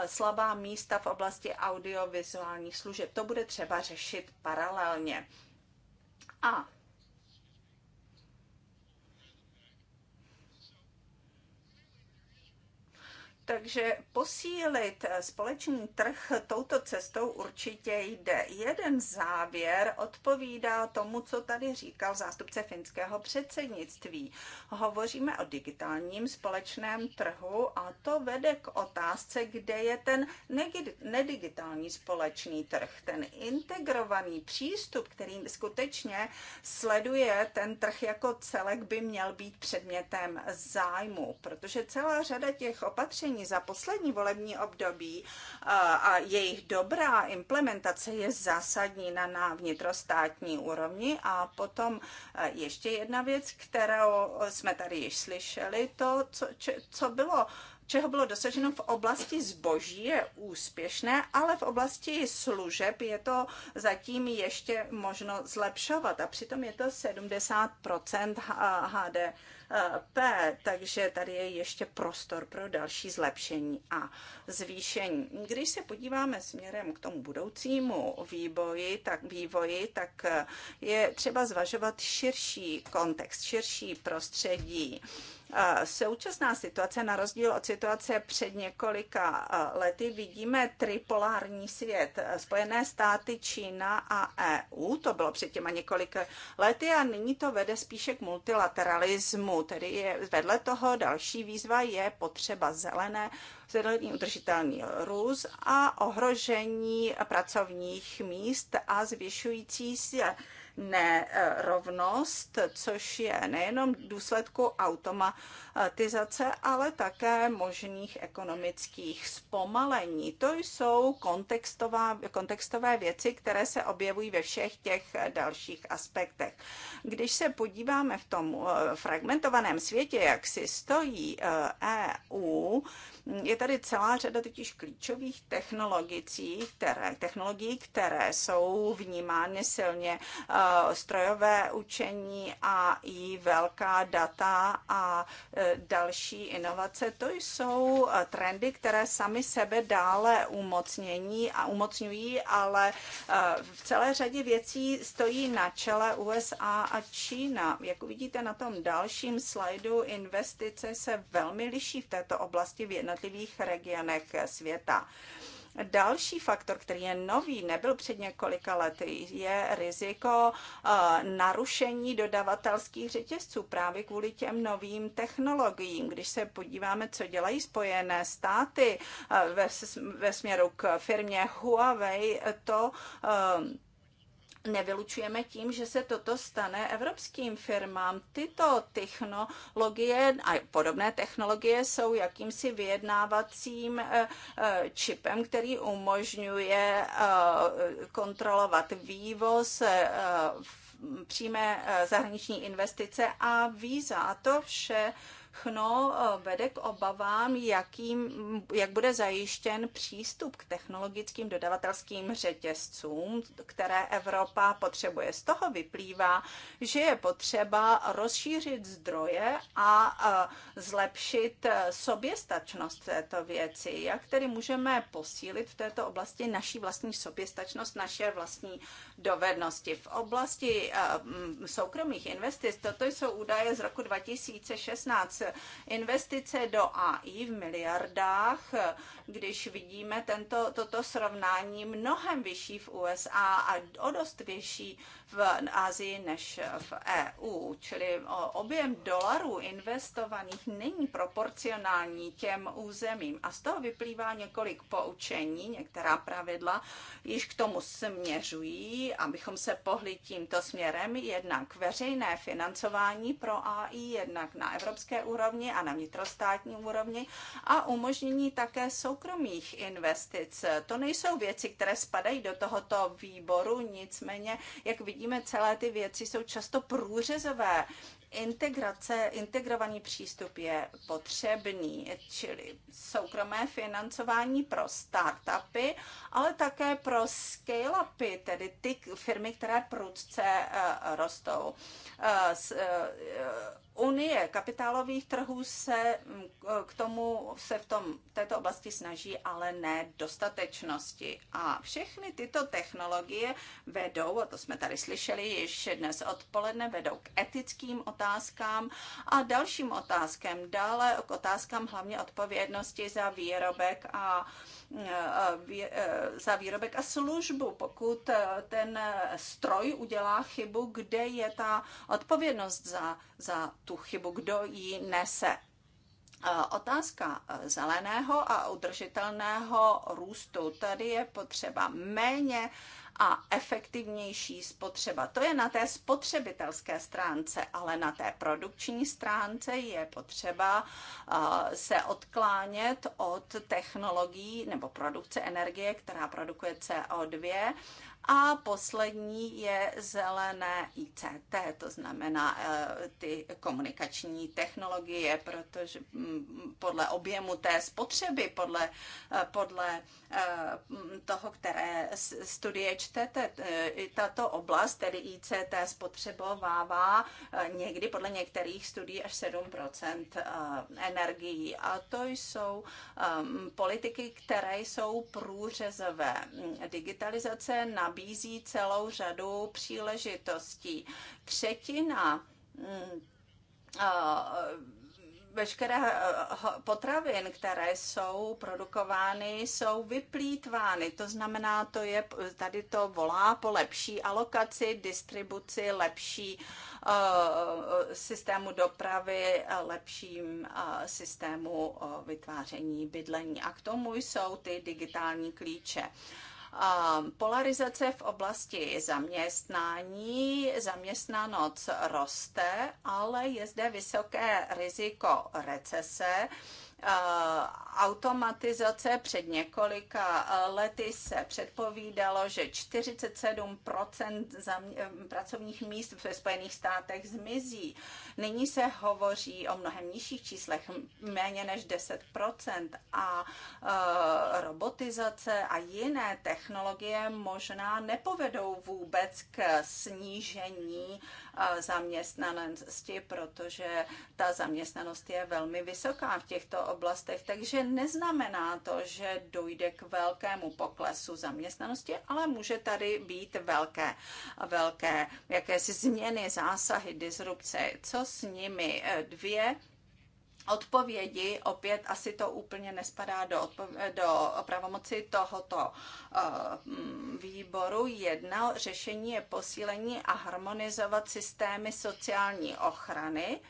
slabá místa v oblasti audiovizuálních služeb. To bude třeba řešit paralelně. A Takže posílit společný trh touto cestou určitě jde. Jeden závěr odpovídá tomu, co tady říkal zástupce finského předsednictví. Hovoříme o digitálním společném trhu a to vede k otázce, kde je ten nedigitální společný trh, ten integrovaný přístup, který skutečně sleduje ten trh jako celek, by měl být předmětem zájmu, protože celá řada těch opatření, opatření za poslední volební období a jejich dobrá implementace je zásadní na, na vnitrostátní úrovni. A potom e, ještě jedna věc, kterou jsme tady již slyšeli, to, co, co bylo čeho bylo dosaženo v oblasti zboží, je úspěšné, ale v oblasti služeb je to zatím ještě možno zlepšovat. A přitom je to 70 HD, P, takže tady je ještě prostor pro další zlepšení a zvýšení. Když se podíváme směrem k tomu budoucímu vývoji, tak, vývoji, tak e, je třeba zvažovat širší kontext, širší prostředí. Současná situace, na rozdíl od situace před několika e, lety, vidíme tripolární svět. Spojené státy, Čína a EU, to bylo před těma několika lety a nyní to vede spíše k multilateralismu Tedy je vedle toho další výzva je potřeba zelené, zelený udržitelný růz a ohrožení pracovních míst a zvyšující se nerovnost, což je nejenom důsledku automa, privatizace, ale také možných ekonomických zpomalení. To jsou kontextová, kontextové věci, které se objevují ve všech těch dalších aspektech. Když se podíváme v tom eh, fragmentovaném světě, jak si stojí EU, eh, e je tady celá řada totiž klíčových technologií, které, technologií, které jsou vnímány silně eh, strojové učení a i velká data a další inovace. To jsou eh, trendy, které sami sebe dále umocnění a umocňují, ale eh, v celé řadě věcí stojí na čele USA a Čína. Jak uvidíte na tom dalším slajdu, investice se velmi liší v této oblasti v jednotlivých regionech světa. Další faktor, který je nový, nebyl před několika lety, je riziko eh, narušení dodavatelských řetězců právě kvůli těm novým technologiím. Když se podíváme, co dělají Spojené státy eh, ve, směru k firmě Huawei, to eh, nevylučujeme tím, že se toto stane evropským firmám. Tyto technologie a podobné technologie jsou jakýmsi vyjednávacím eh, eh, čipem, který umožňuje eh, kontrolovat vývoz přímé zahraniční investice a víza. A to vše všechno eh, vede k obavám, jakým, jak bude zajištěn přístup k technologickým dodavatelským řetězcům, které Evropa potřebuje. Z toho vyplývá, že je potřeba rozšířit zdroje a eh, zlepšit eh, soběstačnost této věci. Jak tedy můžeme posílit v této oblasti naší vlastní soběstačnost, naše vlastní dovednosti? V oblasti soukromých investic, toto jsou údaje z roku 2016, investice do AI v miliardách když vidíme tento, toto srovnání mnohem vyšší v USA a o dost vyšší v Asii než v EU. Čili objem dolarů investovaných není proporcionální těm územím. A z toho vyplývá několik poučení, některá pravidla již k tomu směřují, abychom se pohli tímto směrem, jednak veřejné financování pro AI, jednak na evropské úrovni a na vnitrostátní úrovni a umožnění také sou soukromých investic. To nejsou věci, které spadají do tohoto výboru, nicméně, jak vidíme, celé ty věci jsou často průřezové integrace, integrovaný přístup je potřebný, čili soukromé financování pro startupy, ale také pro scale-upy, tedy ty firmy, které prudce uh, rostou. Uh, s, uh, Unie kapitálových trhů se mm, k tomu se v tom, této oblasti snaží, ale ne dostatečnosti. A všechny tyto technologie vedou, a to jsme tady slyšeli již dnes odpoledne, vedou k etickým otázkám a dalším otázkám, dále k otázkám hlavně odpovědnosti za výrobek a uh, E, za výrobek a službu. Pokud e, ten stroj udělá chybu, kde je ta odpovědnost za, za tu chybu, kdo ji nese? E, otázka zeleného a udržitelného růstu. Tady je potřeba méně uh, a efektivnější spotřeba. To je na té spotřebitelské stránce, ale na té produkční stránce je potřeba uh, se odklánět od technologií nebo produkce energie, která produkuje CO2 a poslední je zelené ICT, to znamená eh, ty komunikační technologie, protože mm, podle objemu té spotřeby, podle, eh, podle eh, mm, toho, které studie čtete, tato oblast, tedy ICT, spotřebovává někdy podle některých studií až 7 energií. A to jsou politiky, které jsou průřezové. Mm, digitalizace na nabízí celou řadu příležitostí. Třetina mm, veškeré potravin, které jsou produkovány, jsou vyplýtvány. To znamená, to je, tady to volá po lepší alokaci, distribuci, lepší systému dopravy, lepším systému vytváření bydlení. A k tomu jsou ty digitální klíče. Polarizace v oblasti zaměstnání, zaměstnanost roste, ale je zde vysoké riziko recese Eh, automatizace. Před několika eh, lety se předpovídalo, že 47 eh, pracovních míst ve Spojených státech zmizí. Nyní se hovoří o mnohem nižších číslech, méně než 10 a robotizace a jiné technologie možná nepovedou vůbec k snížení zaměstnanosti, protože ta zaměstnanost je velmi vysoká v těchto oblastech, takže neznamená to, že dojde k velkému poklesu zaměstnanosti, ale může tady být velké, velké jakési změny, zásahy, disrupce. Co s nimi? Dvě odpovědi, opět asi to úplně nespadá do, do pravomoci tohoto uh, výboru. Jedno řešení je posílení a harmonizovat systémy sociální ochrany. Uh,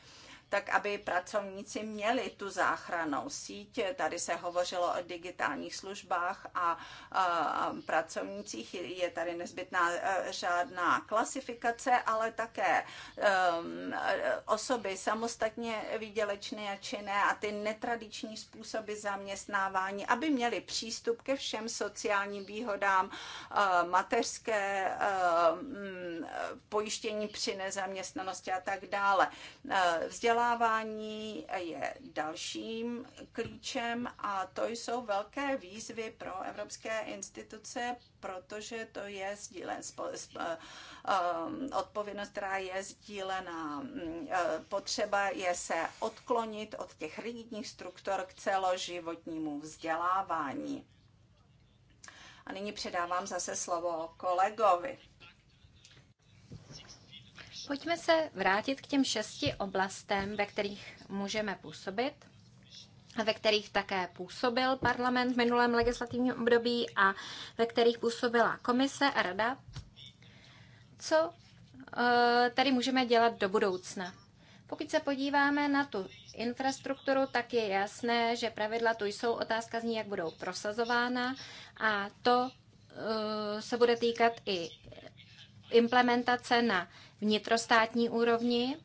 tak aby pracovníci měli tu záchranou síť. Tady se hovořilo o digitálních službách a, a pracovnících. Je tady nezbytná e, řádná klasifikace, ale také um, osoby samostatně výdělečné a činné a ty netradiční způsoby zaměstnávání, aby měli přístup ke všem sociálním výhodám, uh, mateřské uh, pojištění při nezaměstnanosti a tak dále. Uh, Vzdělávání je dalším klíčem a to jsou velké výzvy pro evropské instituce, protože to je sdílen, spo, sp, um, odpovědnost, která je sdílená. Mm, uh, potřeba je se odklonit od těch rigidních struktur k celoživotnímu vzdělávání. A nyní předávám zase slovo kolegovi. Pojďme se vrátit k těm šesti oblastem, ve kterých můžeme působit ve kterých také působil parlament v minulém legislativním období a ve kterých působila komise a rada. Co eh, tady můžeme dělat do budoucna? Pokud se podíváme na tu infrastrukturu, tak je jasné, že pravidla tu jsou. Otázka zní, jak budou prosazována a to eh, se bude týkat i implementace na vnitrostátní úrovni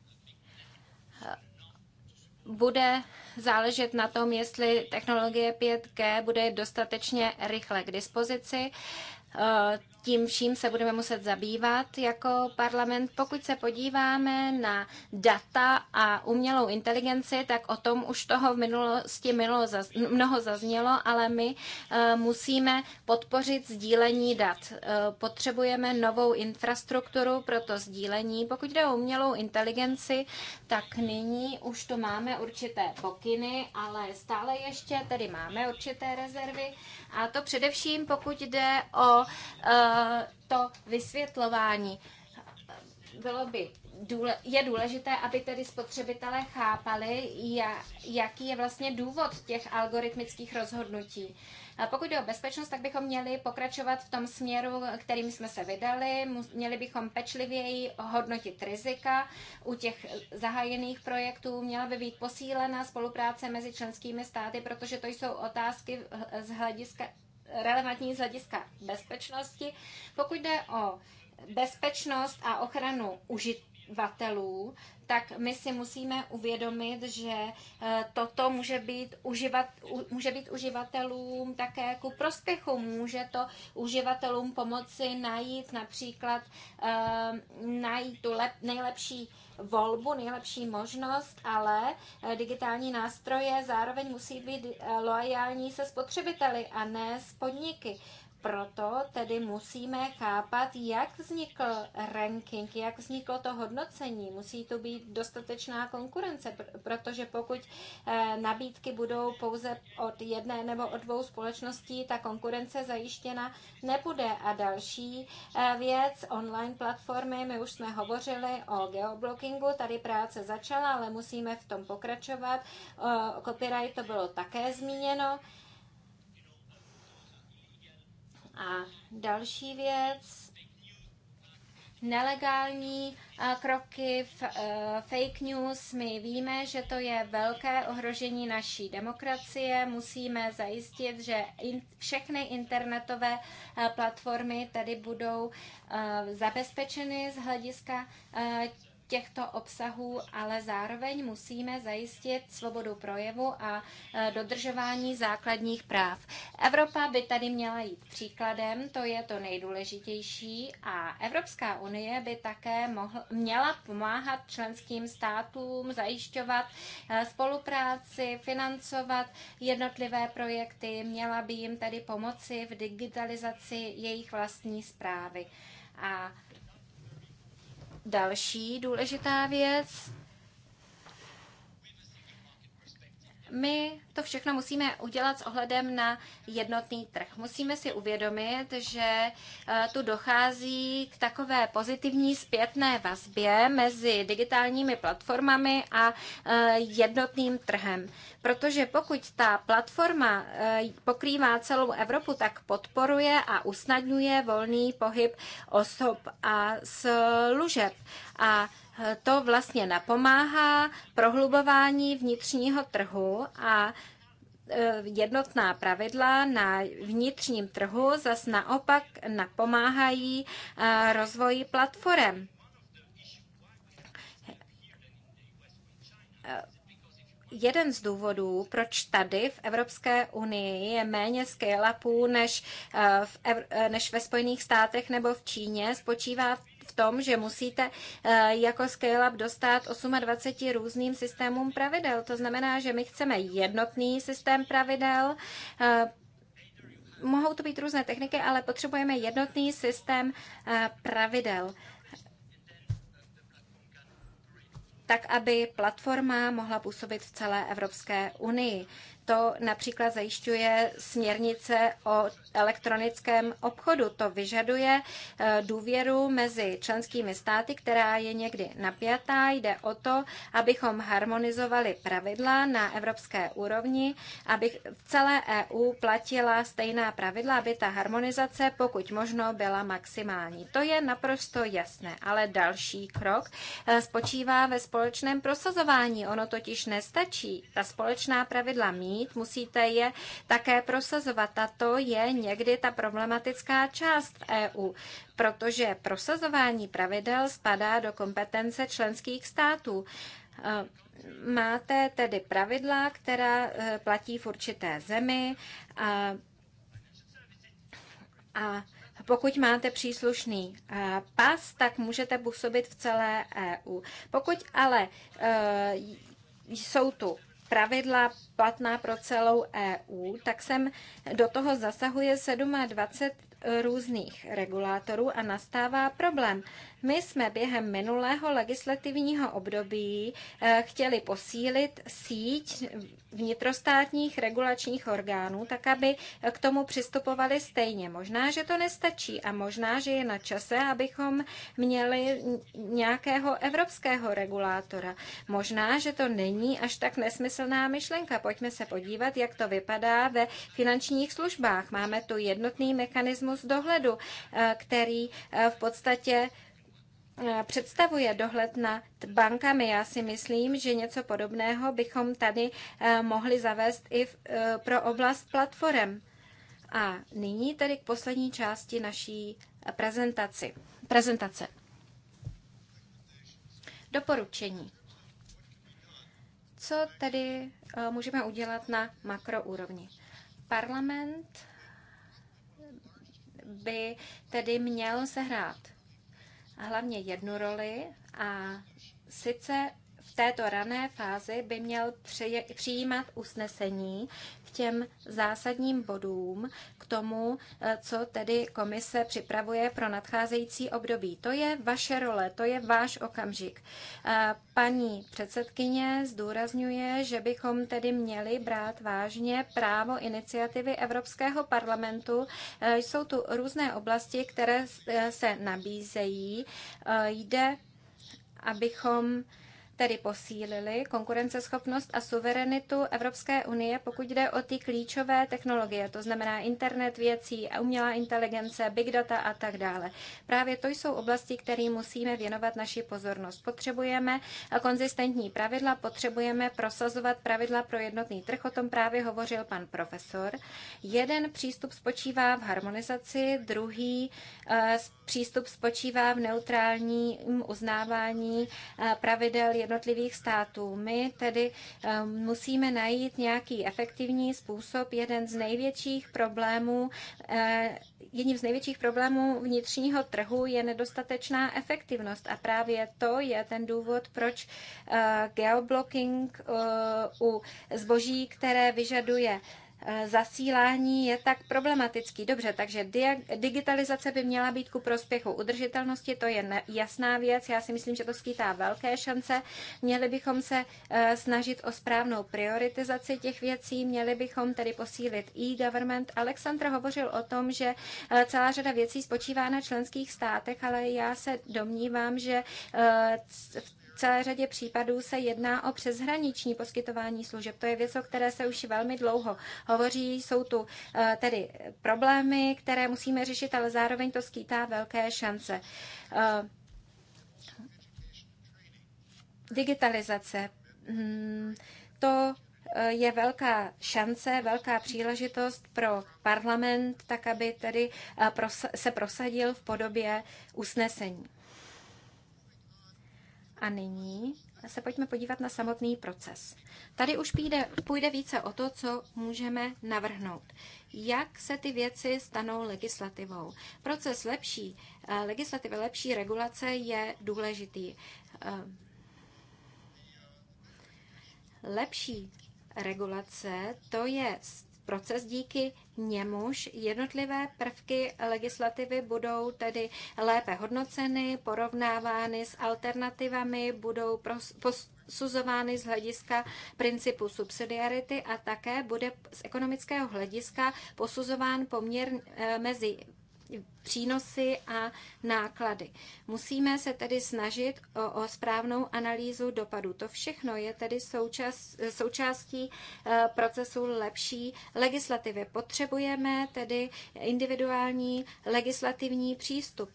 bude záležet na tom, jestli technologie 5G bude dostatečně rychle k dispozici tím vším se budeme muset zabývat jako parlament. Pokud se podíváme na data a umělou inteligenci, tak o tom už toho v minulosti mnoho zaznělo, ale my eh, musíme podpořit sdílení dat. Eh, potřebujeme novou infrastrukturu pro to sdílení. Pokud jde o umělou inteligenci, tak nyní už to máme určité pokyny, ale stále ještě tedy máme určité rezervy. A to především pokud jde o eh, Eh, to vysvětlování. Bylo by důle, je důležité, aby tedy spotřebitelé chápali, jaký je vlastně důvod těch algoritmických rozhodnutí. A pokud jde o bezpečnost, tak bychom měli pokračovat v tom směru, kterým jsme se vydali. Měli bychom pečlivěji hodnotit rizika u těch zahájených projektů. Měla by být posílena spolupráce mezi členskými státy, protože to jsou otázky z hlediska relevantní z hlediska bezpečnosti. Pokud jde o bezpečnost a ochranu užit, uživatelů, tak my si musíme uvědomit, že eh, toto může být, uživat, může být uživatelům také ku prospěchu. Může to uživatelům pomoci najít například eh, najít tu lep, nejlepší volbu, nejlepší možnost, ale eh, digitální nástroje zároveň musí být loajální se spotřebiteli a ne s podniky proto tedy musíme chápat, jak vznikl ranking, jak vzniklo to hodnocení. Musí to být dostatečná konkurence, protože pokud eh, nabídky budou pouze od jedné nebo od dvou společností, ta konkurence zajištěna nebude. A další eh, věc, online platformy, my už jsme hovořili o geoblockingu, tady práce začala, ale musíme v tom pokračovat. Eh, copyright to bylo také zmíněno. A další věc, nelegální kroky, e, fake news. My víme, že to je velké ohrožení naší demokracie. Musíme zajistit, že všechny internetové e, platformy tady budou e, zabezpečeny z hlediska těchto obsahů, ale zároveň musíme zajistit svobodu projevu a e, dodržování základních práv. Evropa by tady měla jít příkladem, to je to nejdůležitější a Evropská unie by také mohl, měla pomáhat členským státům zajišťovat e, spolupráci, financovat jednotlivé projekty, měla by jim tady pomoci v digitalizaci jejich vlastní zprávy. A Další důležitá věc my to všechno musíme udělat s ohledem na jednotný trh. Musíme si uvědomit, že eh, tu dochází k takové pozitivní zpětné vazbě mezi digitálními platformami a eh, jednotným trhem. Protože pokud ta platforma eh, pokrývá celou Evropu, tak podporuje a usnadňuje volný pohyb osob a služeb. A to vlastně napomáhá prohlubování vnitřního trhu a e, jednotná pravidla na vnitřním trhu zas naopak napomáhají e, rozvoji platform. E, jeden z důvodů, proč tady v Evropské unii je méně scale-upů než, než ve Spojených státech nebo v Číně, spočívá v tom, že musíte eh, jako scale-up dostat 28 různým systémům pravidel. To znamená, že my chceme jednotný systém pravidel, eh, mohou to být různé techniky, ale potřebujeme jednotný systém eh, pravidel tak aby platforma mohla působit v celé Evropské unii. To například zajišťuje směrnice o elektronickém obchodu. To vyžaduje eh, důvěru mezi členskými státy, která je někdy napjatá. Jde o to, abychom harmonizovali pravidla na evropské úrovni, aby v celé EU platila stejná pravidla, aby ta harmonizace pokud možno byla maximální. To je naprosto jasné, ale další krok eh, spočívá ve společném prosazování. Ono totiž nestačí ta společná pravidla mít, mít, musíte je také prosazovat. A to je někdy ta problematická část EU, protože prosazování pravidel spadá do kompetence členských států. Máte tedy pravidla, která e, platí v určité zemi a, a pokud máte příslušný e, pas, tak můžete působit v celé EU. Pokud ale e, jsou tu pravidla platná pro celou EU, tak sem do toho zasahuje 27 různých regulátorů a nastává problém. My jsme během minulého legislativního období eh, chtěli posílit síť vnitrostátních regulačních orgánů, tak aby k tomu přistupovali stejně. Možná, že to nestačí a možná, že je na čase, abychom měli nějakého evropského regulátora. Možná, že to není až tak nesmyslná myšlenka. Pojďme se podívat, jak to vypadá ve finančních službách. Máme tu jednotný mechanismus dohledu, eh, který eh, v podstatě představuje dohled nad bankami. Já si myslím, že něco podobného bychom tady eh, mohli zavést i eh, pro oblast platform. A nyní tedy k poslední části naší prezentaci. prezentace. Doporučení. Co tedy eh, můžeme udělat na makroúrovni? Parlament by tedy měl sehrát hlavně jednu roli a sice této rané fázi by měl přijímat usnesení k těm zásadním bodům, k tomu, eh, co tedy komise připravuje pro nadcházející období. To je vaše role, to je váš okamžik. Eh, paní předsedkyně zdůrazňuje, že bychom tedy měli brát vážně právo iniciativy Evropského parlamentu. Eh, jsou tu různé oblasti, které se nabízejí. Jde abychom tedy posílili konkurenceschopnost a suverenitu Evropské unie, pokud jde o ty klíčové technologie, to znamená internet věcí, umělá inteligence, big data a tak dále. Právě to jsou oblasti, kterým musíme věnovat naši pozornost. Potřebujeme konzistentní pravidla, potřebujeme prosazovat pravidla pro jednotný trh, o tom právě hovořil pan profesor. Jeden přístup spočívá v harmonizaci, druhý eh, přístup spočívá v neutrálním uznávání eh, pravidel jednotlivých států. My tedy um, musíme najít nějaký efektivní způsob. Jeden z největších problémů, eh, jedním z největších problémů vnitřního trhu je nedostatečná efektivnost a právě to je ten důvod, proč eh, geoblocking eh, u zboží, které vyžaduje Eh, zasílání je tak problematický. Dobře, takže digitalizace by měla být ku prospěchu udržitelnosti, to je jasná věc. Já si myslím, že to skýtá velké šance. Měli bychom se eh, snažit o správnou prioritizaci těch věcí, měli bychom tedy posílit e-government. Aleksandr hovořil o tom, že eh, celá řada věcí spočívá na členských státech, ale já se domnívám, že v celé řadě případů se jedná o přeshraniční poskytování služeb. To je věc, o které se už velmi dlouho hovoří. Jsou tu eh, tedy problémy, které musíme řešit, ale zároveň to skýtá velké šance. Eh, digitalizace. Hmm, to eh, je velká šance, velká příležitost pro parlament, tak aby tedy se prosadil v podobě usnesení. A nyní se pojďme podívat na samotný proces. Tady už půjde, půjde více o to, co můžeme navrhnout. Jak se ty věci stanou legislativou? Proces lepší, eh, legislativy lepší regulace je důležitý. Eh, lepší regulace to je proces, díky němuž jednotlivé prvky legislativy budou tedy lépe hodnoceny, porovnávány s alternativami, budou posuzovány z hlediska principu subsidiarity a také bude z ekonomického hlediska posuzován poměr eh, mezi přínosy a náklady. Musíme se tedy snažit o, o správnou analýzu dopadu. To všechno je tedy součas, součástí e, procesu lepší legislativy. Potřebujeme tedy individuální legislativní přístup.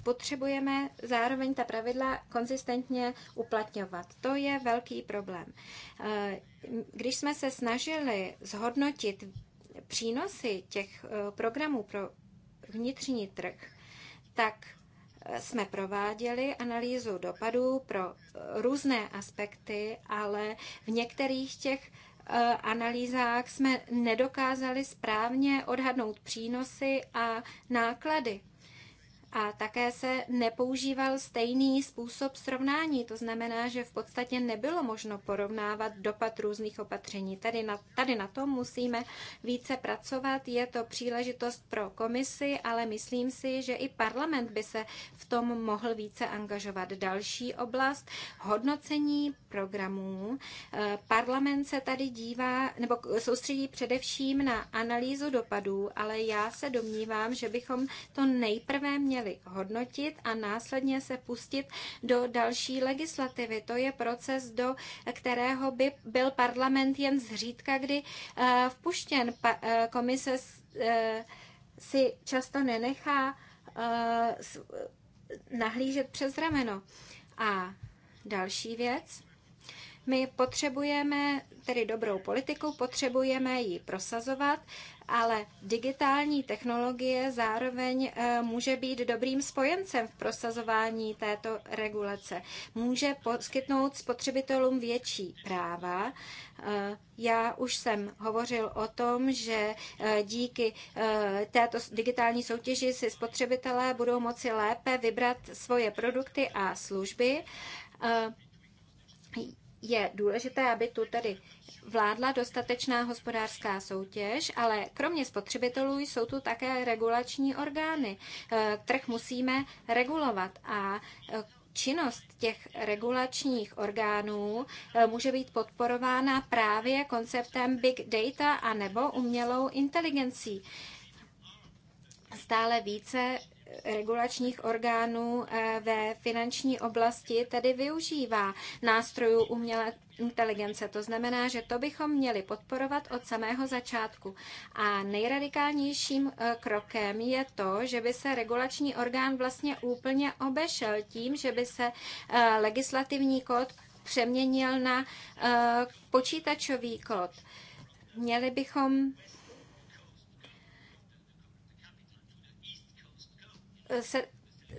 potřebujeme zároveň ta pravidla konzistentně uplatňovat. To je velký problém. Eh, když jsme se snažili zhodnotit přínosy těch eh, programů pro vnitřní trh, tak eh, jsme prováděli analýzu dopadů pro různé aspekty, ale v některých těch analýzách jsme nedokázali správně odhadnout přínosy a náklady a také se nepoužíval stejný způsob srovnání, to znamená, že v podstatě nebylo možno porovnávat dopad různých opatření. Tady na, tady na tom musíme více pracovat, je to příležitost pro komisi, ale myslím si, že i parlament by se v tom mohl více angažovat. Další oblast, hodnocení programů. Eh, parlament se tady dívá, nebo soustředí především na analýzu dopadů, ale já se domnívám, že bychom to nejprve měli měli hodnotit a následně se pustit do další legislativy. To je proces, do kterého by byl parlament jen zřídka, kdy eh, vpuštěn eh, komise eh, si často nenechá nahlížet přes rameno. A další věc. My potřebujeme tedy dobrou politiku, potřebujeme ji prosazovat ale digitální technologie zároveň eh, může být dobrým spojencem v prosazování této regulace. Může poskytnout spotřebitelům větší práva. Eh, já už jsem hovořil o tom, že eh, díky této digitální soutěži si spotřebitelé budou moci lépe vybrat svoje produkty a služby je důležité, aby tu tedy vládla dostatečná hospodářská soutěž, ale kromě spotřebitelů jsou tu také regulační orgány. E, trh musíme regulovat a e, činnost těch regulačních orgánů e, může být podporována právě konceptem big data a nebo umělou inteligencí. Stále více regulačních orgánů eh, ve finanční oblasti tedy využívá nástrojů umělé inteligence. To znamená, že to bychom měli podporovat od samého začátku. A nejradikálnějším eh, krokem je to, že by se regulační orgán vlastně úplně obešel tím, že by se eh, legislativní kód přeměnil na počítačový kód. Měli bychom se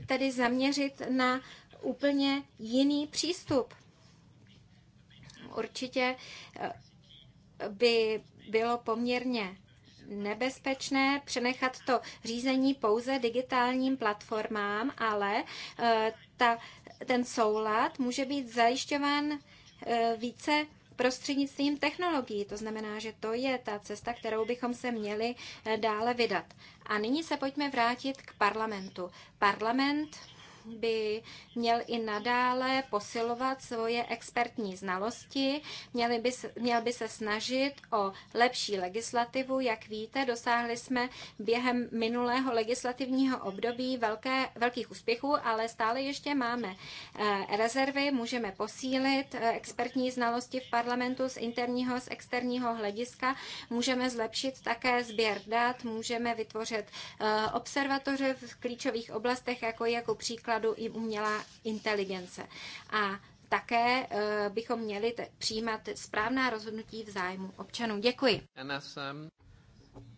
tedy zaměřit na úplně jiný přístup. Určitě eh, by bylo poměrně nebezpečné přenechat to řízení pouze digitálním platformám, ale eh, ta, ten soulad může být zajišťován eh, více prostřednictvím technologií. To znamená, že to je ta cesta, kterou bychom se měli eh, dále vydat. A nyní se pojďme vrátit k parlamentu. Parlament by měl i nadále posilovat svoje expertní znalosti, měl by, měl by se snažit o lepší legislativu. Jak víte, dosáhli jsme během minulého legislativního období velké, velkých úspěchů, ale stále ještě máme eh, rezervy, můžeme posílit eh, expertní znalosti v parlamentu z interního, z externího hlediska, můžeme zlepšit také sběr dat, můžeme vytvořit eh, observatoře v klíčových oblastech, jako je jako příklad základu i umělá inteligence. A také eh, bychom měli přijímat správná rozhodnutí v zájmu občanů. Děkuji.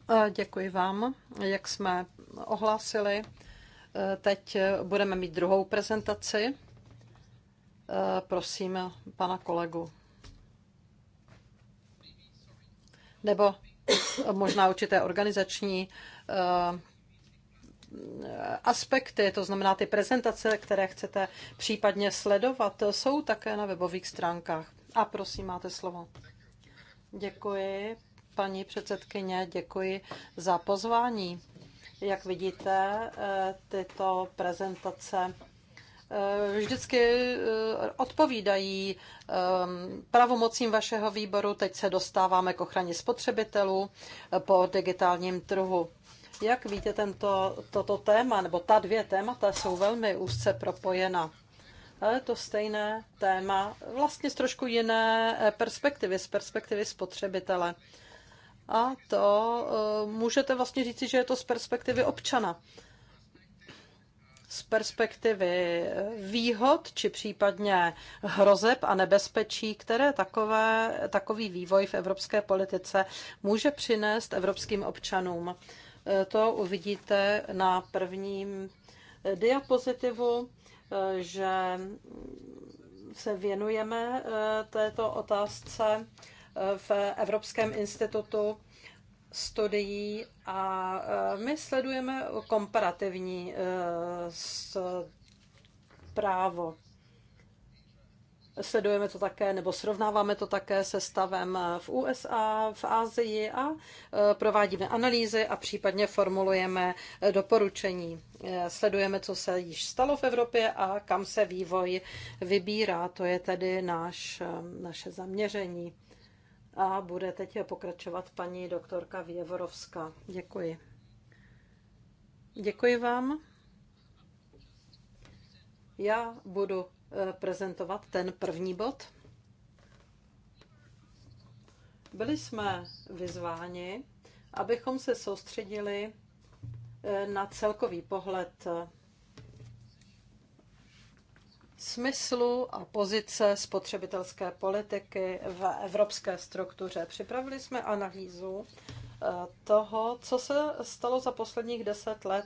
Eh, děkuji vám. Jak jsme ohlásili, eh, teď budeme mít druhou prezentaci. Prosím pana kolegu. Nebo možná určité organizační aspekty, to znamená ty prezentace, které chcete případně sledovat, jsou také na webových stránkách. A prosím, máte slovo. Děkuji, paní předsedkyně, děkuji za pozvání. Jak vidíte, eh, tyto prezentace eh, vždycky eh, odpovídají pravomocím vašeho výboru. Teď se dostáváme k ochraně spotřebitelů po digitálním trhu. Jak víte, tento, toto téma, nebo ta dvě témata jsou velmi úzce propojena. Ale to stejné téma, vlastně z trošku jiné eh, perspektivy, z perspektivy spotřebitele. A to eh, můžete vlastně říci, že je to z perspektivy občana z perspektivy eh, výhod či případně hrozeb a nebezpečí, které takové, takový vývoj v evropské politice může přinést evropským občanům. To uvidíte na prvním diapozitivu, že se věnujeme eh, této otázce eh, v Evropském institutu studií a eh, my sledujeme komparativní právo. Sledujeme to také nebo srovnáváme to také se stavem v USA, v Asii a e, provádíme analýzy a případně formulujeme e, doporučení. E, sledujeme, co se již stalo v Evropě a kam se vývoj vybírá. To je tedy náš, naše zaměření. A bude teď pokračovat paní doktorka Věvorovská. Děkuji. Děkuji vám. Já budu Eh, prezentovat ten první bod. Byli jsme vyzváni, abychom se soustředili eh, na celkový pohled eh, smyslu a pozice spotřebitelské politiky v evropské struktuře. Připravili jsme analýzu toho, co se stalo za posledních deset let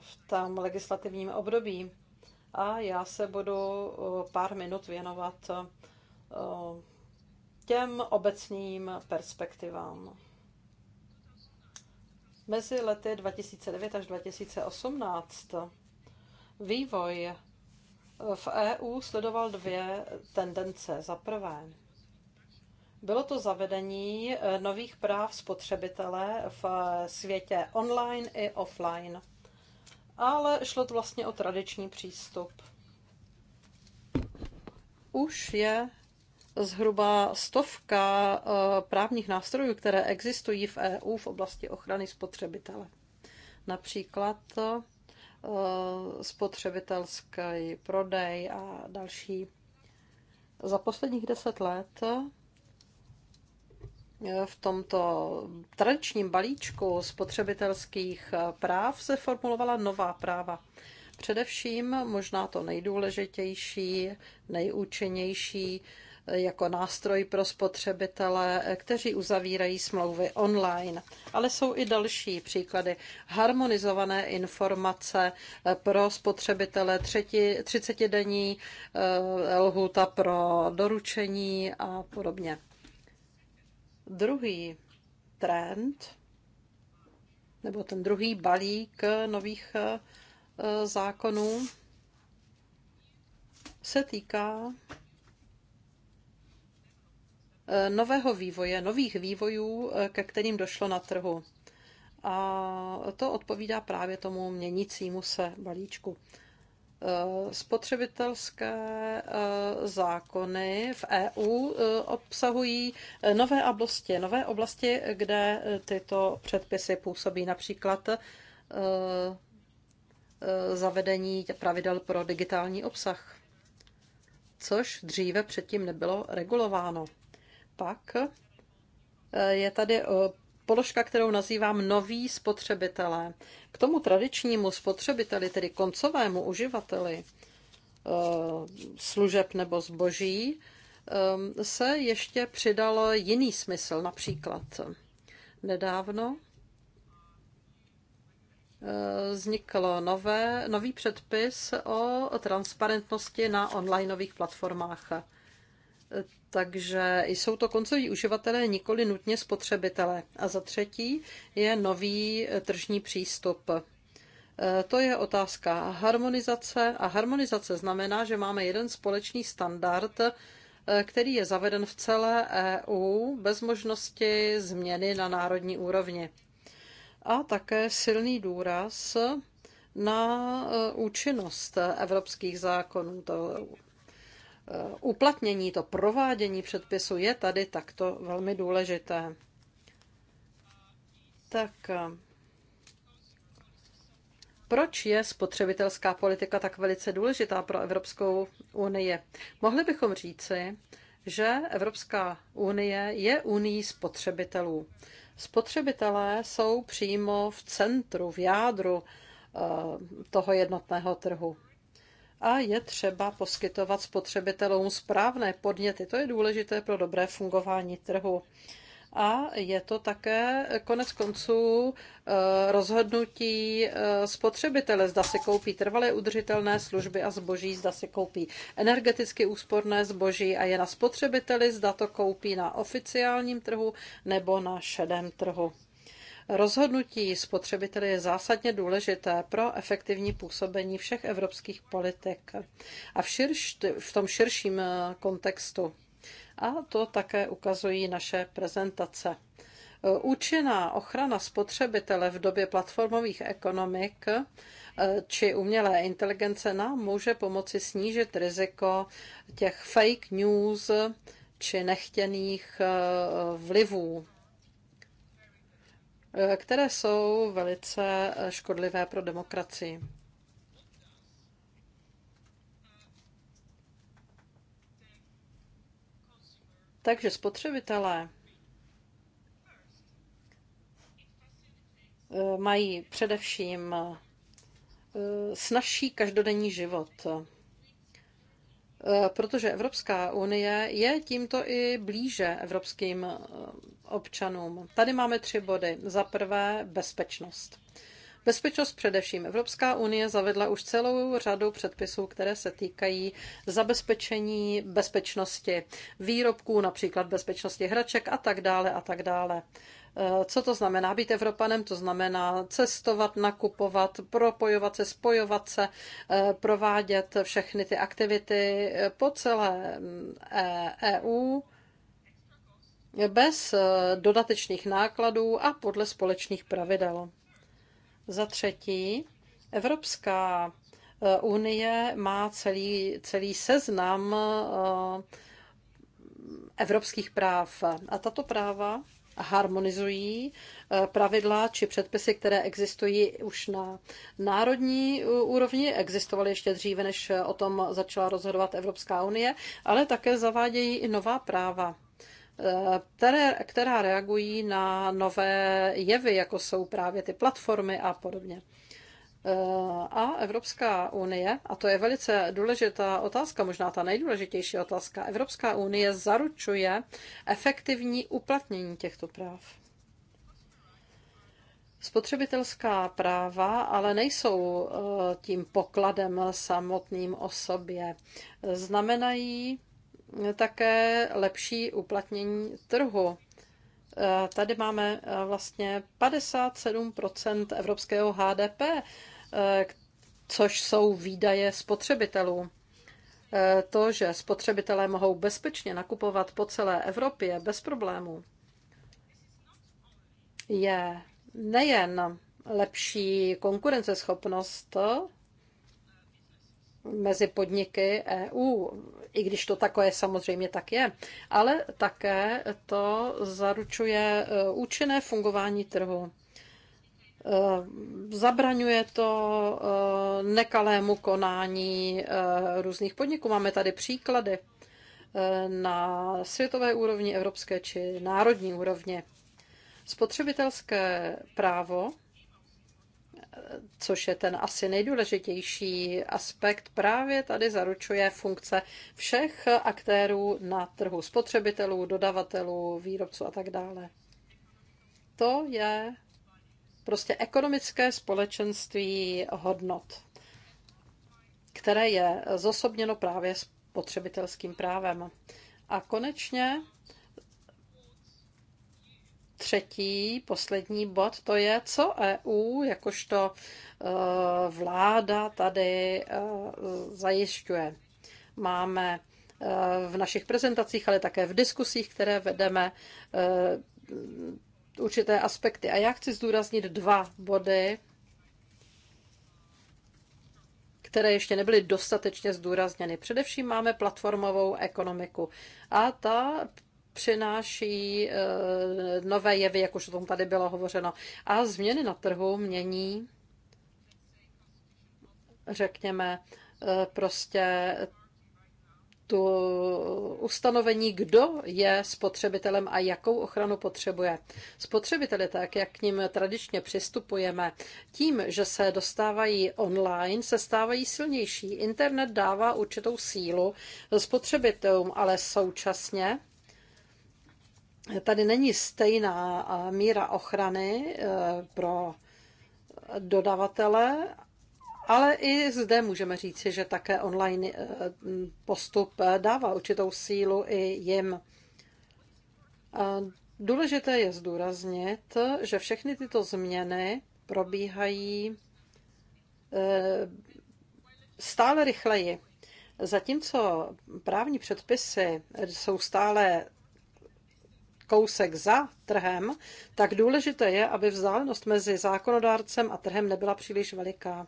v tom legislativním období a já se budu eh, pár minut věnovat eh, těm obecným perspektivám. Mezi lety 2009 až 2018 vývoj eh, v EU sledoval dvě tendence. Za prvé, bylo to zavedení nových práv spotřebitele v světě online i offline ale šlo to vlastně o tradiční přístup. Už je zhruba stovka eh, právních nástrojů, které existují v EU v oblasti ochrany spotřebitele. Například eh, spotřebitelský prodej a další. Za posledních deset let v tomto tradičním balíčku spotřebitelských práv se formulovala nová práva. Především možná to nejdůležitější, nejúčinnější jako nástroj pro spotřebitele, kteří uzavírají smlouvy online. Ale jsou i další příklady. Harmonizované informace pro spotřebitele, 30-denní eh, lhůta pro doručení a podobně. Druhý trend, nebo ten druhý balík nových eh, zákonů, se týká eh, nového vývoje, nových vývojů, eh, ke kterým došlo na trhu. A to odpovídá právě tomu měnícímu se balíčku. Eh, spotřebitelské eh, zákony v EU eh, obsahují nové oblasti, nové oblasti, kde tyto předpisy působí například zavedení pravidel pro digitální obsah, což dříve předtím nebylo regulováno. Pak je tady položka, kterou nazývám noví spotřebitelé. K tomu tradičnímu spotřebiteli, tedy koncovému uživateli eh, služeb nebo zboží, eh, se ještě přidal jiný smysl. Například nedávno eh, vznikl nové, nový předpis o transparentnosti na onlineových platformách. Takže jsou to koncoví uživatelé, nikoli nutně spotřebitelé. A za třetí je nový eh, tržní přístup. Eh, to je otázka harmonizace. A harmonizace znamená, že máme jeden společný standard, eh, který je zaveden v celé EU bez možnosti změny na národní úrovni. A také silný důraz na účinnost evropských zákonů. To Eh, uplatnění, to provádění předpisu je tady takto velmi důležité. Tak eh, proč je spotřebitelská politika tak velice důležitá pro Evropskou unii? Mohli bychom říci, že Evropská unie je unii spotřebitelů. Spotřebitelé jsou přímo v centru, v jádru eh, toho jednotného trhu a je třeba poskytovat spotřebitelům správné podněty. To je důležité pro dobré fungování trhu. A je to také konec konců eh, rozhodnutí eh, spotřebitele, zda si koupí trvalé udržitelné služby a zboží, zda si koupí energeticky úsporné zboží a je na spotřebiteli, zda to koupí na oficiálním trhu nebo na šedém trhu. Rozhodnutí spotřebitele je zásadně důležité pro efektivní působení všech evropských politik a v, širš, v tom širším eh, kontextu. A to také ukazují naše prezentace. Eh, účinná ochrana spotřebitele v době platformových ekonomik eh, či umělé inteligence nám může pomoci snížit riziko těch fake news či nechtěných vlivů Eh, které jsou velice eh, škodlivé pro demokracii. Takže spotřebitelé eh, mají především snažší každodenní život. Eh, protože Evropská unie je tímto i blíže evropským eh, občanům. Tady máme tři body. Za prvé bezpečnost. Bezpečnost především. Evropská unie zavedla už celou řadu předpisů, které se týkají zabezpečení bezpečnosti výrobků, například bezpečnosti hraček a tak dále a tak dále. Eh, co to znamená být Evropanem? To znamená cestovat, nakupovat, propojovat se, spojovat se, eh, provádět všechny ty aktivity eh, po celé EU e bez dodatečných nákladů a podle společných pravidel. Za třetí, Evropská unie má celý, celý seznam evropských práv. A tato práva harmonizují eh, pravidla či předpisy, které existují už na národní eh, úrovni, existovaly ještě dříve, než eh, o tom začala rozhodovat Evropská unie, ale také zavádějí i nová práva které, která reagují na nové jevy, jako jsou právě ty platformy a podobně. Eh, a Evropská unie, a to je velice důležitá otázka, možná ta nejdůležitější otázka, Evropská unie zaručuje efektivní uplatnění těchto práv. Spotřebitelská práva ale nejsou eh, tím pokladem samotným o sobě. Znamenají také lepší uplatnění trhu. Eh, tady máme vlastně 57 evropského HDP Eh, což jsou výdaje spotřebitelů. Eh, to, že spotřebitelé mohou bezpečně nakupovat po celé Evropě bez problémů, je nejen lepší konkurenceschopnost mezi podniky EU, i když to takové samozřejmě tak je, ale také to zaručuje eh, účinné fungování trhu. Eh, zabraňuje to eh, nekalému konání eh, různých podniků. Máme tady příklady na světové úrovni, evropské či národní úrovni. Spotřebitelské právo, což je ten asi nejdůležitější aspekt, právě tady zaručuje funkce všech aktérů na trhu spotřebitelů, dodavatelů, výrobců a tak dále. To je prostě ekonomické společenství hodnot, které je zosobněno právě spotřebitelským právem. A konečně třetí, poslední bod, to je, co EU jakožto e, vláda tady e, zajišťuje. Máme e, v našich prezentacích, ale také v diskusích, které vedeme, určité aspekty. A já chci zdůraznit dva body, které ještě nebyly dostatečně zdůrazněny. Především máme platformovou ekonomiku a ta přináší eh, nové jevy, jak už o tom tady bylo hovořeno. A změny na trhu mění, řekněme, eh, prostě tu ustanovení, kdo je spotřebitelem a jakou ochranu potřebuje. je tak jak k ním tradičně přistupujeme, tím, že se dostávají online, se stávají silnější. Internet dává určitou sílu spotřebitelům, ale současně tady není stejná míra ochrany eh, pro dodavatele ale i zde můžeme říci, že také online eh, postup eh, dává určitou sílu i jim. Důležité je zdůraznit, že všechny tyto změny probíhají eh, stále rychleji. Zatímco právní předpisy jsou stále kousek za trhem, tak důležité je, aby vzdálenost mezi zákonodárcem a trhem nebyla příliš veliká.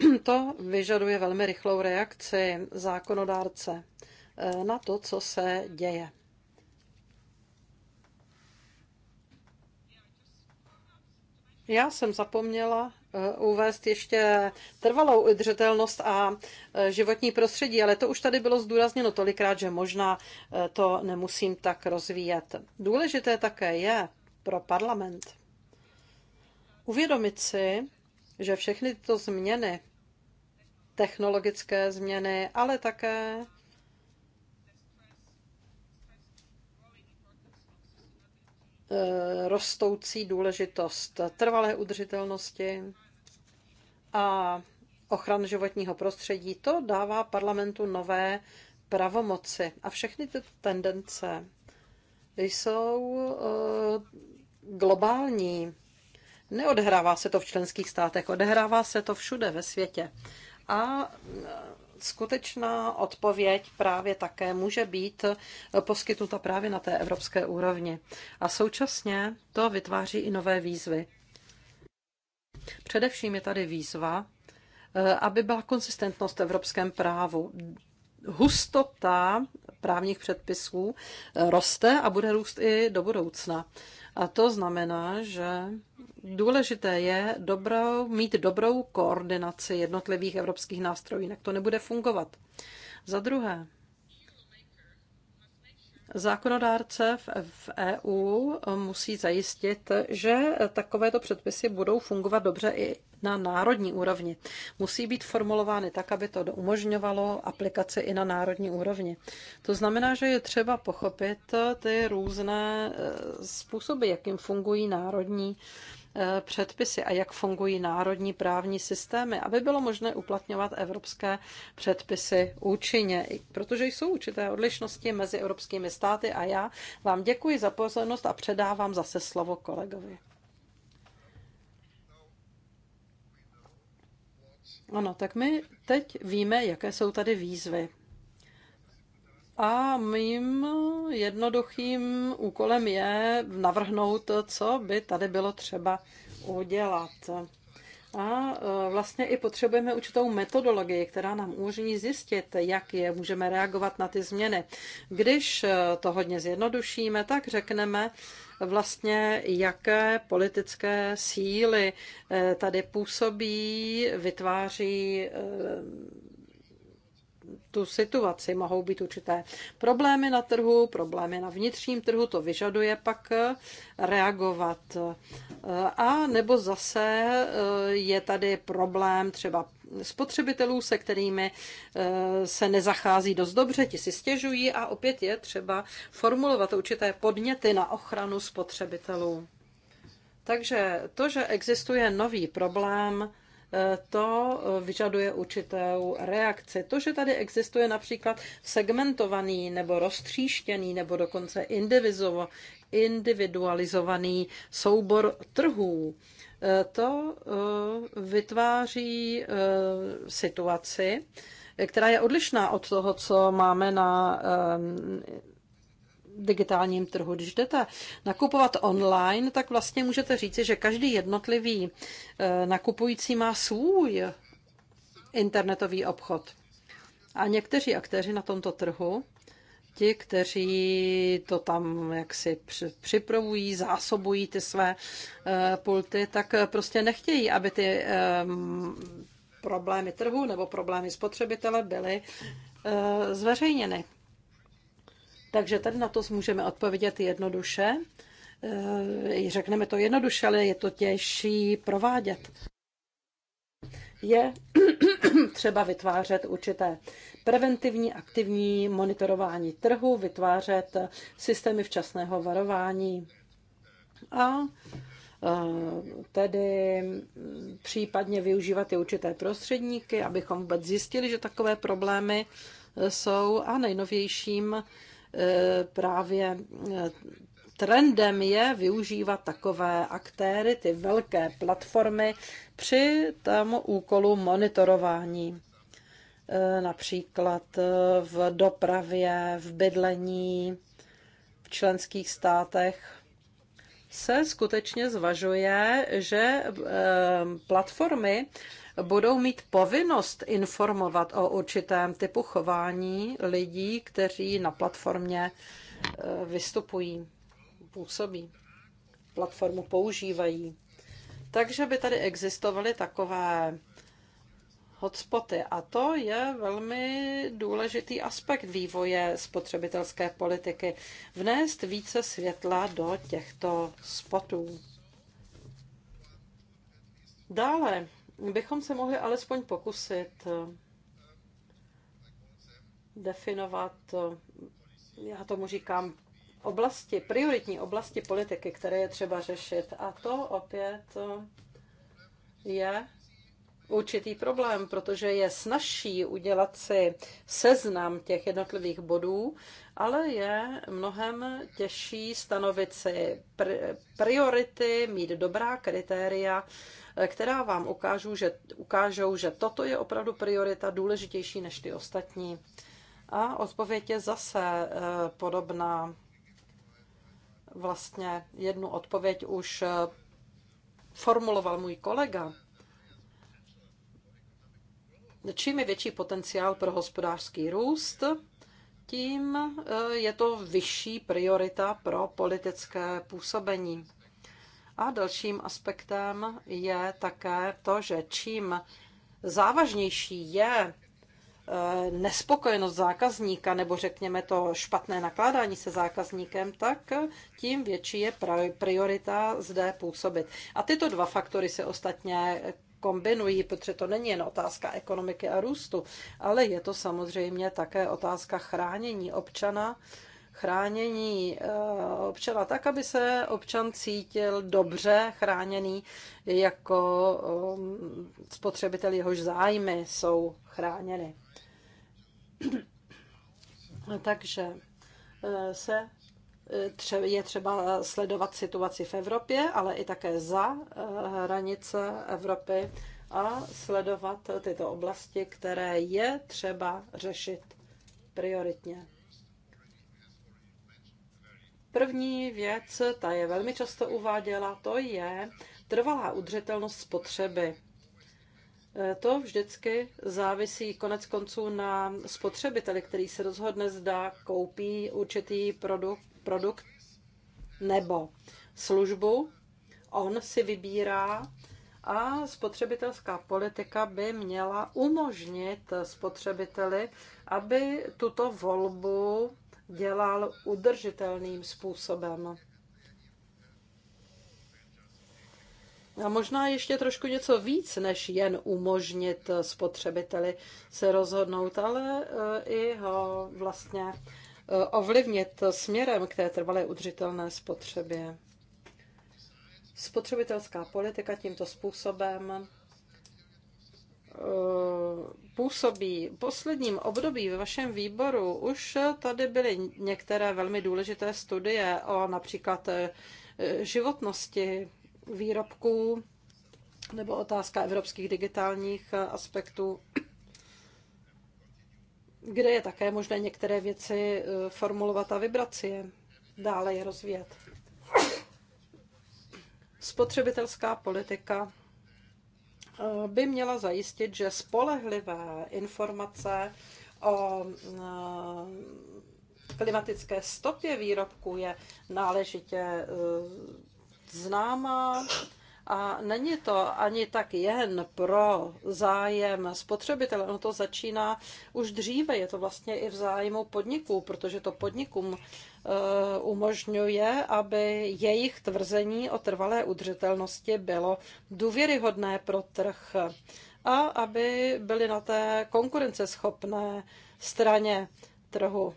*clears throat* to vyžaduje velmi rychlou reakci zákonodárce eh, na to, co se děje. Já jsem zapomněla eh, uvést ještě trvalou udržitelnost a eh, životní prostředí, ale to už tady bylo zdůrazněno tolikrát, že možná to nemusím tak rozvíjet. Důležité také je pro parlament uvědomit si, že všechny tyto změny technologické změny, ale také eh, rostoucí důležitost trvalé udržitelnosti a ochran životního prostředí. To dává parlamentu nové pravomoci. A všechny ty tendence jsou eh, globální. Neodhrává se to v členských státech, odehrává se to všude ve světě a skutečná odpověď právě také může být poskytnuta právě na té evropské úrovni. A současně to vytváří i nové výzvy. Především je tady výzva, eh, aby byla konsistentnost v evropském právu. Hustota právních předpisů eh, roste a bude růst i do budoucna. A to znamená, že důležité je dobrou, mít dobrou koordinaci jednotlivých evropských nástrojů, jinak to nebude fungovat. Za druhé, Zákonodárce v EU musí zajistit, že takovéto předpisy budou fungovat dobře i na národní úrovni. Musí být formulovány tak, aby to umožňovalo aplikaci i na národní úrovni. To znamená, že je třeba pochopit ty různé eh, způsoby, jakým fungují národní Eh, předpisy a jak fungují národní právní systémy, aby bylo možné uplatňovat evropské předpisy účinně, protože jsou určité odlišnosti mezi evropskými státy a já vám děkuji za pozornost a předávám zase slovo kolegovi. Ano, tak my teď víme, jaké jsou tady výzvy. A mým jednoduchým úkolem je navrhnout, co by tady bylo třeba udělat. A e, vlastně i potřebujeme určitou metodologii, která nám umožní zjistit, jak je můžeme reagovat na ty změny. Když e, to hodně zjednodušíme, tak řekneme vlastně, jaké politické síly e, tady působí, vytváří tu situaci. Mohou být určité problémy na trhu, problémy na vnitřním trhu, to vyžaduje pak eh, reagovat. Eh, a nebo zase eh, je tady problém třeba spotřebitelů, se kterými se nezachází dost dobře, ti si stěžují a opět je třeba formulovat určité podněty na ochranu spotřebitelů. Takže to, že existuje nový problém, to vyžaduje určitou reakci. To, že tady existuje například segmentovaný nebo roztříštěný nebo dokonce individualizovaný soubor trhů, to eh, vytváří eh, situaci, která je odlišná od toho, co máme na eh, digitálním trhu. Když jdete nakupovat online, tak vlastně můžete říci, že každý jednotlivý eh, nakupující má svůj internetový obchod. A někteří aktéři na tomto trhu, ti, kteří to tam jaksi připravují, zásobují ty své eh, pulty, tak prostě nechtějí, aby ty ehm, problémy trhu nebo problémy spotřebitele byly eh, zveřejněny. Takže tady na to můžeme odpovědět jednoduše. Eh, řekneme to jednoduše, ale je to těžší provádět. Je *clears throat* třeba vytvářet určité preventivní, aktivní monitorování trhu, vytvářet systémy včasného varování a eh, tedy případně využívat i určité prostředníky, abychom vůbec zjistili, že takové problémy jsou a nejnovějším E, právě e, trendem je využívat takové aktéry, ty velké platformy, při tom úkolu monitorování. E, například v dopravě, v bydlení, v členských státech se skutečně zvažuje, že platformy budou mít povinnost informovat o určitém typu chování lidí, kteří na platformě e, vystupují, působí, platformu používají. Takže by tady existovaly takové hotspoty. A to je velmi důležitý aspekt vývoje spotřebitelské politiky. Vnést více světla do těchto spotů. Dále bychom se mohli alespoň pokusit eh, definovat, eh, já tomu říkám, oblasti, prioritní oblasti politiky, které je třeba řešit. A to opět eh, je určitý problém, protože je snažší udělat si seznam těch jednotlivých bodů, ale je mnohem těžší stanovit si priority, mít dobrá kritéria Eh, která vám ukážou, že, ukážou, že toto je opravdu priorita důležitější než ty ostatní. A odpověď je zase eh, podobná. Vlastně jednu odpověď už eh, formuloval můj kolega. Čím je větší potenciál pro hospodářský růst, tím je to vyšší priorita pro politické působení. A dalším aspektem je také to, že čím závažnější je eh, nespokojenost zákazníka, nebo řekněme to špatné nakládání se zákazníkem, tak tím větší je priorita zde působit. A tyto dva faktory se ostatně kombinují, protože to není jen otázka ekonomiky a růstu, ale je to samozřejmě také otázka chránění občana chránění eh, občana tak, aby se občan cítil dobře chráněný jako eh, spotřebitel, jehož zájmy jsou chráněny. *clears throat* Takže eh, se je třeba sledovat situaci v Evropě, ale i také za hranice Evropy a sledovat tyto oblasti, které je třeba řešit prioritně. První věc, ta je velmi často uváděla, to je trvalá udržitelnost spotřeby. E, to vždycky závisí konec konců na spotřebiteli, který se rozhodne, zda koupí určitý produkt, produkt nebo službu. On si vybírá a spotřebitelská politika by měla umožnit spotřebiteli, aby tuto volbu dělal udržitelným způsobem. A možná ještě trošku něco víc, než jen umožnit spotřebiteli se rozhodnout, ale e, i ho vlastně e, ovlivnit směrem k té trvalé udržitelné spotřebě. Spotřebitelská politika tímto způsobem Eh, působí posledním období ve vašem výboru, už tady byly některé velmi důležité studie o například eh, životnosti výrobků nebo otázka evropských digitálních aspektů, kde je také možné některé věci eh, formulovat a vybrat si je, dále je rozvíjet. Spotřebitelská politika Eh, by měla zajistit, že spolehlivé informace o eh, klimatické stopě výrobku je náležitě eh, známá a není to ani tak jen pro zájem spotřebitele, ono to začíná už dříve, je to vlastně i v zájmu podniků, protože to podnikům Eh, umožňuje, aby jejich tvrzení o trvalé udržitelnosti bylo důvěryhodné pro trh a aby byly na té konkurenceschopné straně trhu.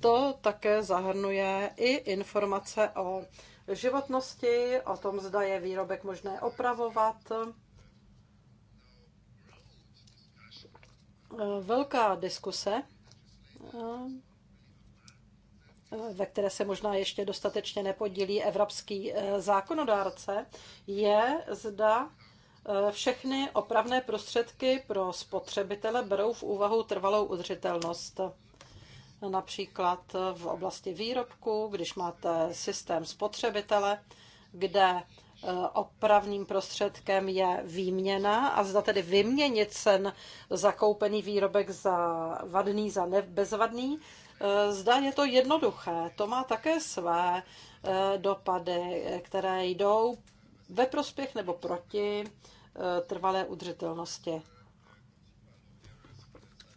To také zahrnuje i informace o životnosti, o tom, zda je výrobek možné opravovat. Eh, velká diskuse eh, ve které se možná ještě dostatečně nepodílí evropský eh, zákonodárce, je, zda eh, všechny opravné prostředky pro spotřebitele berou v úvahu trvalou udržitelnost. Například eh, v oblasti výrobku, když máte systém spotřebitele, kde opravným prostředkem je výměna a zda tedy vyměnit ten zakoupený výrobek za vadný, za bezvadný, Eh, zda je to jednoduché, to má také své eh, dopady, které jdou ve prospěch nebo proti eh, trvalé udržitelnosti.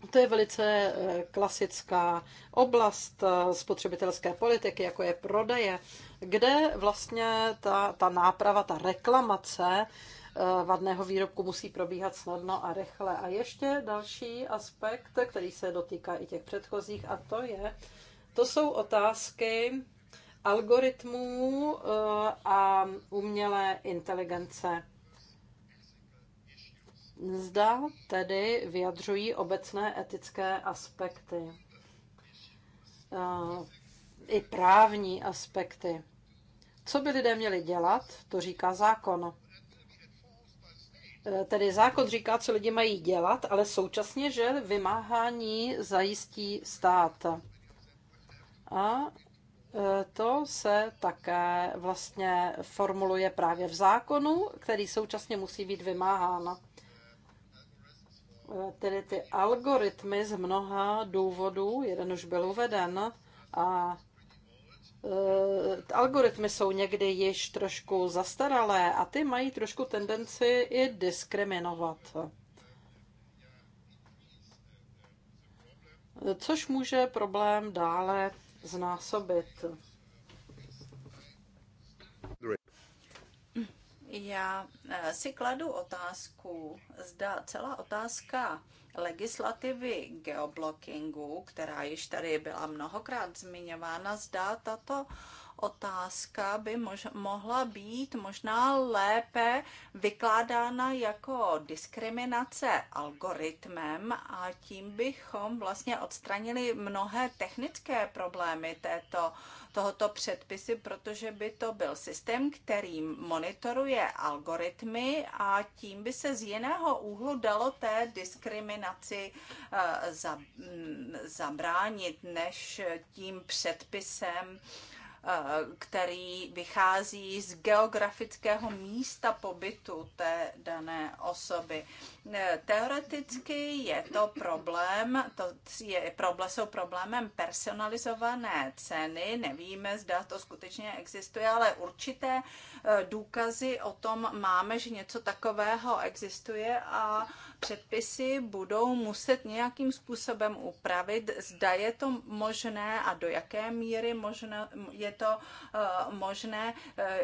To je velice klasická oblast spotřebitelské politiky, jako je prodeje, kde vlastně ta, ta náprava, ta reklamace Eh, vadného výrobku musí probíhat snadno a rychle. A ještě další aspekt, který se dotýká i těch předchozích, a to je, to jsou otázky algoritmů eh, a umělé inteligence. Zda tedy vyjadřují obecné etické aspekty eh, i právní aspekty. Co by lidé měli dělat, to říká zákon. Eh, tedy zákon říká, co lidi mají dělat, ale současně, že vymáhání zajistí stát. A eh, to se také vlastně formuluje právě v zákonu, který současně musí být vymáhán. Eh, tedy ty algoritmy z mnoha důvodů, jeden už byl uveden, a Eh, algoritmy jsou někdy již trošku zastaralé a ty mají trošku tendenci i diskriminovat. Což může problém dále znásobit. Já eh, si kladu otázku, zda celá otázka legislativy geoblockingu, která již tady byla mnohokrát zmiňována, zdá tato otázka by mož, mohla být možná lépe vykládána jako diskriminace algoritmem a tím bychom vlastně odstranili mnohé technické problémy této tohoto předpisy, protože by to byl systém, který monitoruje algoritmy a tím by se z jiného úhlu dalo té diskriminaci eh, zabránit, než tím předpisem Eh, který vychází z geografického místa pobytu té dané osoby. Eh, teoreticky je to problém, to je, problém, jsou problémem personalizované ceny, nevíme, zda to skutečně existuje, ale určité eh, důkazy o tom máme, že něco takového existuje a předpisy budou muset nějakým způsobem upravit, zda je to možné a do jaké míry možné, je to eh, možné, eh,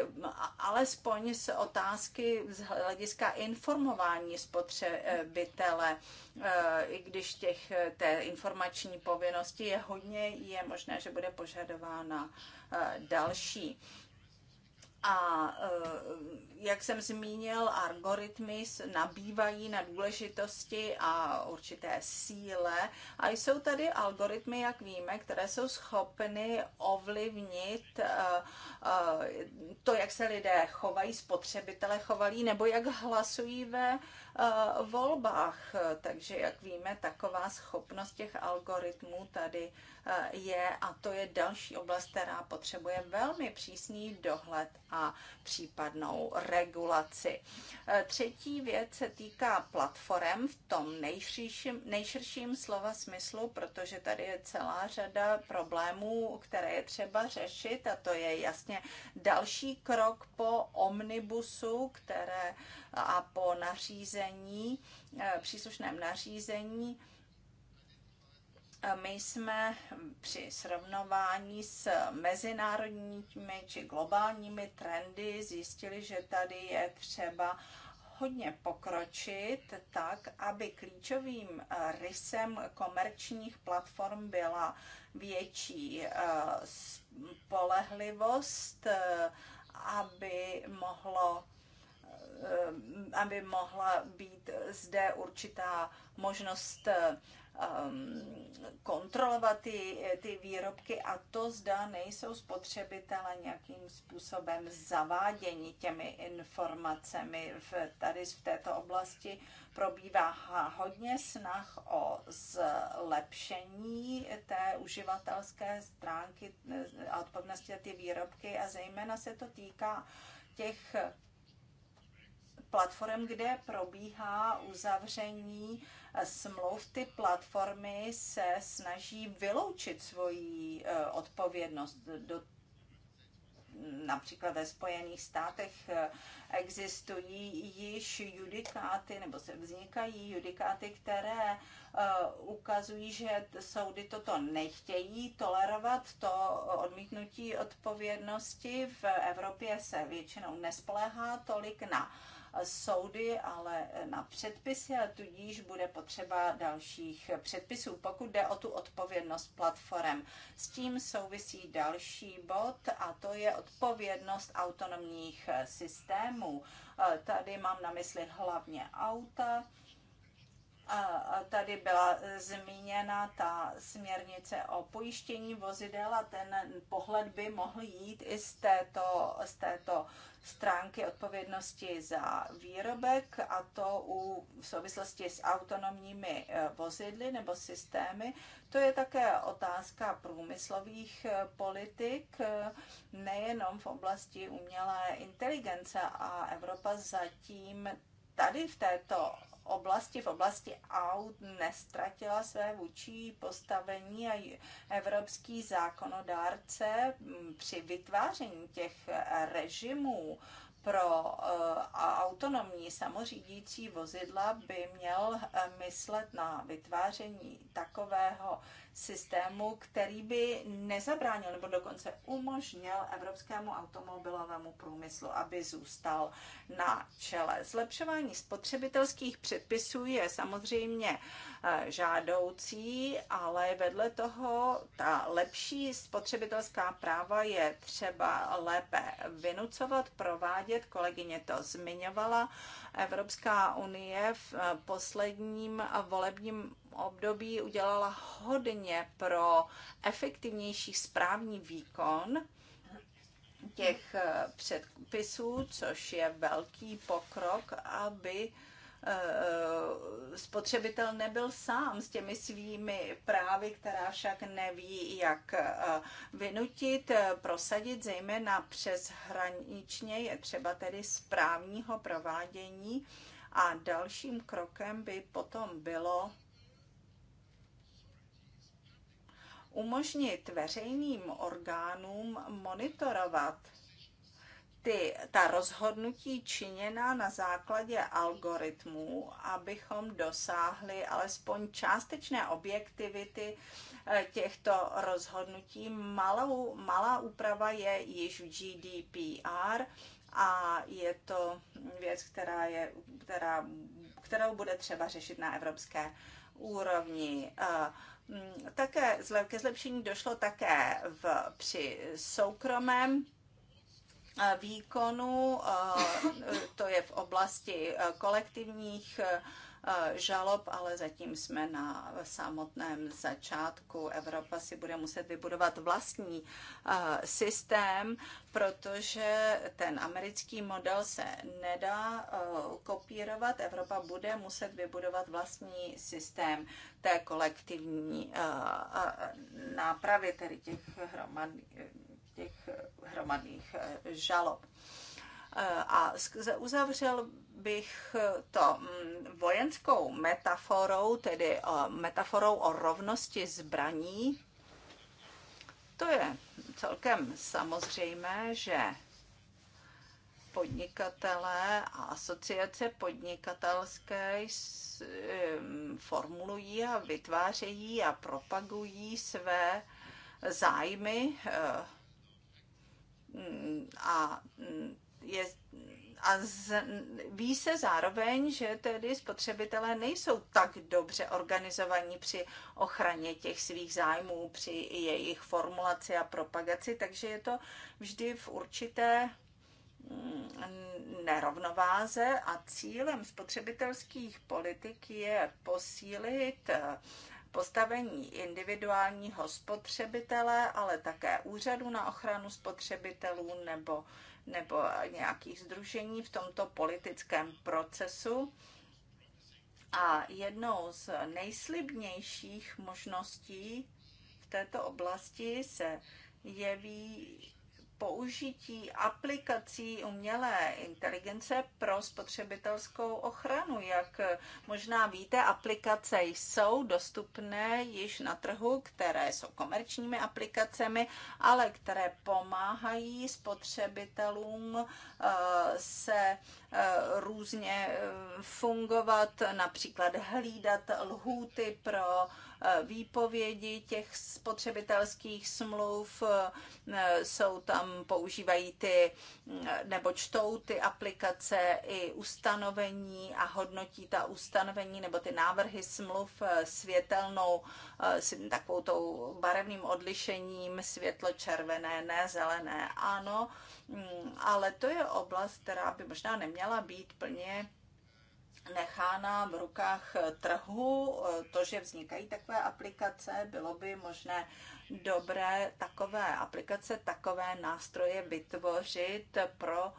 alespoň z otázky z hlediska informování spotřebitele, eh, i když těch, té informační povinnosti je hodně, je možné, že bude požadována další. A jak jsem zmínil, algoritmy nabývají na důležitosti a určité síle. A jsou tady algoritmy, jak víme, které jsou schopny ovlivnit eh, eh, to, jak se lidé chovají, spotřebitele chovají, nebo jak hlasují ve eh, volbách. Takže, jak víme, taková schopnost těch algoritmů tady je a to je další oblast, která potřebuje velmi přísný dohled a případnou regulaci. Eh, třetí věc se týká platform v tom nejširším, nejširším slova smyslu, protože tady je celá řada problémů, které je třeba řešit a to je jasně další krok po omnibusu, které a po nařízení, eh, příslušném nařízení, my jsme při srovnování s mezinárodními či globálními trendy zjistili, že tady je třeba hodně pokročit tak, aby klíčovým rysem komerčních platform byla větší eh, spolehlivost, eh, aby mohlo eh, aby mohla být zde určitá možnost Um, kontrolovat ty, ty výrobky a to zda nejsou spotřebitele nějakým způsobem zaváděni těmi informacemi. V, tady v této oblasti probíhá hodně snah o zlepšení té uživatelské stránky eh, a odpovědnosti ty výrobky a zejména se to týká těch platform, kde probíhá uzavření eh, smluv. Ty platformy se snaží vyloučit svoji eh, odpovědnost do například ve Spojených státech eh, existují již judikáty, nebo se vznikají judikáty, které ukazují, že soudy toto nechtějí tolerovat, to odmítnutí odpovědnosti v Evropě se většinou nespoléhá tolik na soudy, ale na předpisy a tudíž bude potřeba dalších předpisů, pokud jde o tu odpovědnost platform. S tím souvisí další bod a to je odpovědnost autonomních systémů. Tady mám na mysli hlavně auta, tady byla e, zmíněna ta směrnice o pojištění vozidel a ten pohled by mohl jít i z této, z této stránky odpovědnosti za výrobek a to u, v souvislosti s autonomními e, vozidly nebo systémy. To je také otázka průmyslových e, politik, nejenom v oblasti umělé inteligence a Evropa zatím tady v této oblasti, v oblasti aut nestratila své vůči postavení a evropský zákonodárce mm, při vytváření těch režimů pro eh, autonomní samořídící vozidla by měl eh, myslet na vytváření takového systému, který by nezabránil nebo dokonce umožnil evropskému automobilovému průmyslu, aby zůstal na čele. Zlepšování spotřebitelských předpisů je samozřejmě eh, žádoucí, ale vedle toho ta lepší spotřebitelská práva je třeba lépe vynucovat, provádět. Kolegyně to zmiňovala. Evropská unie v eh, posledním volebním období udělala hodně pro efektivnější správní výkon těch eh, předpisů, což je velký pokrok, aby eh, eh, spotřebitel nebyl sám s těmi svými právy, která však neví, jak vynutit, prosadit, zejména přes hraničně je třeba tedy správního provádění a dalším krokem by potom bylo umožnit veřejným orgánům monitorovat ty, ta rozhodnutí činěná na základě algoritmů, abychom dosáhli alespoň částečné objektivity eh, těchto rozhodnutí. Malou, malá úprava je již v GDPR a je to věc, která je, která, kterou bude třeba řešit na evropské úrovni. Uh, Mm, také ke zlepšení došlo také v, při soukromém eh, výkonu, eh, to je v oblasti eh, kolektivních Eh, žalob, ale zatím jsme na samotném začátku. Evropa si bude muset vybudovat vlastní eh, systém, protože ten americký model se nedá eh, kopírovat. Evropa bude muset vybudovat vlastní systém té kolektivní nápravy, tedy těch, hromadných, těch hromadných žalob. A uzavřel bych to mm, vojenskou metaforou, tedy eh, metaforou o rovnosti zbraní, to je celkem samozřejmé, že podnikatelé a asociace podnikatelské formulují a vytvářejí a propagují své zájmy eh, mm, a mm, je a z, ví se zároveň, že tedy spotřebitelé nejsou tak dobře organizovaní při ochraně těch svých zájmů, při jejich formulaci a propagaci, takže je to vždy v určité mm, nerovnováze a cílem spotřebitelských politik je posílit eh, postavení individuálního spotřebitele, ale také úřadu na ochranu spotřebitelů nebo nebo nějakých združení v tomto politickém procesu. A jednou z nejslibnějších možností v této oblasti se jeví použití aplikací umělé inteligence pro spotřebitelskou ochranu. Jak možná víte, aplikace jsou dostupné již na trhu, které jsou komerčními aplikacemi, ale které pomáhají spotřebitelům eh, se eh, různě eh, fungovat, například hlídat lhůty pro Eh, výpovědi těch spotřebitelských smluv, eh, jsou tam, používají ty, eh, nebo čtou ty aplikace i ustanovení a hodnotí ta ustanovení nebo ty návrhy smluv světelnou, s takovou tou barevným odlišením světlo-červené, ne zelené, ano, mm, ale to je oblast, která by možná neměla být plně nechána v rukách trhu, to, že vznikají takové aplikace, bylo by možné dobré takové aplikace, takové nástroje vytvořit pro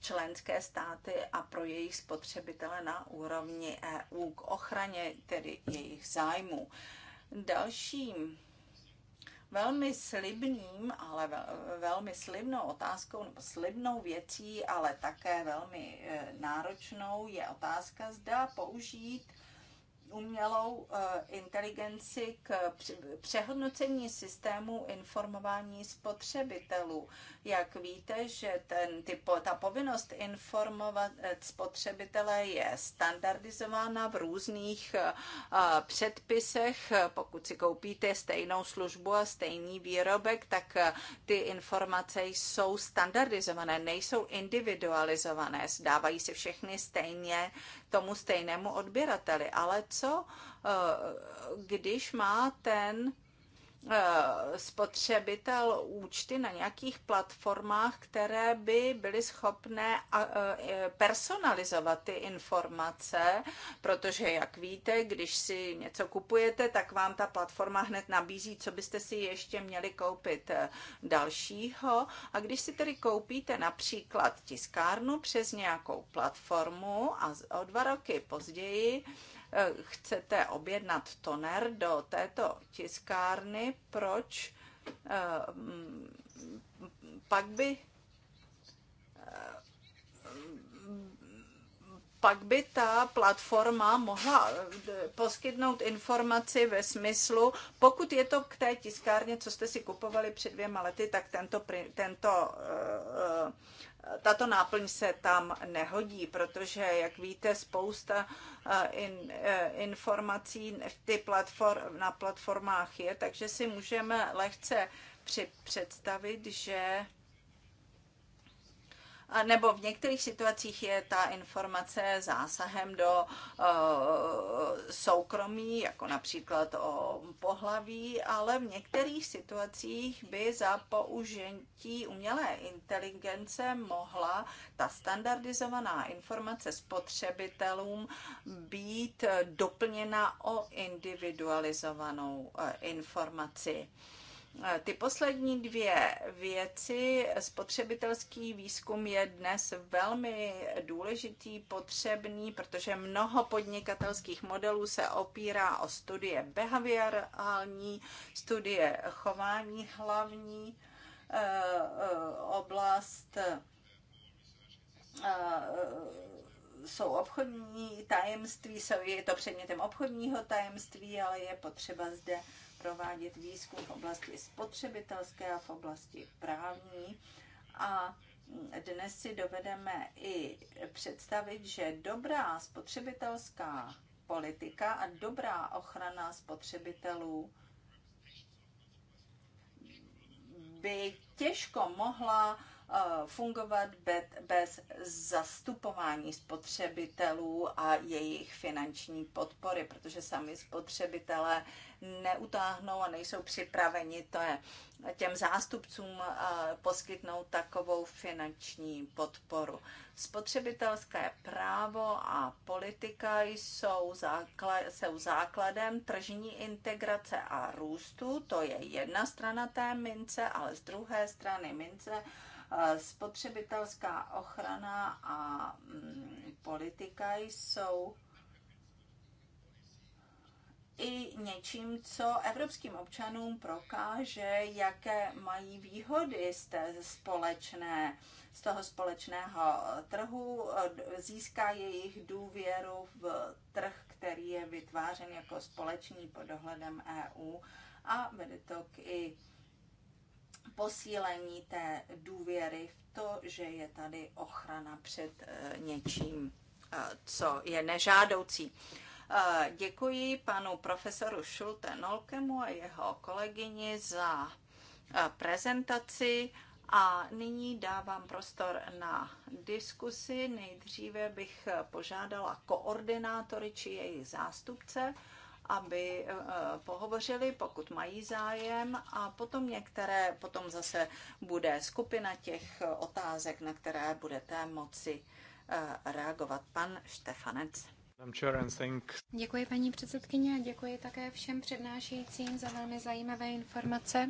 členské státy a pro jejich spotřebitele na úrovni EU k ochraně tedy jejich zájmů. Dalším Velmi slibným, ale velmi slibnou otázkou, nebo slibnou věcí, ale také velmi eh, náročnou je otázka, zda použít umělou eh, inteligenci k přehodnocení systému informování spotřebitelů. Jak víte, že ten, typo ta povinnost informovat eh, spotřebitele je standardizována v různých eh, předpisech. Pokud si koupíte stejnou službu a stejný výrobek, tak ty informace jsou standardizované, nejsou individualizované, dávají se všechny stejně tomu stejnému odběrateli. Ale co, eh, když má ten Eh, spotřebitel účty na nějakých platformách, které by byly schopné eh, personalizovat ty informace, protože, jak víte, když si něco kupujete, tak vám ta platforma hned nabízí, co byste si ještě měli koupit eh, dalšího. A když si tedy koupíte například tiskárnu přes nějakou platformu a o dva roky později, Eh, chcete objednat toner do této tiskárny, proč eh, pak by eh, pak by ta platforma mohla poskytnout informaci ve smyslu, pokud je to k té tiskárně, co jste si kupovali před dvěma lety, tak tento, tento tato náplň se tam nehodí, protože, jak víte, spousta eh, in, eh, informací ty platform, na platformách je, takže si můžeme lehce při, představit, že nebo v některých situacích je ta informace zásahem do eh, soukromí, jako například o pohlaví, ale v některých situacích by za použití umělé inteligence mohla ta standardizovaná informace spotřebitelům být doplněna o individualizovanou eh, informaci. Eh, ty poslední dvě věci, spotřebitelský výzkum je dnes velmi důležitý, potřebný, protože mnoho podnikatelských modelů se opírá o studie behaviorální, studie chování hlavní eh, eh, oblast jsou obchodní tajemství, jsou, je to předmětem obchodního tajemství, ale je potřeba zde provádět výzkum v oblasti spotřebitelské a v oblasti právní. A dnes si dovedeme i představit, že dobrá spotřebitelská politika a dobrá ochrana spotřebitelů by těžko mohla Eh, fungovat bez zastupování spotřebitelů a jejich finanční podpory, protože sami spotřebitelé neutáhnou a nejsou připraveni to je, těm zástupcům eh, poskytnout takovou finanční podporu. Spotřebitelské právo a politika jsou, základ, jsou základem tržní integrace a růstu. To je jedna strana té mince, ale z druhé strany mince Spotřebitelská ochrana a mm, politika jsou i něčím, co evropským občanům prokáže, jaké mají výhody z té společné, z toho společného trhu, získá jejich důvěru v trh, který je vytvářen jako společný pod dohledem EU a vede to k i posílení té důvěry v to, že je tady ochrana před eh, něčím, eh, co je nežádoucí. Eh, děkuji panu profesoru Šulte Nolkemu a jeho kolegyni za prezentaci a nyní dávám prostor na diskusi. Nejdříve bych požádala koordinátory či jejich zástupce aby eh, eh, pohovořili, pokud mají zájem a potom některé, potom zase bude skupina těch eh, otázek, na které budete moci reagovat. Pan Štefanec. Děkuji paní předsedkyně a děkuji také všem přednášejícím za velmi zajímavé informace.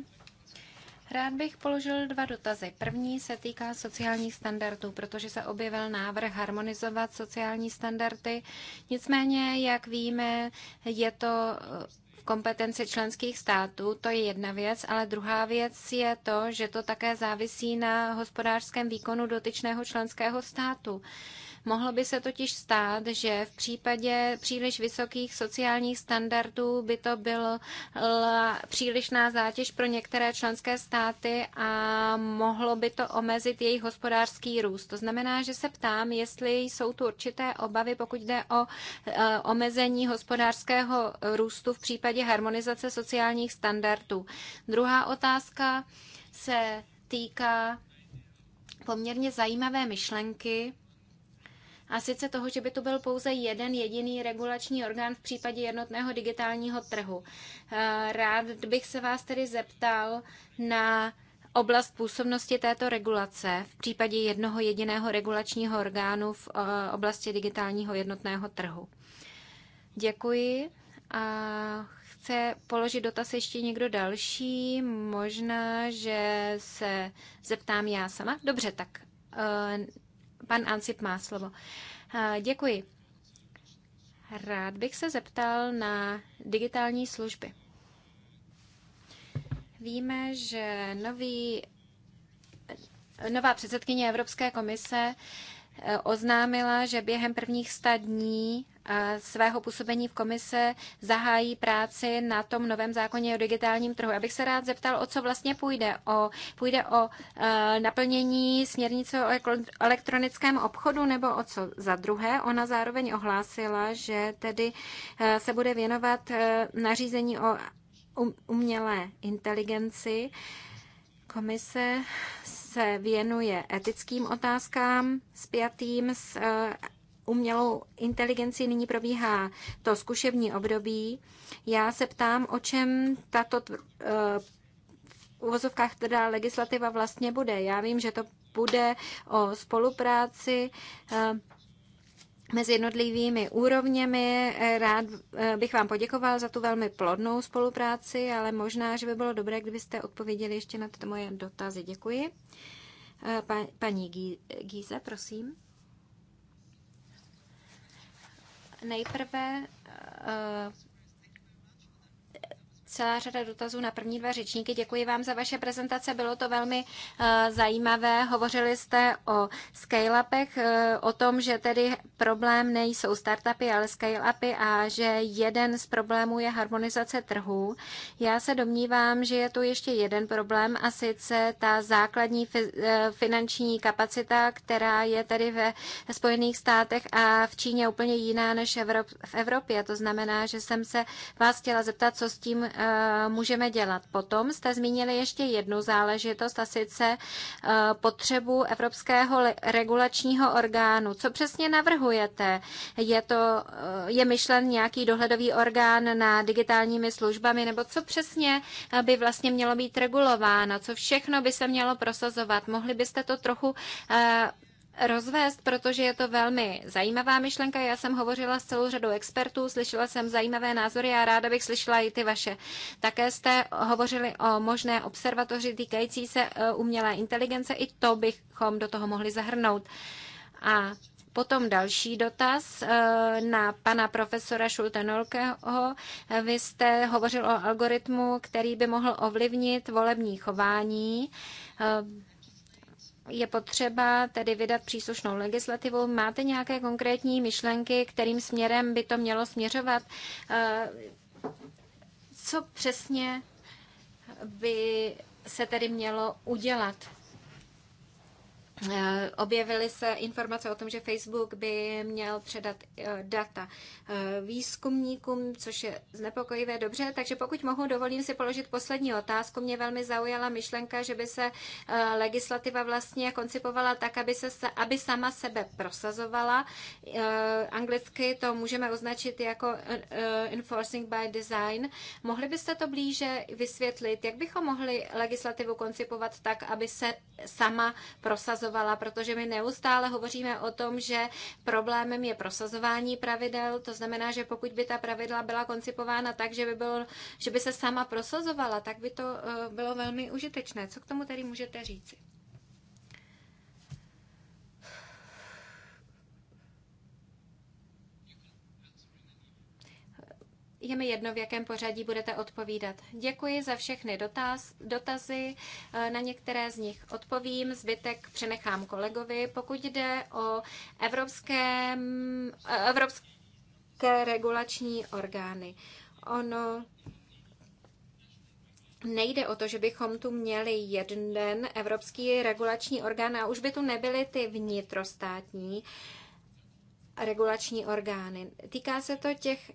Rád bych položil dva dotazy. První se týká sociálních standardů, protože se objevil návrh harmonizovat sociální standardy. Nicméně, jak víme, je to eh, v kompetenci členských států, to je jedna věc, ale druhá věc je to, že to také závisí na hospodářském výkonu dotyčného členského státu. Mohlo by se totiž stát, že v případě příliš vysokých sociálních standardů by to byla eh, přílišná zátěž pro některé členské státy a mohlo by to omezit jejich hospodářský růst. To znamená, že se ptám, jestli jsou tu určité obavy, pokud jde o eh, omezení hospodářského růstu v případě harmonizace sociálních standardů. Druhá otázka se týká poměrně zajímavé myšlenky, a sice toho, že by to byl pouze jeden jediný regulační orgán v případě jednotného digitálního trhu. Eh, rád bych se vás tedy zeptal na oblast působnosti této regulace v případě jednoho jediného regulačního orgánu v eh, oblasti digitálního jednotného trhu. Děkuji. A chce položit dotaz ještě někdo další? Možná, že se zeptám já sama. Dobře, tak eh, pan Ansip má slovo. Eh, děkuji. Rád bych se zeptal na digitální služby. Víme, že nový, nová předsedkyně Evropské komise eh, oznámila, že během prvních sta dní svého působení v komise zahájí práci na tom novém zákoně o digitálním trhu. Abych se rád zeptal, o co vlastně půjde. O, půjde o e, naplnění směrnice o elektronickém obchodu nebo o co? Za druhé, ona zároveň ohlásila, že tedy e, se bude věnovat e, nařízení o um, umělé inteligenci. Komise se věnuje etickým otázkám spjatým s umělou inteligenci nyní probíhá to zkušební období. Já se ptám, o čem tato eh, v uvozovkách teda legislativa vlastně bude. Já vím, že to bude o spolupráci eh, mezi jednotlivými úrovněmi. Rád eh, bych vám poděkoval za tu velmi plodnou spolupráci, ale možná, že by bylo dobré, kdybyste odpověděli ještě na tyto moje dotazy. Děkuji. Pa, paní Gíze, prosím. Nejprve eh, celá řada dotazů na první dva řečníky. Děkuji vám za vaše prezentace, bylo to velmi eh, zajímavé. Hovořili jste o scale-upech, eh, o tom, že tedy problém nejsou startupy, ale scale-upy a že jeden z problémů je harmonizace trhů. Já se domnívám, že je tu ještě jeden problém a sice ta základní eh, finanční kapacita, která je tedy ve Spojených státech a v Číně úplně jiná než v Evropě. To znamená, že jsem se vás chtěla zeptat, co s tím Eh, můžeme dělat. Potom jste zmínili ještě jednu záležitost, a sice eh, potřebu Evropského regulačního orgánu. Co přesně navrhujete? Je, to, eh, je myšlen nějaký dohledový orgán na digitálními službami, nebo co přesně by vlastně mělo být regulováno? Co všechno by se mělo prosazovat? Mohli byste to trochu rozvést, protože je to velmi zajímavá myšlenka. Já jsem hovořila s celou řadou expertů, slyšela jsem zajímavé názory a ráda bych slyšela i ty vaše. Také jste hovořili o možné observatoři týkající se e, umělé inteligence, i to bychom do toho mohli zahrnout. A Potom další dotaz e, na pana profesora Šultenolkeho. Vy jste hovořil o algoritmu, který by mohl ovlivnit volební chování. E, je potřeba tedy vydat příslušnou legislativu. Máte nějaké konkrétní myšlenky, kterým směrem by to mělo směřovat? Eh, co přesně by se tedy mělo udělat? Eh, objevily se informace o tom, že Facebook by měl předat eh, data eh, výzkumníkům, což je znepokojivé dobře. Takže pokud mohu, dovolím si položit poslední otázku. Mě velmi zaujala myšlenka, že by se legislativa vlastně koncipovala tak, aby, se, aby sama sebe prosazovala. Anglicky to můžeme označit jako enforcing by design. Mohli byste to blíže vysvětlit, jak bychom mohli legislativu koncipovat tak, aby se sama prosazovala? kritizovala, protože my neustále hovoříme o tom, že problémem je prosazování pravidel. To znamená, že pokud by ta pravidla byla koncipována tak, že by, bylo, že by se sama prosazovala, tak by to eh, bylo velmi užitečné. Co k tomu tedy můžete říci? je mi jedno, v jakém pořadí budete odpovídat. Děkuji za všechny dotaz, dotazy, eh, na některé z nich odpovím, zbytek přenechám kolegovi. Pokud jde o evropské, eh, evropské regulační orgány, ono Nejde o to, že bychom tu měli jeden evropský regulační orgán a už by tu nebyly ty vnitrostátní regulační orgány. Týká se to těch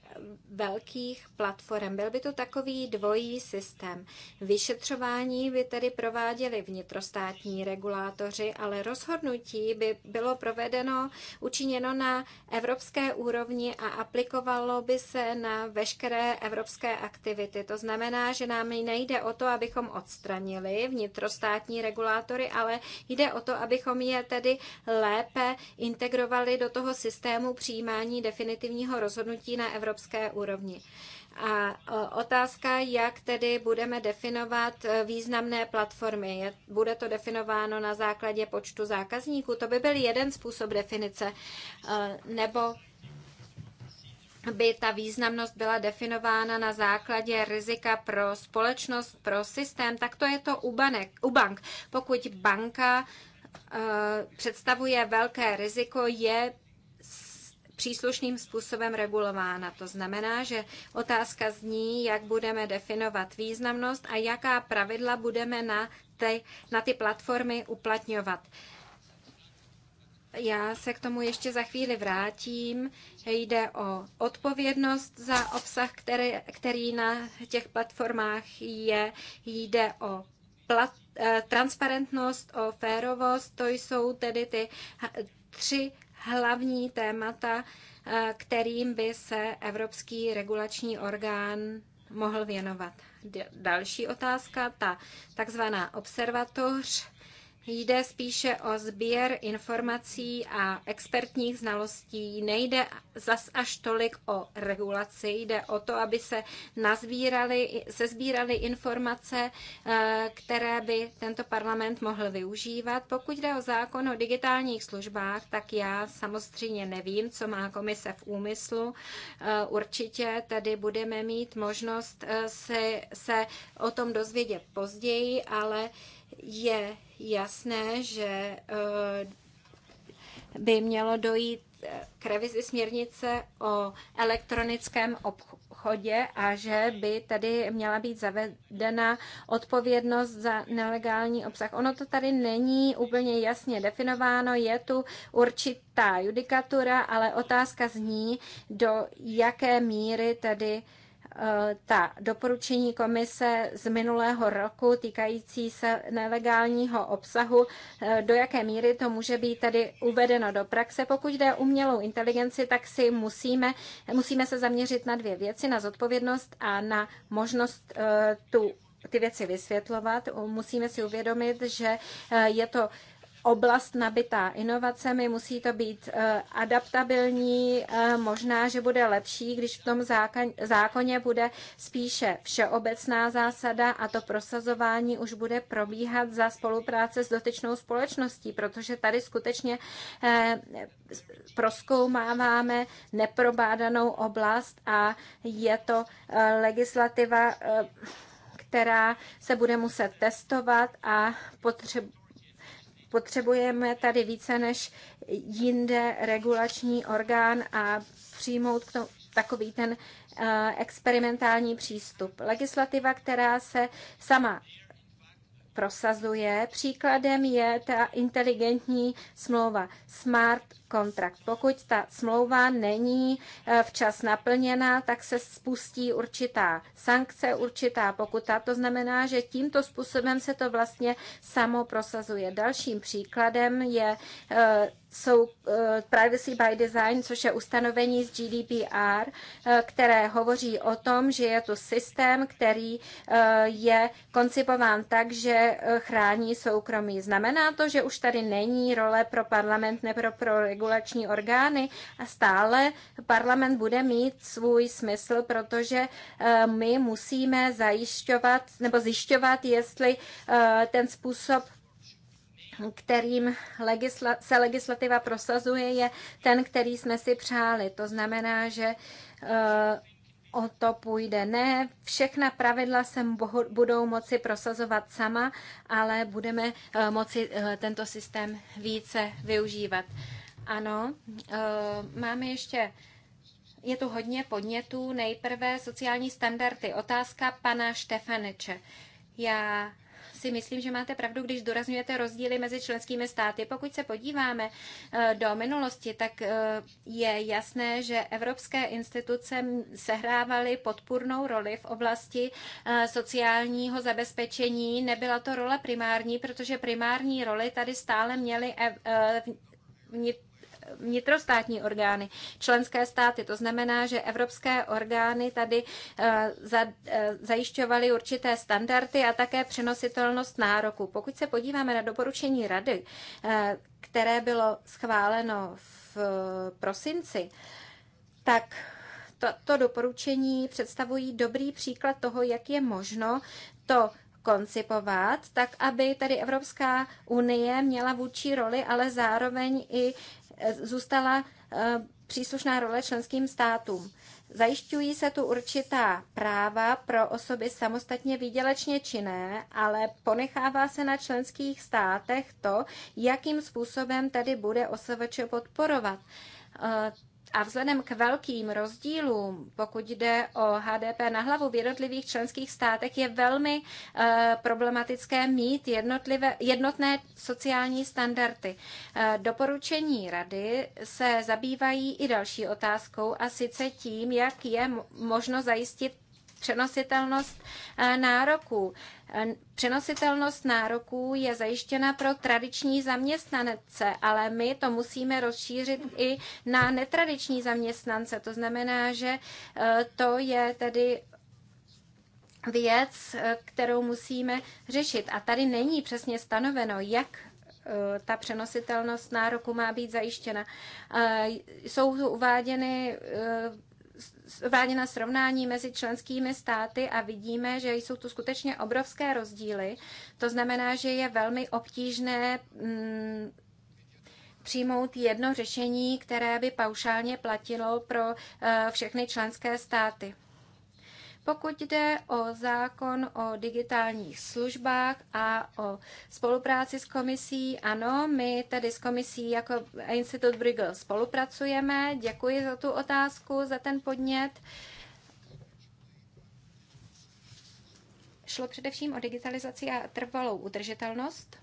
velkých platform. Byl by to takový dvojí systém. Vyšetřování by tedy prováděli vnitrostátní regulátoři, ale rozhodnutí by bylo provedeno, učiněno na evropské úrovni a aplikovalo by se na veškeré evropské aktivity. To znamená, že nám nejde o to, abychom odstranili vnitrostátní regulátory, ale jde o to, abychom je tedy lépe integrovali do toho systému, systému přijímání definitivního rozhodnutí na evropské úrovni. A e, otázka, jak tedy budeme definovat e, významné platformy. Bude to definováno na základě počtu zákazníků? To by byl jeden způsob definice. E, nebo by ta významnost byla definována na základě rizika pro společnost, pro systém, tak to je to u, banek, u bank. Pokud banka představuje velké riziko, je příslušným způsobem regulována. To znamená, že otázka zní, jak budeme definovat významnost a jaká pravidla budeme na ty, na ty platformy uplatňovat. Já se k tomu ještě za chvíli vrátím. Jde o odpovědnost za obsah, který, který na těch platformách je. Jde o plat, eh, transparentnost, o férovost. To jsou tedy ty tři hlavní témata, eh, kterým by se Evropský regulační orgán mohl věnovat. Další otázka, ta takzvaná observatoř Jde spíše o sběr informací a expertních znalostí. Nejde zas až tolik o regulaci, jde o to, aby se nazbírali, sezbírali informace, eh, které by tento parlament mohl využívat. Pokud jde o zákon o digitálních službách, tak já samozřejmě nevím, co má komise v úmyslu. Eh, určitě tedy budeme mít možnost eh, se, se o tom dozvědět později, ale je jasné, že eh, by mělo dojít eh, k revizi směrnice o elektronickém obchodě a že by tady měla být zavedena odpovědnost za nelegální obsah. Ono to tady není úplně jasně definováno, je tu určitá judikatura, ale otázka zní, do jaké míry tedy uh, Eh, ta doporučení komise z minulého roku týkající se nelegálního obsahu, eh, do jaké míry to může být tady uvedeno do praxe. Pokud jde o umělou inteligenci, tak si musíme, musíme se zaměřit na dvě věci, na zodpovědnost a na možnost eh, tu ty věci vysvětlovat. Musíme si uvědomit, že je to oblast nabitá inovacemi, musí to být eh, adaptabilní, eh, možná, že bude lepší, když v tom zákoně bude spíše všeobecná zásada a to prosazování už bude probíhat za spolupráce s dotyčnou společností, protože tady skutečně eh, proskoumáváme neprobádanou oblast a je to legislativa která se bude muset testovat a potře Potřebujeme tady více než jinde regulační orgán a přijmout k tomu takový ten eh, experimentální přístup. Legislativa, která se sama prosazuje. Příkladem je ta inteligentní smlouva smart contract. Pokud ta smlouva není eh, včas naplněna, tak se spustí určitá sankce, určitá pokuta. To znamená, že tímto způsobem se to vlastně samo prosazuje. Dalším příkladem je eh, jsou eh, Privacy by Design, což je ustanovení z GDPR, eh, které hovoří o tom, že je to systém, který eh, je koncipován tak, že chrání soukromí. Znamená to, že už tady není role pro parlament nebo pro regulační orgány a stále parlament bude mít svůj smysl, protože my musíme zajišťovat nebo zjišťovat, jestli ten způsob kterým legisla- se legislativa prosazuje, je ten, který jsme si přáli. To znamená, že eh, o to půjde. Ne, všechna pravidla se budou moci prosazovat sama, ale budeme eh, moci eh, tento systém více využívat. Ano, máme ještě je tu hodně podnětů. Nejprve sociální standardy. Otázka pana Štefaneče. Já si myslím, že máte pravdu, když zdůrazňujete rozdíly mezi členskými státy. Pokud se podíváme eh, do minulosti, tak eh, je jasné, že evropské instituce sehrávaly podpůrnou roli v oblasti eh, sociálního zabezpečení. Nebyla to role primární, protože primární roli tady stále měly vnitrostátní orgány, členské státy. To znamená, že evropské orgány tady eh, eh, zajišťovaly určité standardy a také přenositelnost nároku. Pokud se podíváme na doporučení rady, eh, které bylo schváleno v prosinci, tak to doporučení představují dobrý příklad toho, jak je možno to koncipovat, tak aby tady Evropská unie měla vůči roli, ale zároveň i zůstala eh, příslušná role členským státům. Zajišťují se tu určitá práva pro osoby samostatně výdělečně činné, ale ponechává se na členských státech to, jakým způsobem tady bude OSVČ podporovat eh, a vzhledem k velkým rozdílům, pokud jde o HDP na hlavu v jednotlivých členských státech, je velmi eh, problematické mít jednotlivé, jednotné sociální standardy. Eh, doporučení rady se zabývají i další otázkou, a sice tím, jak je možno zajistit přenositelnost eh, nároků. Eh, přenositelnost nároků je zajištěna pro tradiční zaměstnance, ale my to musíme rozšířit i na netradiční zaměstnance. To znamená, že eh, to je tedy věc, kterou musíme řešit. A tady není přesně stanoveno, jak ta přenositelnost nároku má být zajištěna. Jsou tu uváděny uváděna srovnání mezi členskými státy a vidíme, že jsou tu skutečně obrovské rozdíly. To znamená, že je velmi obtížné mm, přijmout jedno řešení, které by paušálně platilo pro eh, všechny členské státy. Pokud jde o zákon o digitálních službách a o spolupráci s komisí, ano, my tady s komisí jako Institut Bruegel spolupracujeme. Děkuji za tu otázku, za ten podnět. Šlo především o digitalizaci a trvalou udržitelnost.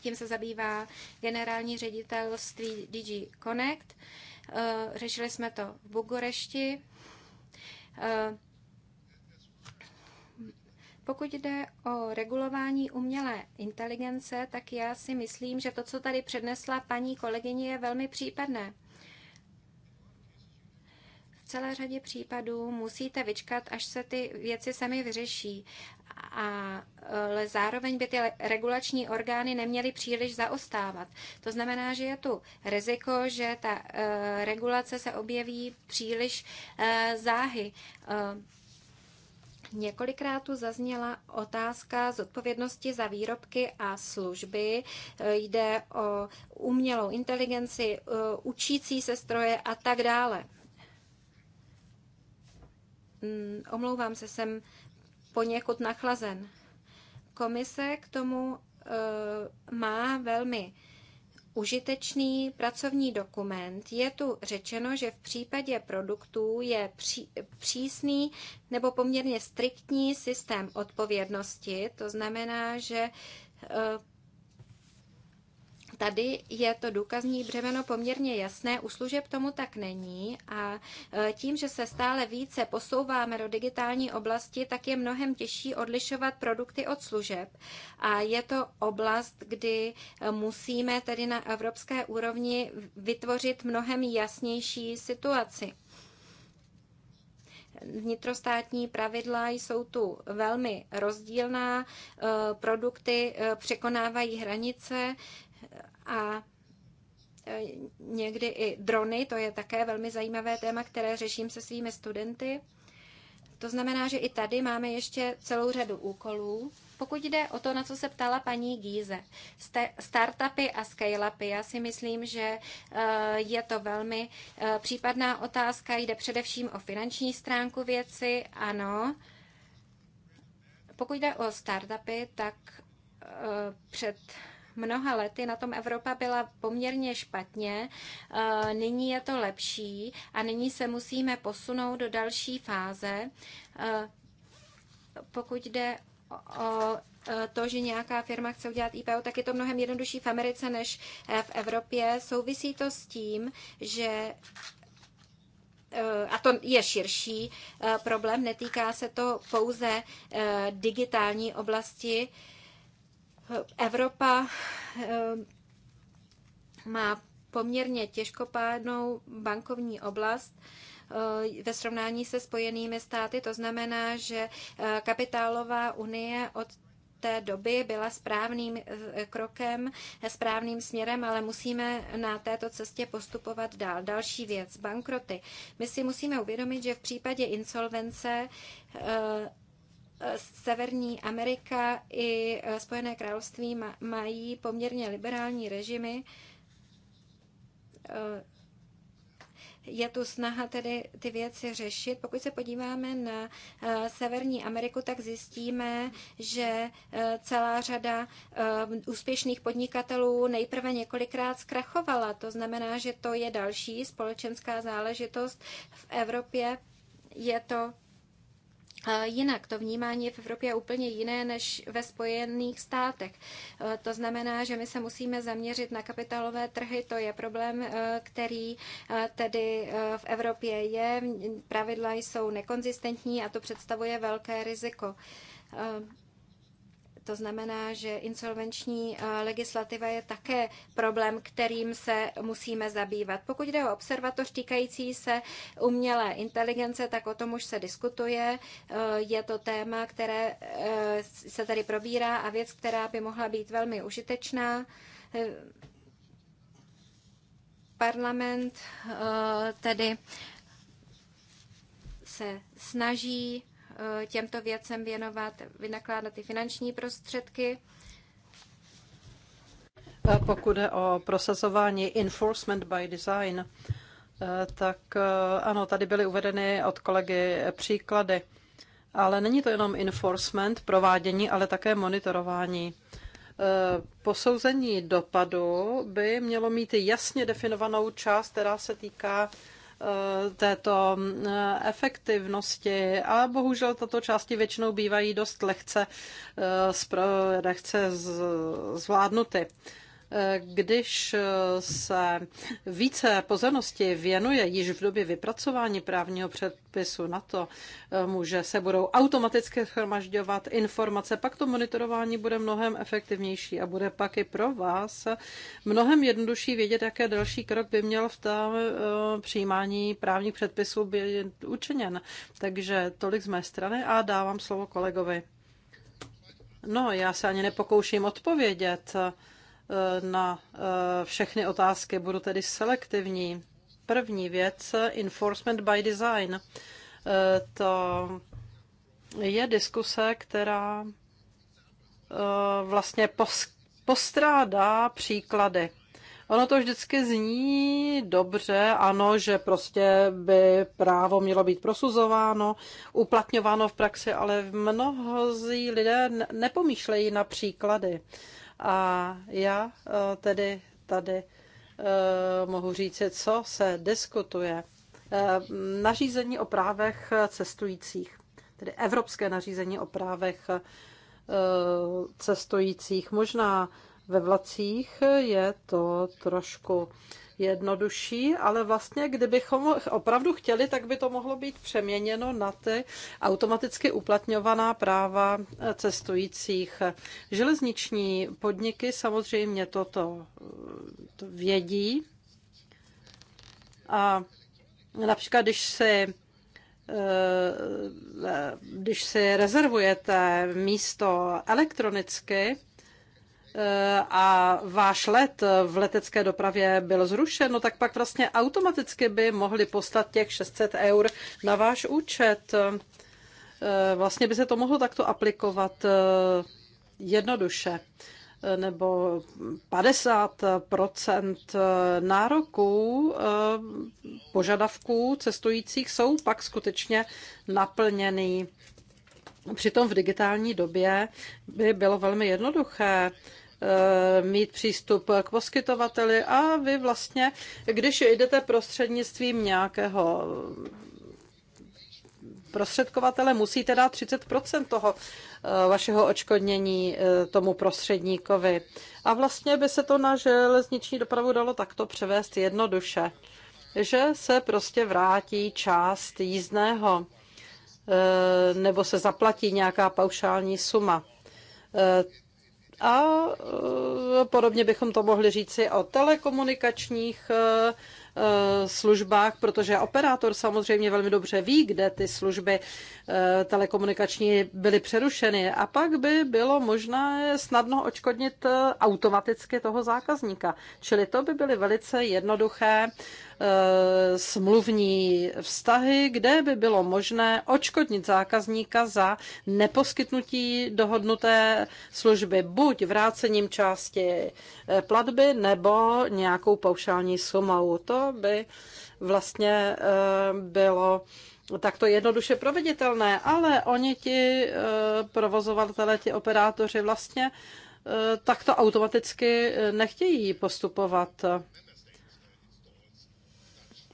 Tím se zabývá generální ředitelství DG Connect. Eh, řešili jsme to v Bukurešti. Eh, pokud jde o regulování umělé inteligence, tak já si myslím, že to, co tady přednesla paní kolegyně, je velmi případné celé řadě případů musíte vyčkat, až se ty věci sami vyřeší. A, ale zároveň by ty regulační orgány neměly příliš zaostávat. To znamená, že je tu riziko, že ta e, regulace se objeví příliš e, záhy. E, Několikrát tu zazněla otázka z odpovědnosti za výrobky a služby. E, jde o umělou inteligenci, e, učící se stroje a tak dále. Mm, omlouvám se, jsem poněkud nachlazen. Komise k tomu eh, má velmi užitečný pracovní dokument, je tu řečeno, že v případě produktů je pří, přísný nebo poměrně striktní systém odpovědnosti. To znamená, že eh, Tady je to důkazní břemeno poměrně jasné, u služeb tomu tak není a e, tím, že se stále více posouváme do digitální oblasti, tak je mnohem těžší odlišovat produkty od služeb. A je to oblast, kdy e, musíme tedy na evropské úrovni vytvořit mnohem jasnější situaci vnitrostátní pravidla jsou tu velmi rozdílná, e, produkty překonávají hranice, a e, někdy i drony, to je také velmi zajímavé téma, které řeším se svými studenty. To znamená, že i tady máme ještě celou řadu úkolů. Pokud jde o to, na co se ptala paní Gíze, startupy a scale-upy, já si myslím, že e, je to velmi e, případná otázka. Jde především o finanční stránku věci, ano. Pokud jde o startupy, tak před mnoha lety na tom Evropa byla poměrně špatně, eh, nyní je to lepší a nyní se musíme posunout do další fáze. Eh, pokud jde o eh, to, že nějaká firma chce udělat IPO, tak je to mnohem jednodušší v Americe než v Evropě. Souvisí to s tím, že a to je širší problém, netýká se to pouze digitální oblasti, Evropa eh, má poměrně těžkopádnou bankovní oblast eh, ve srovnání se spojenými státy. To znamená, že eh, kapitálová unie od té doby byla správným krokem, správným směrem, ale musíme na této cestě postupovat dál. Další věc, bankroty. My si musíme uvědomit, že v případě insolvence Severní Amerika i eh, Spojené království mají poměrně liberální režimy. Eh, je tu snaha tedy ty věci řešit. Pokud se podíváme na eh, Severní Ameriku, tak zjistíme, že celá řada úspěšných podnikatelů nejprve několikrát zkrachovala. To znamená, že to je další společenská záležitost v Evropě. Je to Jinak to vnímání je v Evropě úplně jiné než ve Spojených státech. E, to znamená, že my se musíme zaměřit na kapitalové trhy. To je problém, e, který e, tedy v Evropě je. Pravidla jsou nekonzistentní a to představuje velké riziko. To znamená, že insolvenční eh, legislativa je také problém, kterým se musíme zabývat. Pokud jde o observatoř týkající se umělé inteligence, tak o tom už se diskutuje. Eh, je to téma, které eh, se tady probírá a věc, která by mohla být velmi užitečná parlament tedy se snaží Eh, těmto věcem věnovat, vynakládat i finanční prostředky. Eh, pokud je o prosazování enforcement by design, eh, tak ano, tady byly uvedeny od kolegy příklady. Ale není to jenom enforcement, provádění, ale také monitorování. Posouzení dopadu by mělo mít jasně definovanou část, která se týká Eh, této eh, efektivnosti a bohužel tato části většinou bývají dost lehce, eh, lehce zvládnuty. Když eh, se více pozornosti věnuje již v době vypracování právního předpisu na to, eh, může se budou automaticky schromažďovat informace, pak to monitorování bude mnohem efektivnější a bude pak i pro vás mnohem jednodušší vědět, jaké další krok by měl v tom eh, přijímání právních předpisů být učiněn. Takže tolik z mé strany a dávám slovo kolegovi. No, já se ani nepokouším odpovědět. Eh, na eh, všechny otázky, budu tedy selektivní. První věc, enforcement by design. Eh, to je diskuse, která vlastně postrádá příklady. Ono to vždycky zní dobře, ano, že prostě by právo mělo být prosuzováno, uplatňováno v praxi, ale mnoho mnohozí lidé nepomýšlejí na příklady. A já eh, tedy tady eh, mohu říct, co se diskutuje. Eh, nařízení o právech cestujících, tedy evropské nařízení o právech cestujících. Možná ve vlacích je to trošku jednodušší, ale vlastně, kdybychom opravdu chtěli, tak by to mohlo být přeměněno na ty automaticky uplatňovaná práva cestujících. Železniční podniky samozřejmě toto vědí. A například, když si eh, když si rezervujete místo elektronicky, Eh, a váš let v letecké dopravě byl zrušen, no tak pak vlastně automaticky by mohli postat těch 600 eur na váš účet. Eh, vlastně by se to mohlo takto aplikovat eh, jednoduše nebo 50 nároků požadavků cestujících jsou pak skutečně naplněný. Přitom v digitální době by bylo velmi jednoduché Eh, mít přístup k poskytovateli a vy vlastně, když jdete prostřednictvím nějakého prostředkovatele musíte dát 30% toho eh, vašeho očkodnění eh, tomu prostředníkovi. A vlastně by se to na železniční dopravu dalo takto převést jednoduše, že se prostě vrátí část jízdného nebo se zaplatí nějaká paušální suma. A e, podobně bychom to mohli říci o telekomunikačních e, e, službách, protože operátor samozřejmě velmi dobře ví, kde ty služby Eh, telekomunikační byly přerušeny a pak by bylo možné snadno očkodnit eh, automaticky toho zákazníka. Čili to by byly velice jednoduché eh, smluvní vztahy, kde by bylo možné očkodnit zákazníka za neposkytnutí dohodnuté služby buď vrácením části platby nebo nějakou paušální sumou. To by vlastně bylo tak je jednoduše proveditelné, ale oni ti e, provozovatelé, ti operátoři vlastně e, takto automaticky e, nechtějí postupovat.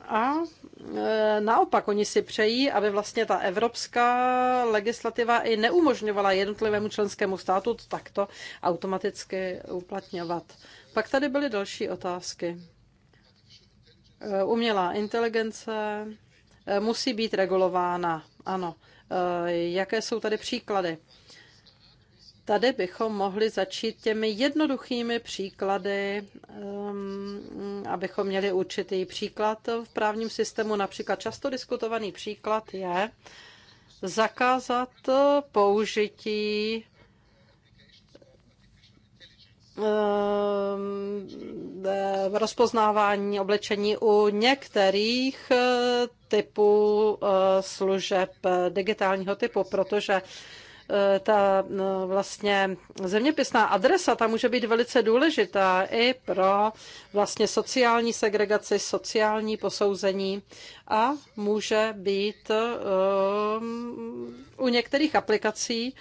A naopak, oni si přejí, aby vlastně ta evropská legislativa i neumožňovala jednotlivému členskému státu takto automaticky uplatňovat. Pak tady byly další otázky. Umělá inteligence, Eh, musí být regulována. Ano. Eh, jaké jsou tady příklady? Tady bychom mohli začít těmi jednoduchými příklady, ehm, abychom měli určitý příklad v právním systému. Například často diskutovaný příklad je zakázat použití Ehm, eh, rozpoznávání oblečení u některých eh, typů eh, služeb digitálního typu, protože ta vlastně zeměpisná adresa, ta může být velice důležitá i pro vlastně sociální segregaci, sociální posouzení a může být ehm, u některých aplikací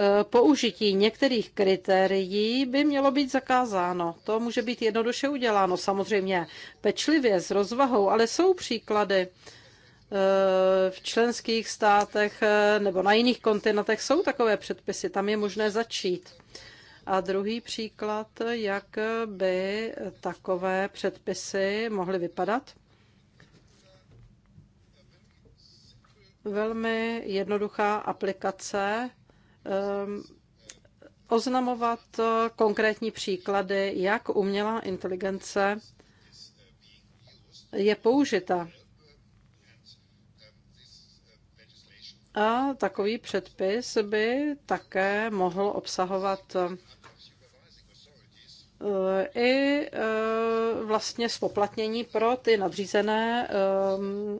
Eh, použití některých kritérií by mělo být zakázáno. To může být jednoduše uděláno, samozřejmě pečlivě, s rozvahou, ale jsou příklady eh, v členských státech eh, nebo na jiných kontinentech jsou takové předpisy, tam je možné začít. A druhý příklad, jak by takové předpisy mohly vypadat? Velmi jednoduchá aplikace Ehm, oznamovat eh, konkrétní příklady, jak umělá inteligence je použita. A takový předpis by také mohl obsahovat eh, i eh, vlastně spoplatnění pro ty nadřízené ehm,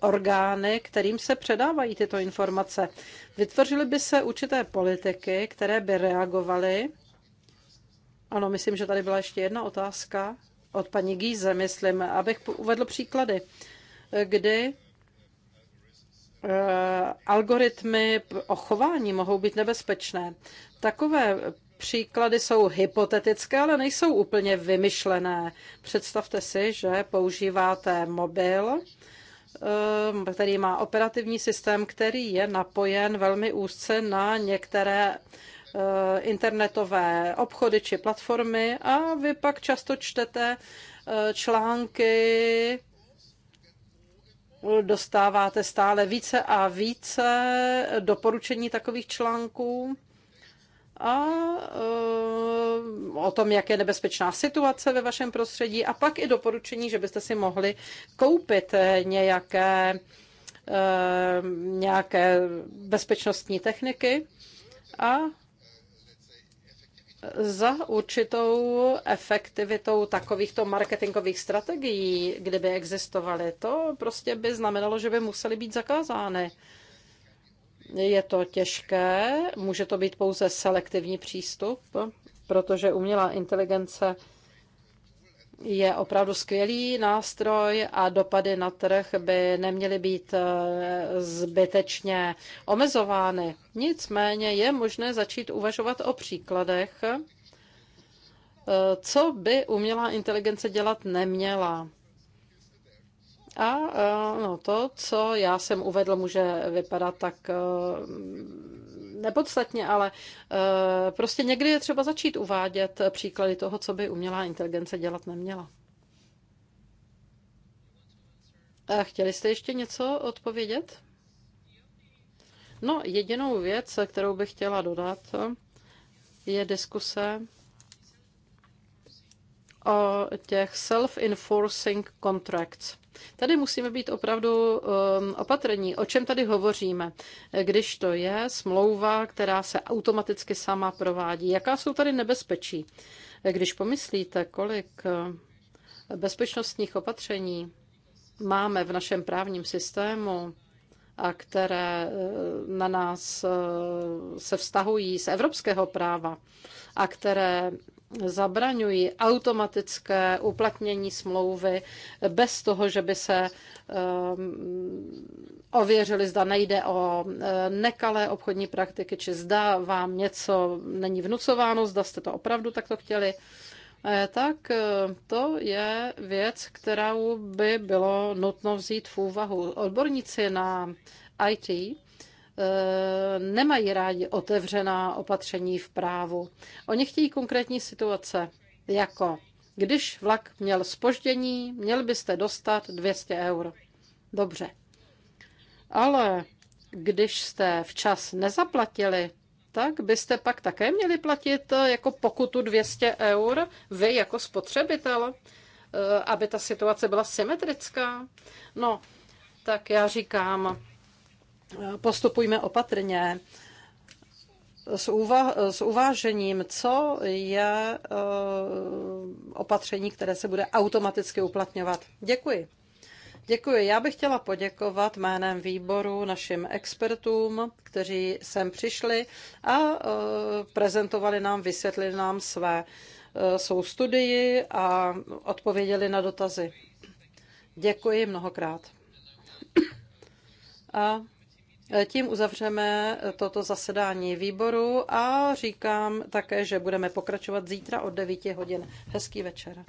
orgány, kterým se předávají tyto informace. Vytvořily by se určité politiky, které by reagovaly. Ano, myslím, že tady byla ještě jedna otázka od paní Gíze, myslím, abych uvedl příklady, kdy eh, algoritmy o chování mohou být nebezpečné. Takové příklady jsou hypotetické, ale nejsou úplně vymyšlené. Představte si, že používáte mobil Ehm, který má operativní systém, který je napojen velmi úzce na některé eh, internetové obchody či platformy a vy pak často čtete eh, články, dostáváte stále více a více doporučení takových článků a eh, o tom, jak je nebezpečná situace ve vašem prostředí a pak i doporučení, že byste si mohli koupit eh, nějaké, eh, nějaké bezpečnostní techniky a za určitou efektivitou takovýchto marketingových strategií, kdyby existovaly, to prostě by znamenalo, že by musely být zakázány. Je to těžké, může to být pouze selektivní přístup, protože umělá inteligence je opravdu skvělý nástroj a dopady na trh by neměly být eh, zbytečně omezovány. Nicméně je možné začít uvažovat o příkladech, eh, co by umělá inteligence dělat neměla. A eh, no, to, co já jsem uvedl, může vypadat tak eh, nepodstatně, ale eh, prostě někdy je třeba začít uvádět příklady toho, co by umělá inteligence dělat neměla. A chtěli jste ještě něco odpovědět? No, jedinou věc, kterou bych chtěla dodat, je diskuse o těch self-enforcing contracts. Tady musíme být opravdu um, opatrní. O čem tady hovoříme? Když to je smlouva, která se automaticky sama provádí, jaká jsou tady nebezpečí? Když pomyslíte, kolik uh, bezpečnostních opatření máme v našem právním systému a které uh, na nás uh, se vztahují z evropského práva a které zabraňují automatické uplatnění smlouvy bez toho, že by se ehm, ověřili, zda nejde o eh, nekalé obchodní praktiky, či zda vám něco není vnucováno, zda jste to opravdu takto chtěli eh, tak eh, to je věc, kterou by bylo nutno vzít v úvahu. Odborníci na IT nemají rádi otevřená opatření v právu. Oni chtějí konkrétní situace, jako když vlak měl spoždění, měl byste dostat 200 eur. Dobře. Ale když jste včas nezaplatili, tak byste pak také měli platit eh, jako pokutu 200 eur, vy jako spotřebitel, eh, aby ta situace byla symetrická. No, tak já říkám, postupujme opatrně s, uva- s uvážením, co je eh, opatření, které se bude automaticky uplatňovat. Děkuji. Děkuji. Já bych chtěla poděkovat jménem výboru našim expertům, kteří sem přišli a eh, prezentovali nám, vysvětlili nám své eh, svou studii a odpověděli na dotazy. Děkuji mnohokrát. A tím uzavřeme toto zasedání výboru a říkám také, že budeme pokračovat zítra od 9 hodin. Hezký večer.